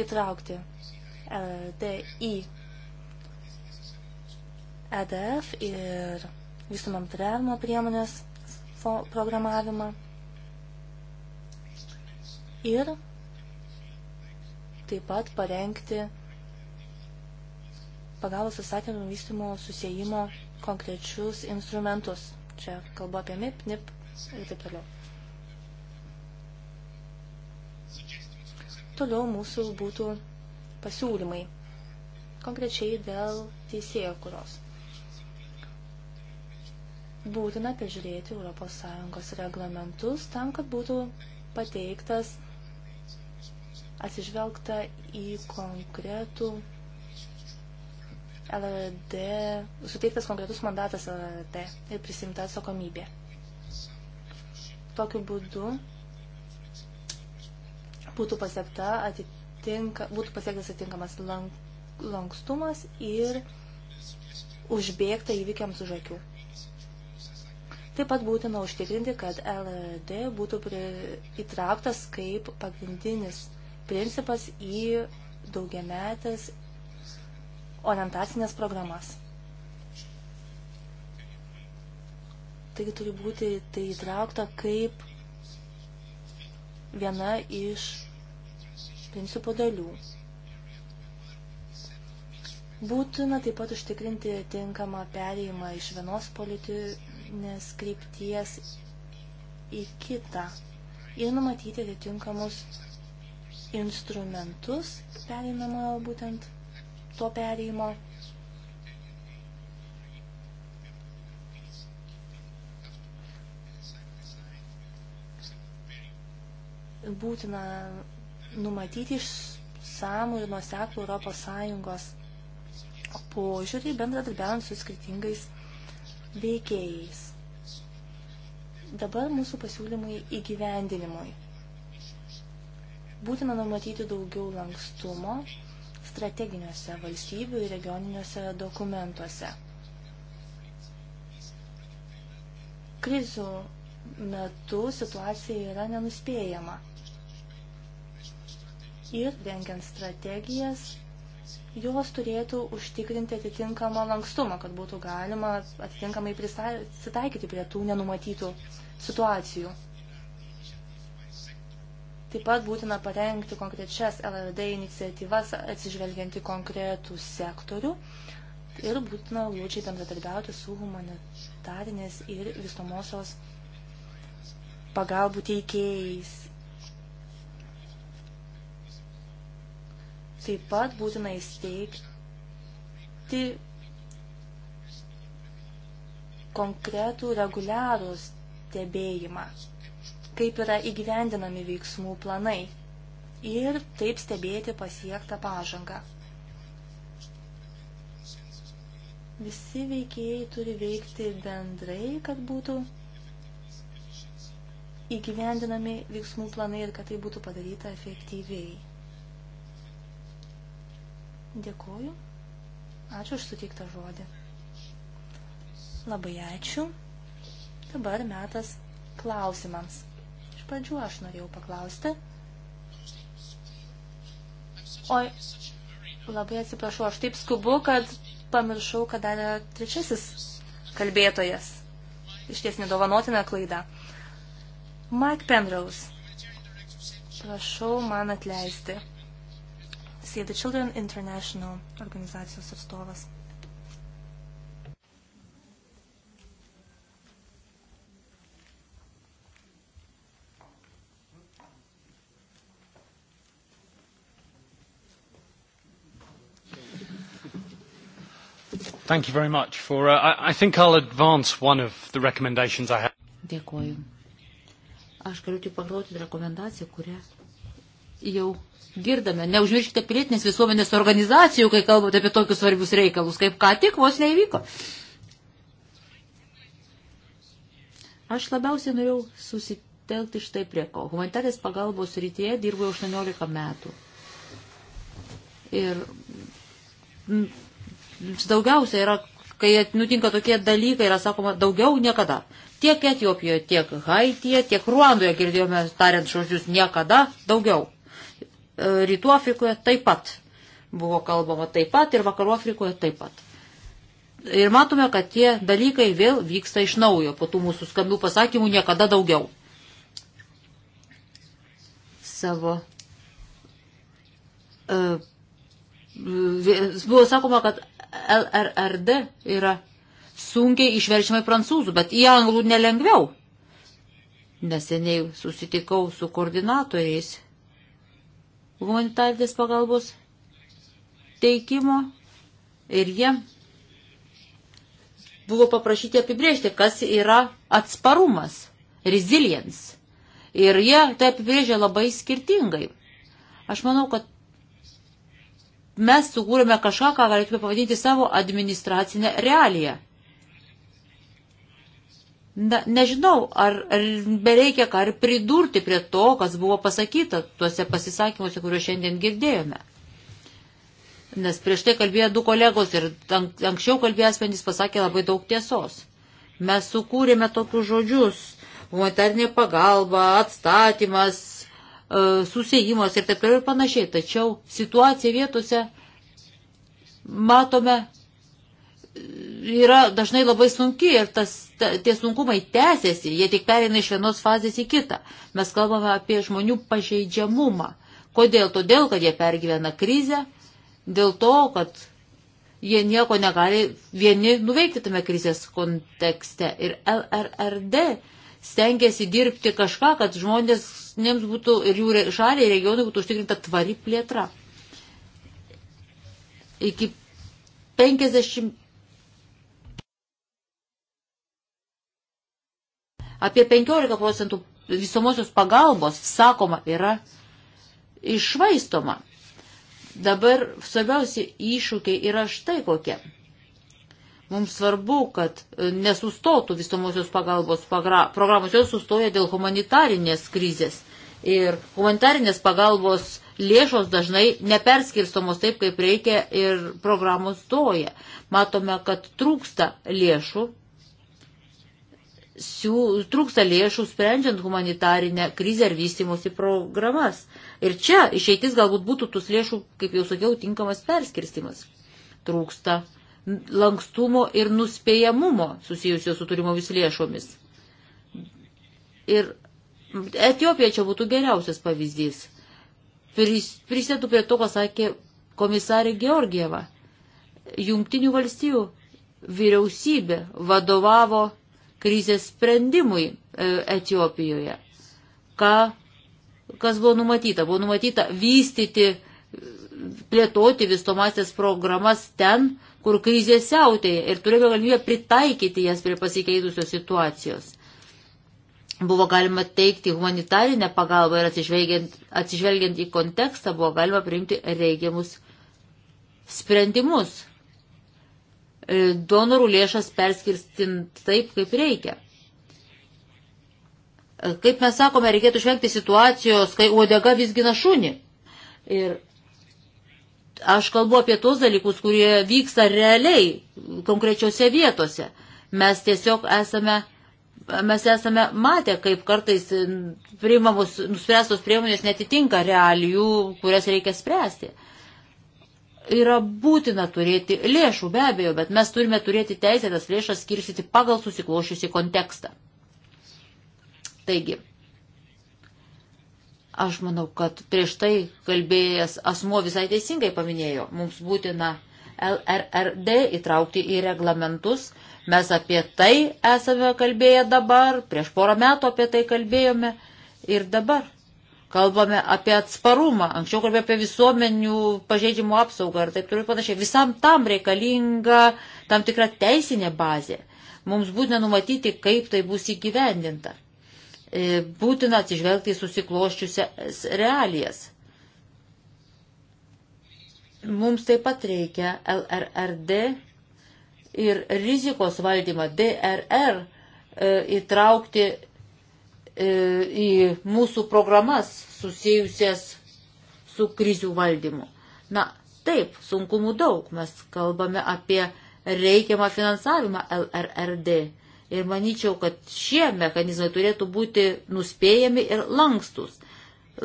įtraukti LDI, EDF ir visumam trevimo priemonės programavimą ir taip pat parengti pagalbos įstatymų vystymo susijimo konkrečius instrumentus. Čia kalbu apie MIP, NIP ir taip toliau. Toliau mūsų būtų pasiūlymai, konkrečiai dėl teisėjo kurios. Būtina peržiūrėti ES reglamentus tam, kad būtų pateiktas atsižvelgta į konkretų LRD, suteiktas konkretus mandatas LRD ir prisimta atsakomybė. Tokiu būdu būtų, pasiekta atitinka, būtų pasiektas atitinkamas lank, lankstumas ir užbėgta įvykiams už akių. Taip pat būtina užtikrinti, kad LRD būtų pri, įtrauktas kaip pagrindinis principas į daugiametės orientacinės programas. Taigi turi būti tai įtraukta kaip viena iš principų dalių. Būtina taip pat užtikrinti tinkamą perėjimą iš vienos politinės krypties į kitą ir numatyti atitinkamus instrumentus pereinamojo būtent to perėjimo. Būtina numatyti išsamų ir nuoseklų ES požiūrį bendradarbiaujant su skirtingais veikėjais. Dabar mūsų pasiūlymai įgyvendinimui. Būtina numatyti daugiau lankstumo strateginiuose valstybių ir regioniniuose dokumentuose. Krizių metu situacija yra nenuspėjama. Ir rengiant strategijas, jos turėtų užtikrinti atitinkamą lankstumą, kad būtų galima atitinkamai prisitaikyti prie tų nenumatytų situacijų. Taip pat būtina parengti konkrečias LRD iniciatyvas atsižvelgianti konkretų sektorių ir būtina glūdžiai bendradarbiauti su humanitarinės ir visomosios pagalbų teikėjais. Taip pat būtina įsteigti konkretų reguliarų stebėjimą kaip yra įgyvendinami veiksmų planai ir taip stebėti pasiektą pažangą. Visi veikėjai turi veikti bendrai, kad būtų įgyvendinami veiksmų planai ir kad tai būtų padaryta efektyviai. Dėkuoju. Ačiū už suteiktą žodį. Labai ačiū. Dabar metas klausimams. Iš pradžių aš norėjau paklausti. Oi, labai atsiprašau, aš taip skubu, kad pamiršau, kad dar trečiasis kalbėtojas. Iš ties nedovanotina klaida. Mike Penrose. Prašau man atleisti. Save the Children International organizacijos atstovas. Thank you very much for. Uh, I, I think I'll advance one of the recommendations I have. Dėkoju. Aš galiu tik paklausti rekomendaciją, kurią jau girdame. Neužmirškite pilietinės visuomenės organizacijų, kai kalbate apie tokius svarbius reikalus, kaip ką tik vos neįvyko. Aš labiausiai norėjau susitelkti štai prie ko. Humanitarės pagalbos rytyje dirbu 18 metų. Ir daugiausia yra, kai nutinka tokie dalykai, yra sakoma, daugiau niekada. Tiek Etijopijoje, tiek Haityje, tiek Ruandoje girdėjome tariant žodžius niekada daugiau. E, Rytų Afrikoje taip pat buvo kalbama taip pat ir Vakarų Afrikoje taip pat. Ir matome, kad tie dalykai vėl vyksta iš naujo, po tų mūsų skambių pasakymų niekada daugiau. Savo. E, buvo sakoma, kad LRRD yra sunkiai išverčiama į prancūzų, bet į anglų nelengviau. Neseniai susitikau su koordinatoriais humanitarės pagalbos teikimo ir jie buvo paprašyti apibrėžti, kas yra atsparumas, resilience. Ir jie tai apibrėžia labai skirtingai. Aš manau, kad mes sukūrėme kažką, ką galėtume pavadinti savo administracinę realiją. Na, nežinau, ar, ar bereikia ką ir pridurti prie to, kas buvo pasakyta tuose pasisakymuose, kuriuos šiandien girdėjome. Nes prieš tai kalbėjo du kolegos ir anksčiau kalbėjo asmenys pasakė labai daug tiesos. Mes sukūrėme tokius žodžius - humanitarinė pagalba, atstatymas, E, susijimas ir taip toliau ir panašiai. Tačiau situacija vietose, matome, yra dažnai labai sunki ir tas, ta, tie sunkumai tęsiasi, jie tik pereina iš vienos fazės į kitą. Mes kalbame apie žmonių pažeidžiamumą. Kodėl? Todėl, kad jie pergyvena krizę, dėl to, kad jie nieko negali vieni nuveikti tame krizės kontekste. Ir LRRD stengiasi dirbti kažką, kad žmonės jiems būtų ir jų šaliai, regionai būtų užtikrinta tvari plėtra. Iki 50. Apie 15 procentų visomosios pagalbos, sakoma, yra išvaistoma. Dabar svarbiausi iššūkiai yra štai kokie. Mums svarbu, kad e, nesustotų visomosios pagalbos programos, jos sustoja dėl humanitarinės krizės. Ir humanitarinės pagalbos lėšos dažnai neperskirstomos taip, kaip reikia ir programos stoja. Matome, kad trūksta lėšų, siū, trūksta lėšų sprendžiant humanitarinę krizę ar vystimosi programas. Ir čia išeitis galbūt būtų tus lėšų, kaip jau sakiau, tinkamas perskirstimas. Trūksta lankstumo ir nuspėjamumo susijusio su turimomis lėšomis. Ir Etiopija čia būtų geriausias pavyzdys. Prisėtų prie to, ką sakė komisarė Georgieva. Jungtinių valstijų vyriausybė vadovavo krizės sprendimui e, Etiopijoje. Ką, kas buvo numatyta? Buvo numatyta vystyti, plėtoti vystomasias programas ten, kur krizė siautėja ir turėjome galimybę pritaikyti jas prie pasikeitusios situacijos. Buvo galima teikti humanitarinę pagalbą ir atsižvelgiant, atsižvelgiant į kontekstą buvo galima priimti reikiamus sprendimus. E, donorų lėšas perskirstinti taip, kaip reikia. E, kaip mes sakome, reikėtų išvengti situacijos, kai uodega visgina šunį. Ir Aš kalbu apie tos dalykus, kurie vyksta realiai konkrečiose vietose. Mes tiesiog esame, mes esame matę, kaip kartais priimamos, nuspręstos priemonės netitinka realijų, kurias reikia spręsti. Yra būtina turėti lėšų, be abejo, bet mes turime turėti teisę tas lėšas skirstyti pagal susiklošiusi kontekstą. Taigi, Aš manau, kad prieš tai kalbėjęs asmo visai teisingai paminėjo, mums būtina LRRD įtraukti į reglamentus. Mes apie tai esame kalbėję dabar, prieš porą metų apie tai kalbėjome ir dabar. Kalbame apie atsparumą, anksčiau kalbėjome apie visuomenių pažeidimų apsaugą ir taip toliau panašiai. Visam tam reikalinga tam tikra teisinė bazė. Mums būtina numatyti, kaip tai bus įgyvendinta. E, būtina atsižvelgti į susikloščiusias realijas. Mums taip pat reikia LRRD ir rizikos valdymą DRR e, įtraukti e, į mūsų programas susijusias su krizių valdymu. Na, taip, sunkumų daug. Mes kalbame apie reikiamą finansavimą LRRD Ir manyčiau, kad šie mechanizmai turėtų būti nuspėjami ir lankstus.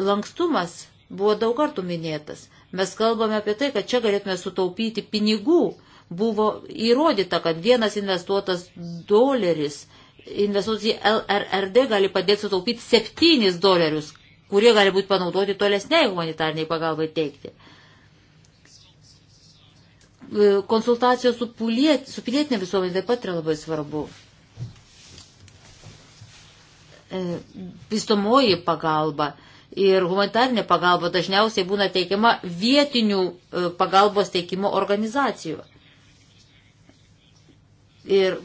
Lankstumas buvo daug kartų minėtas. Mes kalbame apie tai, kad čia galėtume sutaupyti pinigų. Buvo įrodyta, kad vienas investuotas doleris, investuotas į LRRD gali padėti sutaupyti 7 dolerius, kurie gali būti panaudoti tolesniai humanitarniai pagalbai teikti. Konsultacijos su, puliet, su pilietinė visuomenė taip pat yra labai svarbu. E, vystomoji pagalba ir humanitarinė pagalba dažniausiai būna teikiama vietinių e, pagalbos teikimo organizacijų. Ir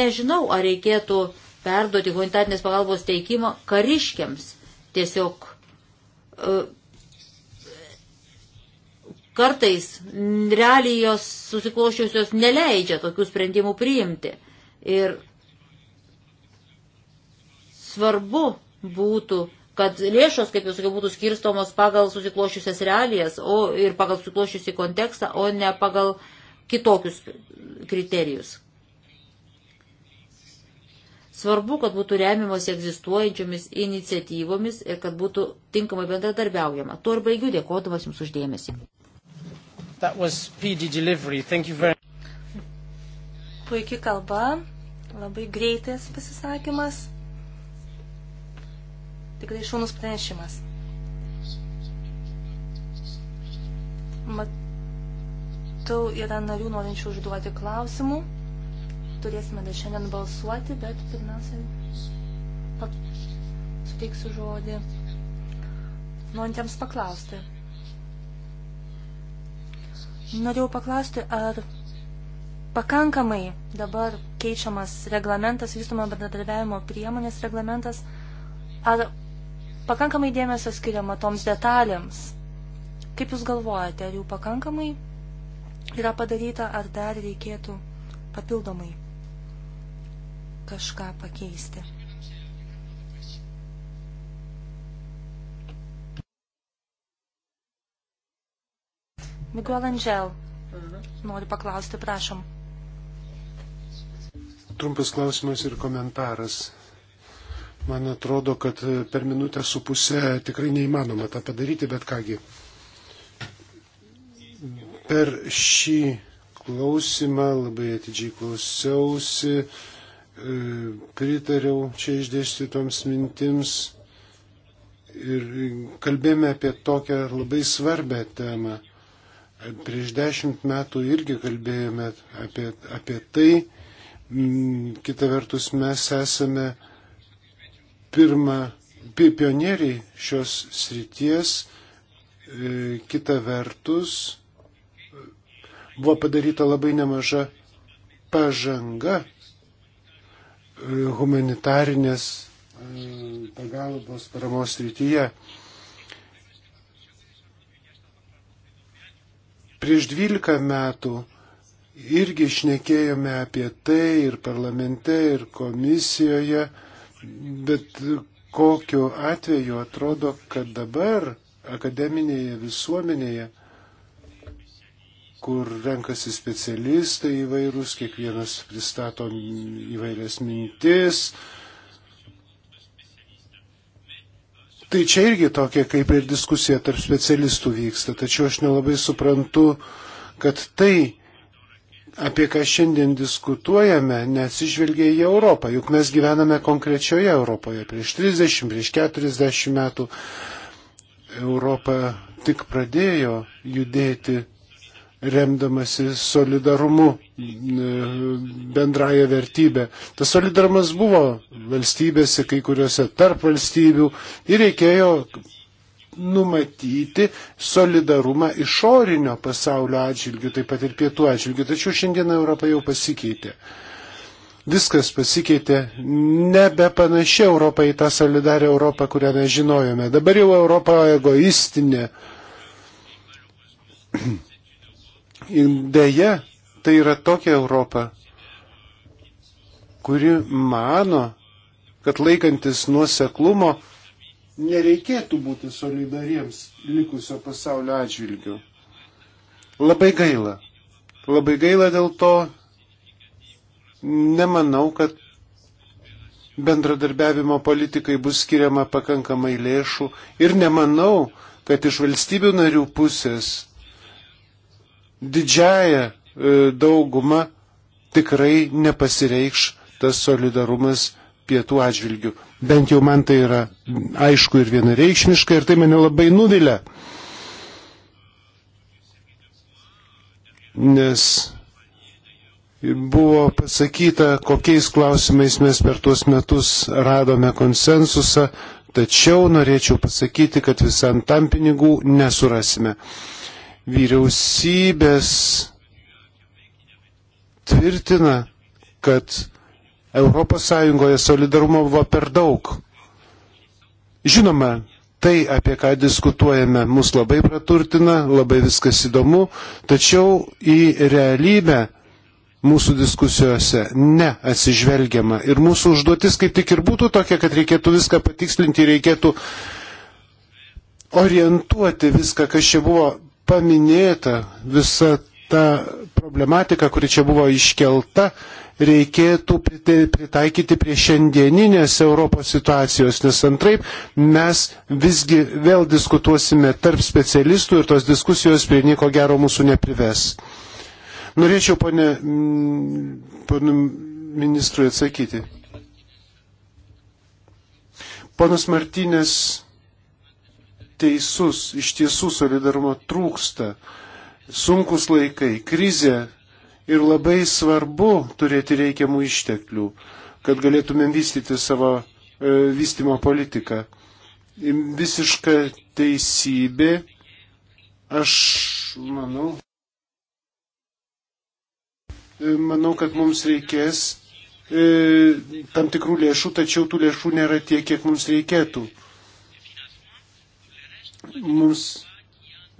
nežinau, ar reikėtų perduoti humanitarinės pagalbos teikimą kariškiams. Tiesiog e, kartais realijos susiklošiusios neleidžia tokių sprendimų priimti. Ir svarbu būtų, kad lėšos, kaip jau sakiau, būtų skirstomos pagal susiklošiusias realijas o, ir pagal susiklošiusi kontekstą, o ne pagal kitokius kriterijus. Svarbu, kad būtų remiamos egzistuojančiomis iniciatyvomis ir kad būtų tinkamai bendradarbiaujama. Tuo ir baigiu dėkodamas Jums uždėmesi. Very... Puikiai kalba, labai greitas pasisakymas. Tikrai tai šaunus pranešimas. Matau, yra narių norinčių užduoti klausimų. Turėsime dar šiandien balsuoti, bet pirmiausia, suteiksiu žodį norintiems paklausti. Norėjau paklausti, ar pakankamai dabar keičiamas reglamentas, vystumo bendradarbiavimo priemonės reglamentas, ar pakankamai dėmesio skiriama toms detalėms. Kaip Jūs galvojate, ar jų pakankamai yra padaryta, ar dar reikėtų papildomai kažką pakeisti? Miguel Angel, noriu paklausti, prašom. Trumpas klausimas ir komentaras Man atrodo, kad per minutę su pusę tikrai neįmanoma tą padaryti, bet kągi. Per šį klausimą labai atidžiai klausiausi, e, pritariau čia išdėstytoms mintims ir kalbėjome apie tokią labai svarbę temą. Prieš dešimt metų irgi kalbėjome apie, apie tai. Mm, kita vertus, mes esame pirma, pionieriai šios srities, e, kita vertus, buvo padaryta labai nemaža pažanga e, humanitarinės e, pagalbos paramos rytyje. Prieš 12 metų irgi šnekėjome apie tai ir parlamente, ir komisijoje, Bet kokiu atveju atrodo, kad dabar akademinėje visuomenėje, kur renkasi specialistai įvairūs, kiekvienas pristato įvairias mintis. Tai čia irgi tokia kaip ir diskusija tarp specialistų vyksta, tačiau aš nelabai suprantu, kad tai apie ką šiandien diskutuojame, nesižvelgia į Europą, juk mes gyvename konkrečioje Europoje. Prieš 30, prieš 40 metų Europa tik pradėjo judėti remdamasi solidarumu, bendraja vertybė. Tas solidarumas buvo valstybėse, kai kuriuose tarp valstybių ir reikėjo numatyti solidarumą išorinio pasaulio atžvilgių, taip pat ir pietų atžvilgių. Tačiau šiandieną Europa jau pasikeitė. Viskas pasikeitė, nebepanašia Europa į tą solidarę Europą, kurią mes žinojome. Dabar jau Europa egoistinė. Deja, tai yra tokia Europa, kuri mano, kad laikantis nuoseklumo nereikėtų būti solidariems likusio pasaulio atžvilgiu. Labai gaila. Labai gaila dėl to, nemanau, kad bendradarbiavimo politikai bus skiriama pakankamai lėšų ir nemanau, kad iš valstybių narių pusės didžiaja e, dauguma tikrai nepasireikš tas solidarumas pietų atžvilgių. Bent jau man tai yra aišku ir vienareikšmiška ir tai mane labai nuvilia. Nes buvo pasakyta, kokiais klausimais mes per tuos metus radome konsensusą, tačiau norėčiau pasakyti, kad visam tam pinigų nesurasime. Vyriausybės tvirtina, kad Europos Sąjungoje solidarumo buvo per daug. Žinoma, tai, apie ką diskutuojame, mus labai praturtina, labai viskas įdomu, tačiau į realybę mūsų diskusijose neatsižvelgiama. Ir mūsų užduotis kaip tik ir būtų tokia, kad reikėtų viską patikslinti, reikėtų orientuoti viską, kas čia buvo paminėta, visa ta problematika, kuri čia buvo iškelta reikėtų pritaikyti prie šiandieninės Europos situacijos, nes antraip mes visgi vėl diskutuosime tarp specialistų ir tos diskusijos prie nieko gero mūsų neprives. Norėčiau, pane, mm, pane ministrui atsakyti. Ponas Martynės teisus, iš tiesų solidarumo trūksta. Sunkus laikai, krizė ir labai svarbu turėti reikiamų išteklių, kad galėtumėm vystyti savo e, vystimo politiką. Visiška teisybė, aš manau, e, manau, kad mums reikės e, tam tikrų lėšų, tačiau tų lėšų nėra tiek, kiek mums reikėtų. Mums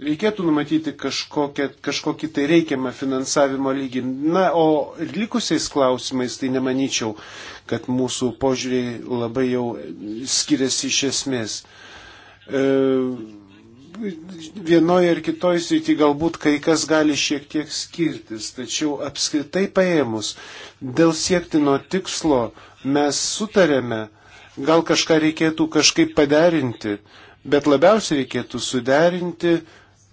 reikėtų numatyti kažkokią, kažkokį tai reikiamą finansavimo lygį. Na, o likusiais klausimais tai nemanyčiau, kad mūsų požiūriai labai jau skiriasi iš esmės. E, vienoje ar kitoje srityje galbūt kai kas gali šiek tiek skirtis, tačiau apskritai paėmus, dėl siektino tikslo mes sutarėme, gal kažką reikėtų kažkaip paderinti, bet labiausiai reikėtų suderinti,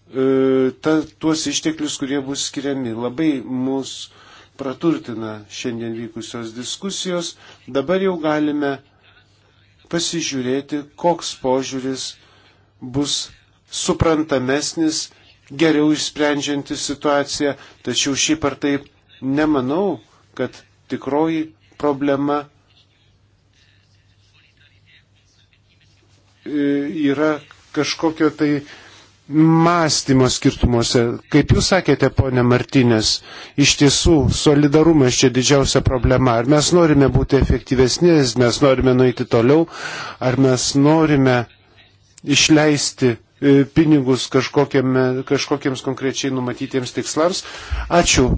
E, ta, tuos išteklius, kurie bus skiriami. Labai mus praturtina šiandien vykusios diskusijos. Dabar jau galime pasižiūrėti, koks požiūris bus suprantamesnis, geriau išsprendžianti situaciją, tačiau šiaip ar taip nemanau, kad tikroji problema e, yra kažkokio tai uh, mąstymo skirtumuose. Kaip jūs sakėte, ponė Martinės, iš tiesų solidarumas čia didžiausia problema. Ar mes norime būti efektyvesni, mes norime nueiti toliau, ar mes norime išleisti e, pinigus kažkokiems konkrečiai numatytiems tikslams. Ačiū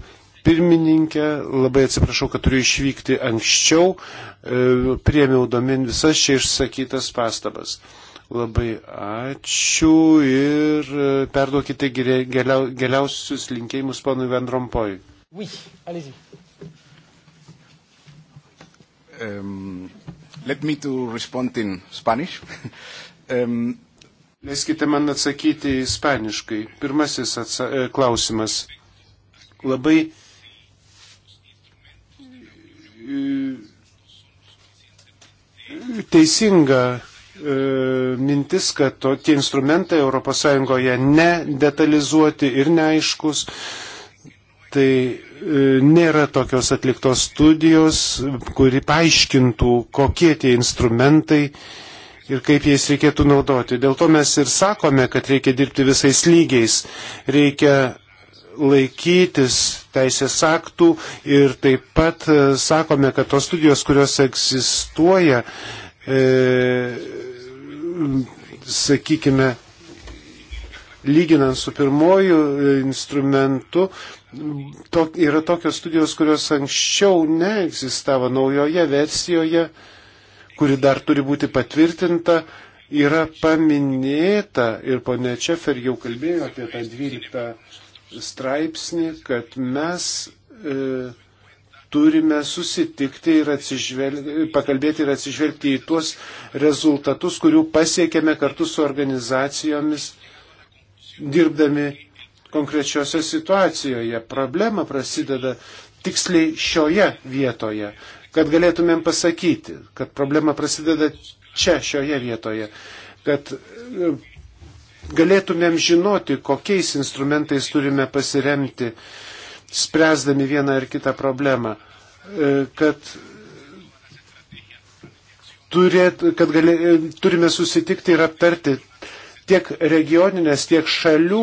pirmininkė, labai atsiprašau, kad turiu išvykti anksčiau, e, priemiau domin visas čia išsakytas pastabas. Labai ačiū ir e, perduokite geriau, geriausius linkėjimus ponui Vendrompoj. Oui, allez-y. Um, let me to respond in Spanish. um, Leiskite man atsakyti ispaniškai. Pirmasis atsa e, klausimas. Labai e, teisinga E, mintis, kad to, tie instrumentai ES nedetalizuoti ir neaiškus. Tai e, nėra tokios atliktos studijos, kuri paaiškintų, kokie tie instrumentai ir kaip jais reikėtų naudoti. Dėl to mes ir sakome, kad reikia dirbti visais lygiais. Reikia laikytis teisės aktų ir taip pat e, sakome, kad tos studijos, kurios egzistuoja, e, sakykime, lyginant su pirmoju instrumentu, to, yra tokios studijos, kurios anksčiau neegzistavo naujoje versijoje, kuri dar turi būti patvirtinta, yra paminėta ir ponė Čefer jau kalbėjo apie tą 12 straipsnį, kad mes e, turime susitikti ir pakalbėti ir atsižvelgti į tuos rezultatus, kurių pasiekėme kartu su organizacijomis, dirbdami konkrečiose situacijoje. Problema prasideda tiksliai šioje vietoje, kad galėtumėm pasakyti, kad problema prasideda čia, šioje vietoje, kad e, galėtumėm žinoti, kokiais instrumentais turime pasiremti spręsdami vieną ar kitą problemą, e, kad, turėt, kad galė, e, turime susitikti ir aptarti tiek regioninės, tiek šalių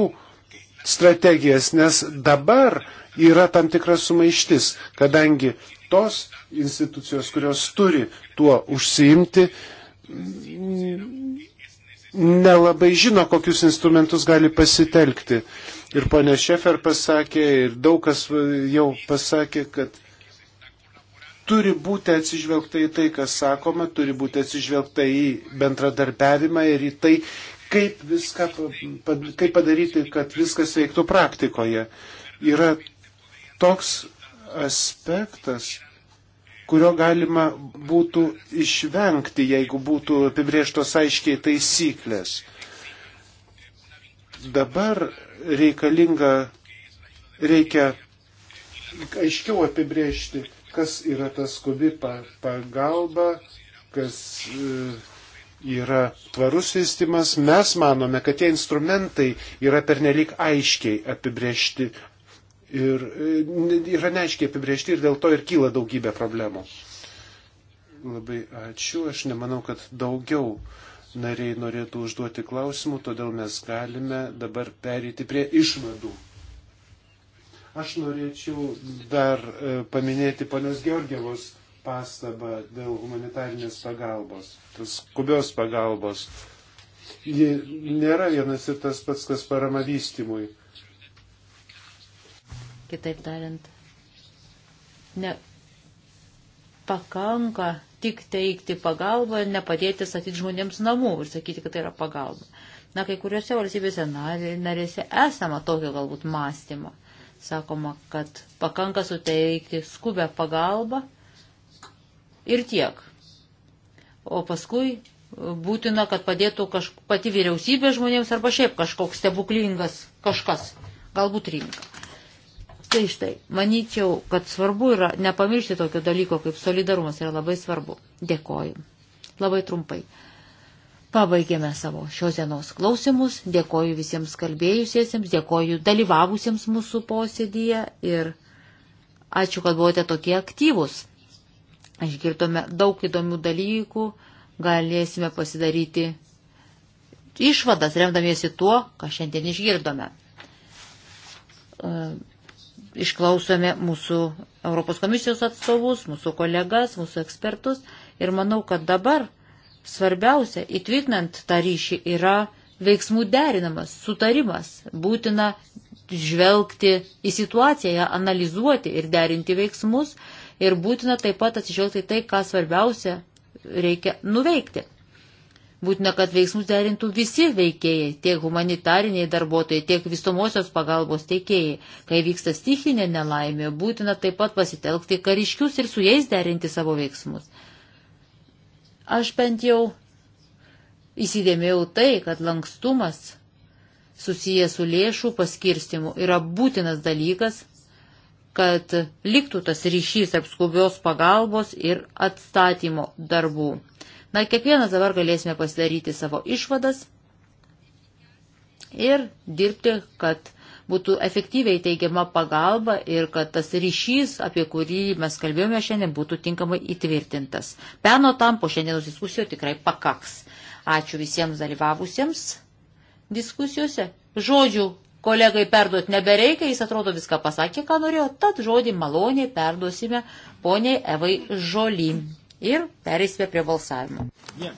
strategijas, nes dabar yra tam tikras sumaištis, kadangi tos institucijos, kurios turi tuo užsiimti, nelabai žino, kokius instrumentus gali pasitelkti ir ponė Šefer pasakė, ir daug kas jau pasakė, kad turi būti atsižvelgta į tai, kas sakoma, turi būti atsižvelgta į bendradarbiavimą ir į tai, kaip, viską, kaip padaryti, kad viskas veiktų praktikoje. Yra toks aspektas, kurio galima būtų išvengti, jeigu būtų apibrieštos aiškiai taisyklės dabar reikalinga, reikia aiškiau apibriežti, kas yra ta skubi pagalba, kas e, yra tvarus vystimas. Mes manome, kad tie instrumentai yra pernelik aiškiai apibriežti ir e, yra neaiškiai apibriežti ir dėl to ir kyla daugybė problemų. Labai ačiū, aš nemanau, kad daugiau uh, nariai norėtų užduoti klausimų, todėl mes galime dabar perėti prie išvadų. Aš norėčiau dar e, paminėti ponios Georgievos pastabą dėl humanitarinės pagalbos, tas skubios pagalbos. Ji nėra vienas ir tas pats, kas parama vystimui. Kitaip tariant, nepakanka tik teikti pagalbą, nepadėti statyti žmonėms namų ir sakyti, kad tai yra pagalba. Na, kai kuriuose valstybėse narėse esama tokio galbūt mąstymo. Sakoma, kad pakanka suteikti skubę pagalbą ir tiek. O paskui būtina, kad padėtų kaž... pati vyriausybė žmonėms arba šiaip kažkoks stebuklingas kažkas, galbūt rinka. Štai štai, manyčiau, kad svarbu yra nepamiršti tokio dalyko kaip solidarumas, yra labai svarbu. Dėkoju. Labai trumpai. Pabaigėme savo šios dienos klausimus, dėkoju visiems kalbėjusiesiems, dėkoju dalyvavusiems mūsų posėdėje ir ačiū, kad buvote tokie aktyvūs. Išgirdome daug įdomių dalykų, galėsime pasidaryti išvadas, remdamiesi tuo, ką šiandien išgirdome. Uh išklausome mūsų Europos komisijos atstovus, mūsų kolegas, mūsų ekspertus ir manau, kad dabar svarbiausia įtvirtinant tą ryšį yra veiksmų derinamas, sutarimas, būtina žvelgti į situaciją, ją analizuoti ir derinti veiksmus ir būtina taip pat atsižvelgti tai, ką svarbiausia reikia nuveikti. Būtina, kad veiksmus derintų visi veikėjai, tiek humanitariniai darbuotojai, tiek visomosios pagalbos teikėjai. Kai vyksta stichinė nelaimė, būtina taip pat pasitelkti kariškius ir su jais derinti savo veiksmus. Aš bent jau įsidėmėjau tai, kad lankstumas susijęs su lėšų paskirstimu yra būtinas dalykas, kad liktų tas ryšys tarp skubios pagalbos ir atstatymo darbų. Na, kiekvienas dabar galėsime pasidaryti savo išvadas ir dirbti, kad būtų efektyviai teigiama pagalba ir kad tas ryšys, apie kurį mes kalbėjome šiandien, būtų tinkamai įtvirtintas. Peno tam po šiandienos diskusijų tikrai pakaks. Ačiū visiems dalyvavusiems diskusijose. Žodžių kolegai perduoti nebereikia, jis atrodo viską pasakė, ką norėjo, tad žodį maloniai perduosime poniai Evai Žolį ir pereisime prie balsavimo. Yeah.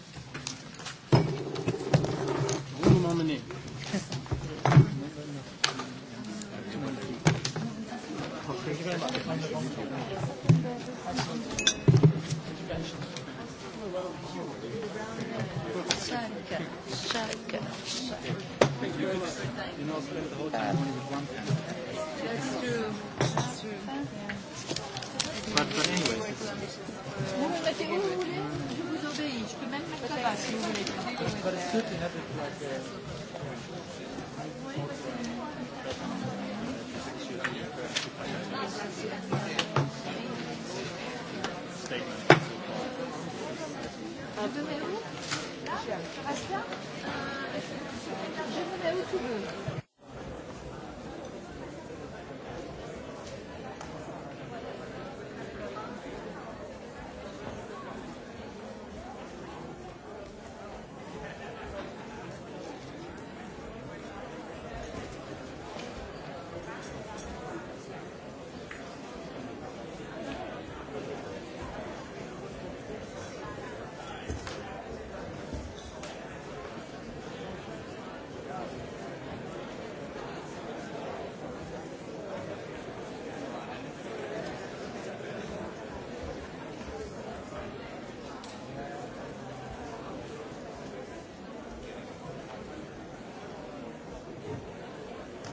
Shaker, shaker, shaker. You know, spend the whole time with one hand. But, but anyway. Vous me mettez où vous voulez, je vous obéis. Je peux même mettre là-bas si vous voulez. But it's good to have it like a... Uh, Statement. Uh, vous donnez où Là À ça Je vous mets où tu veux.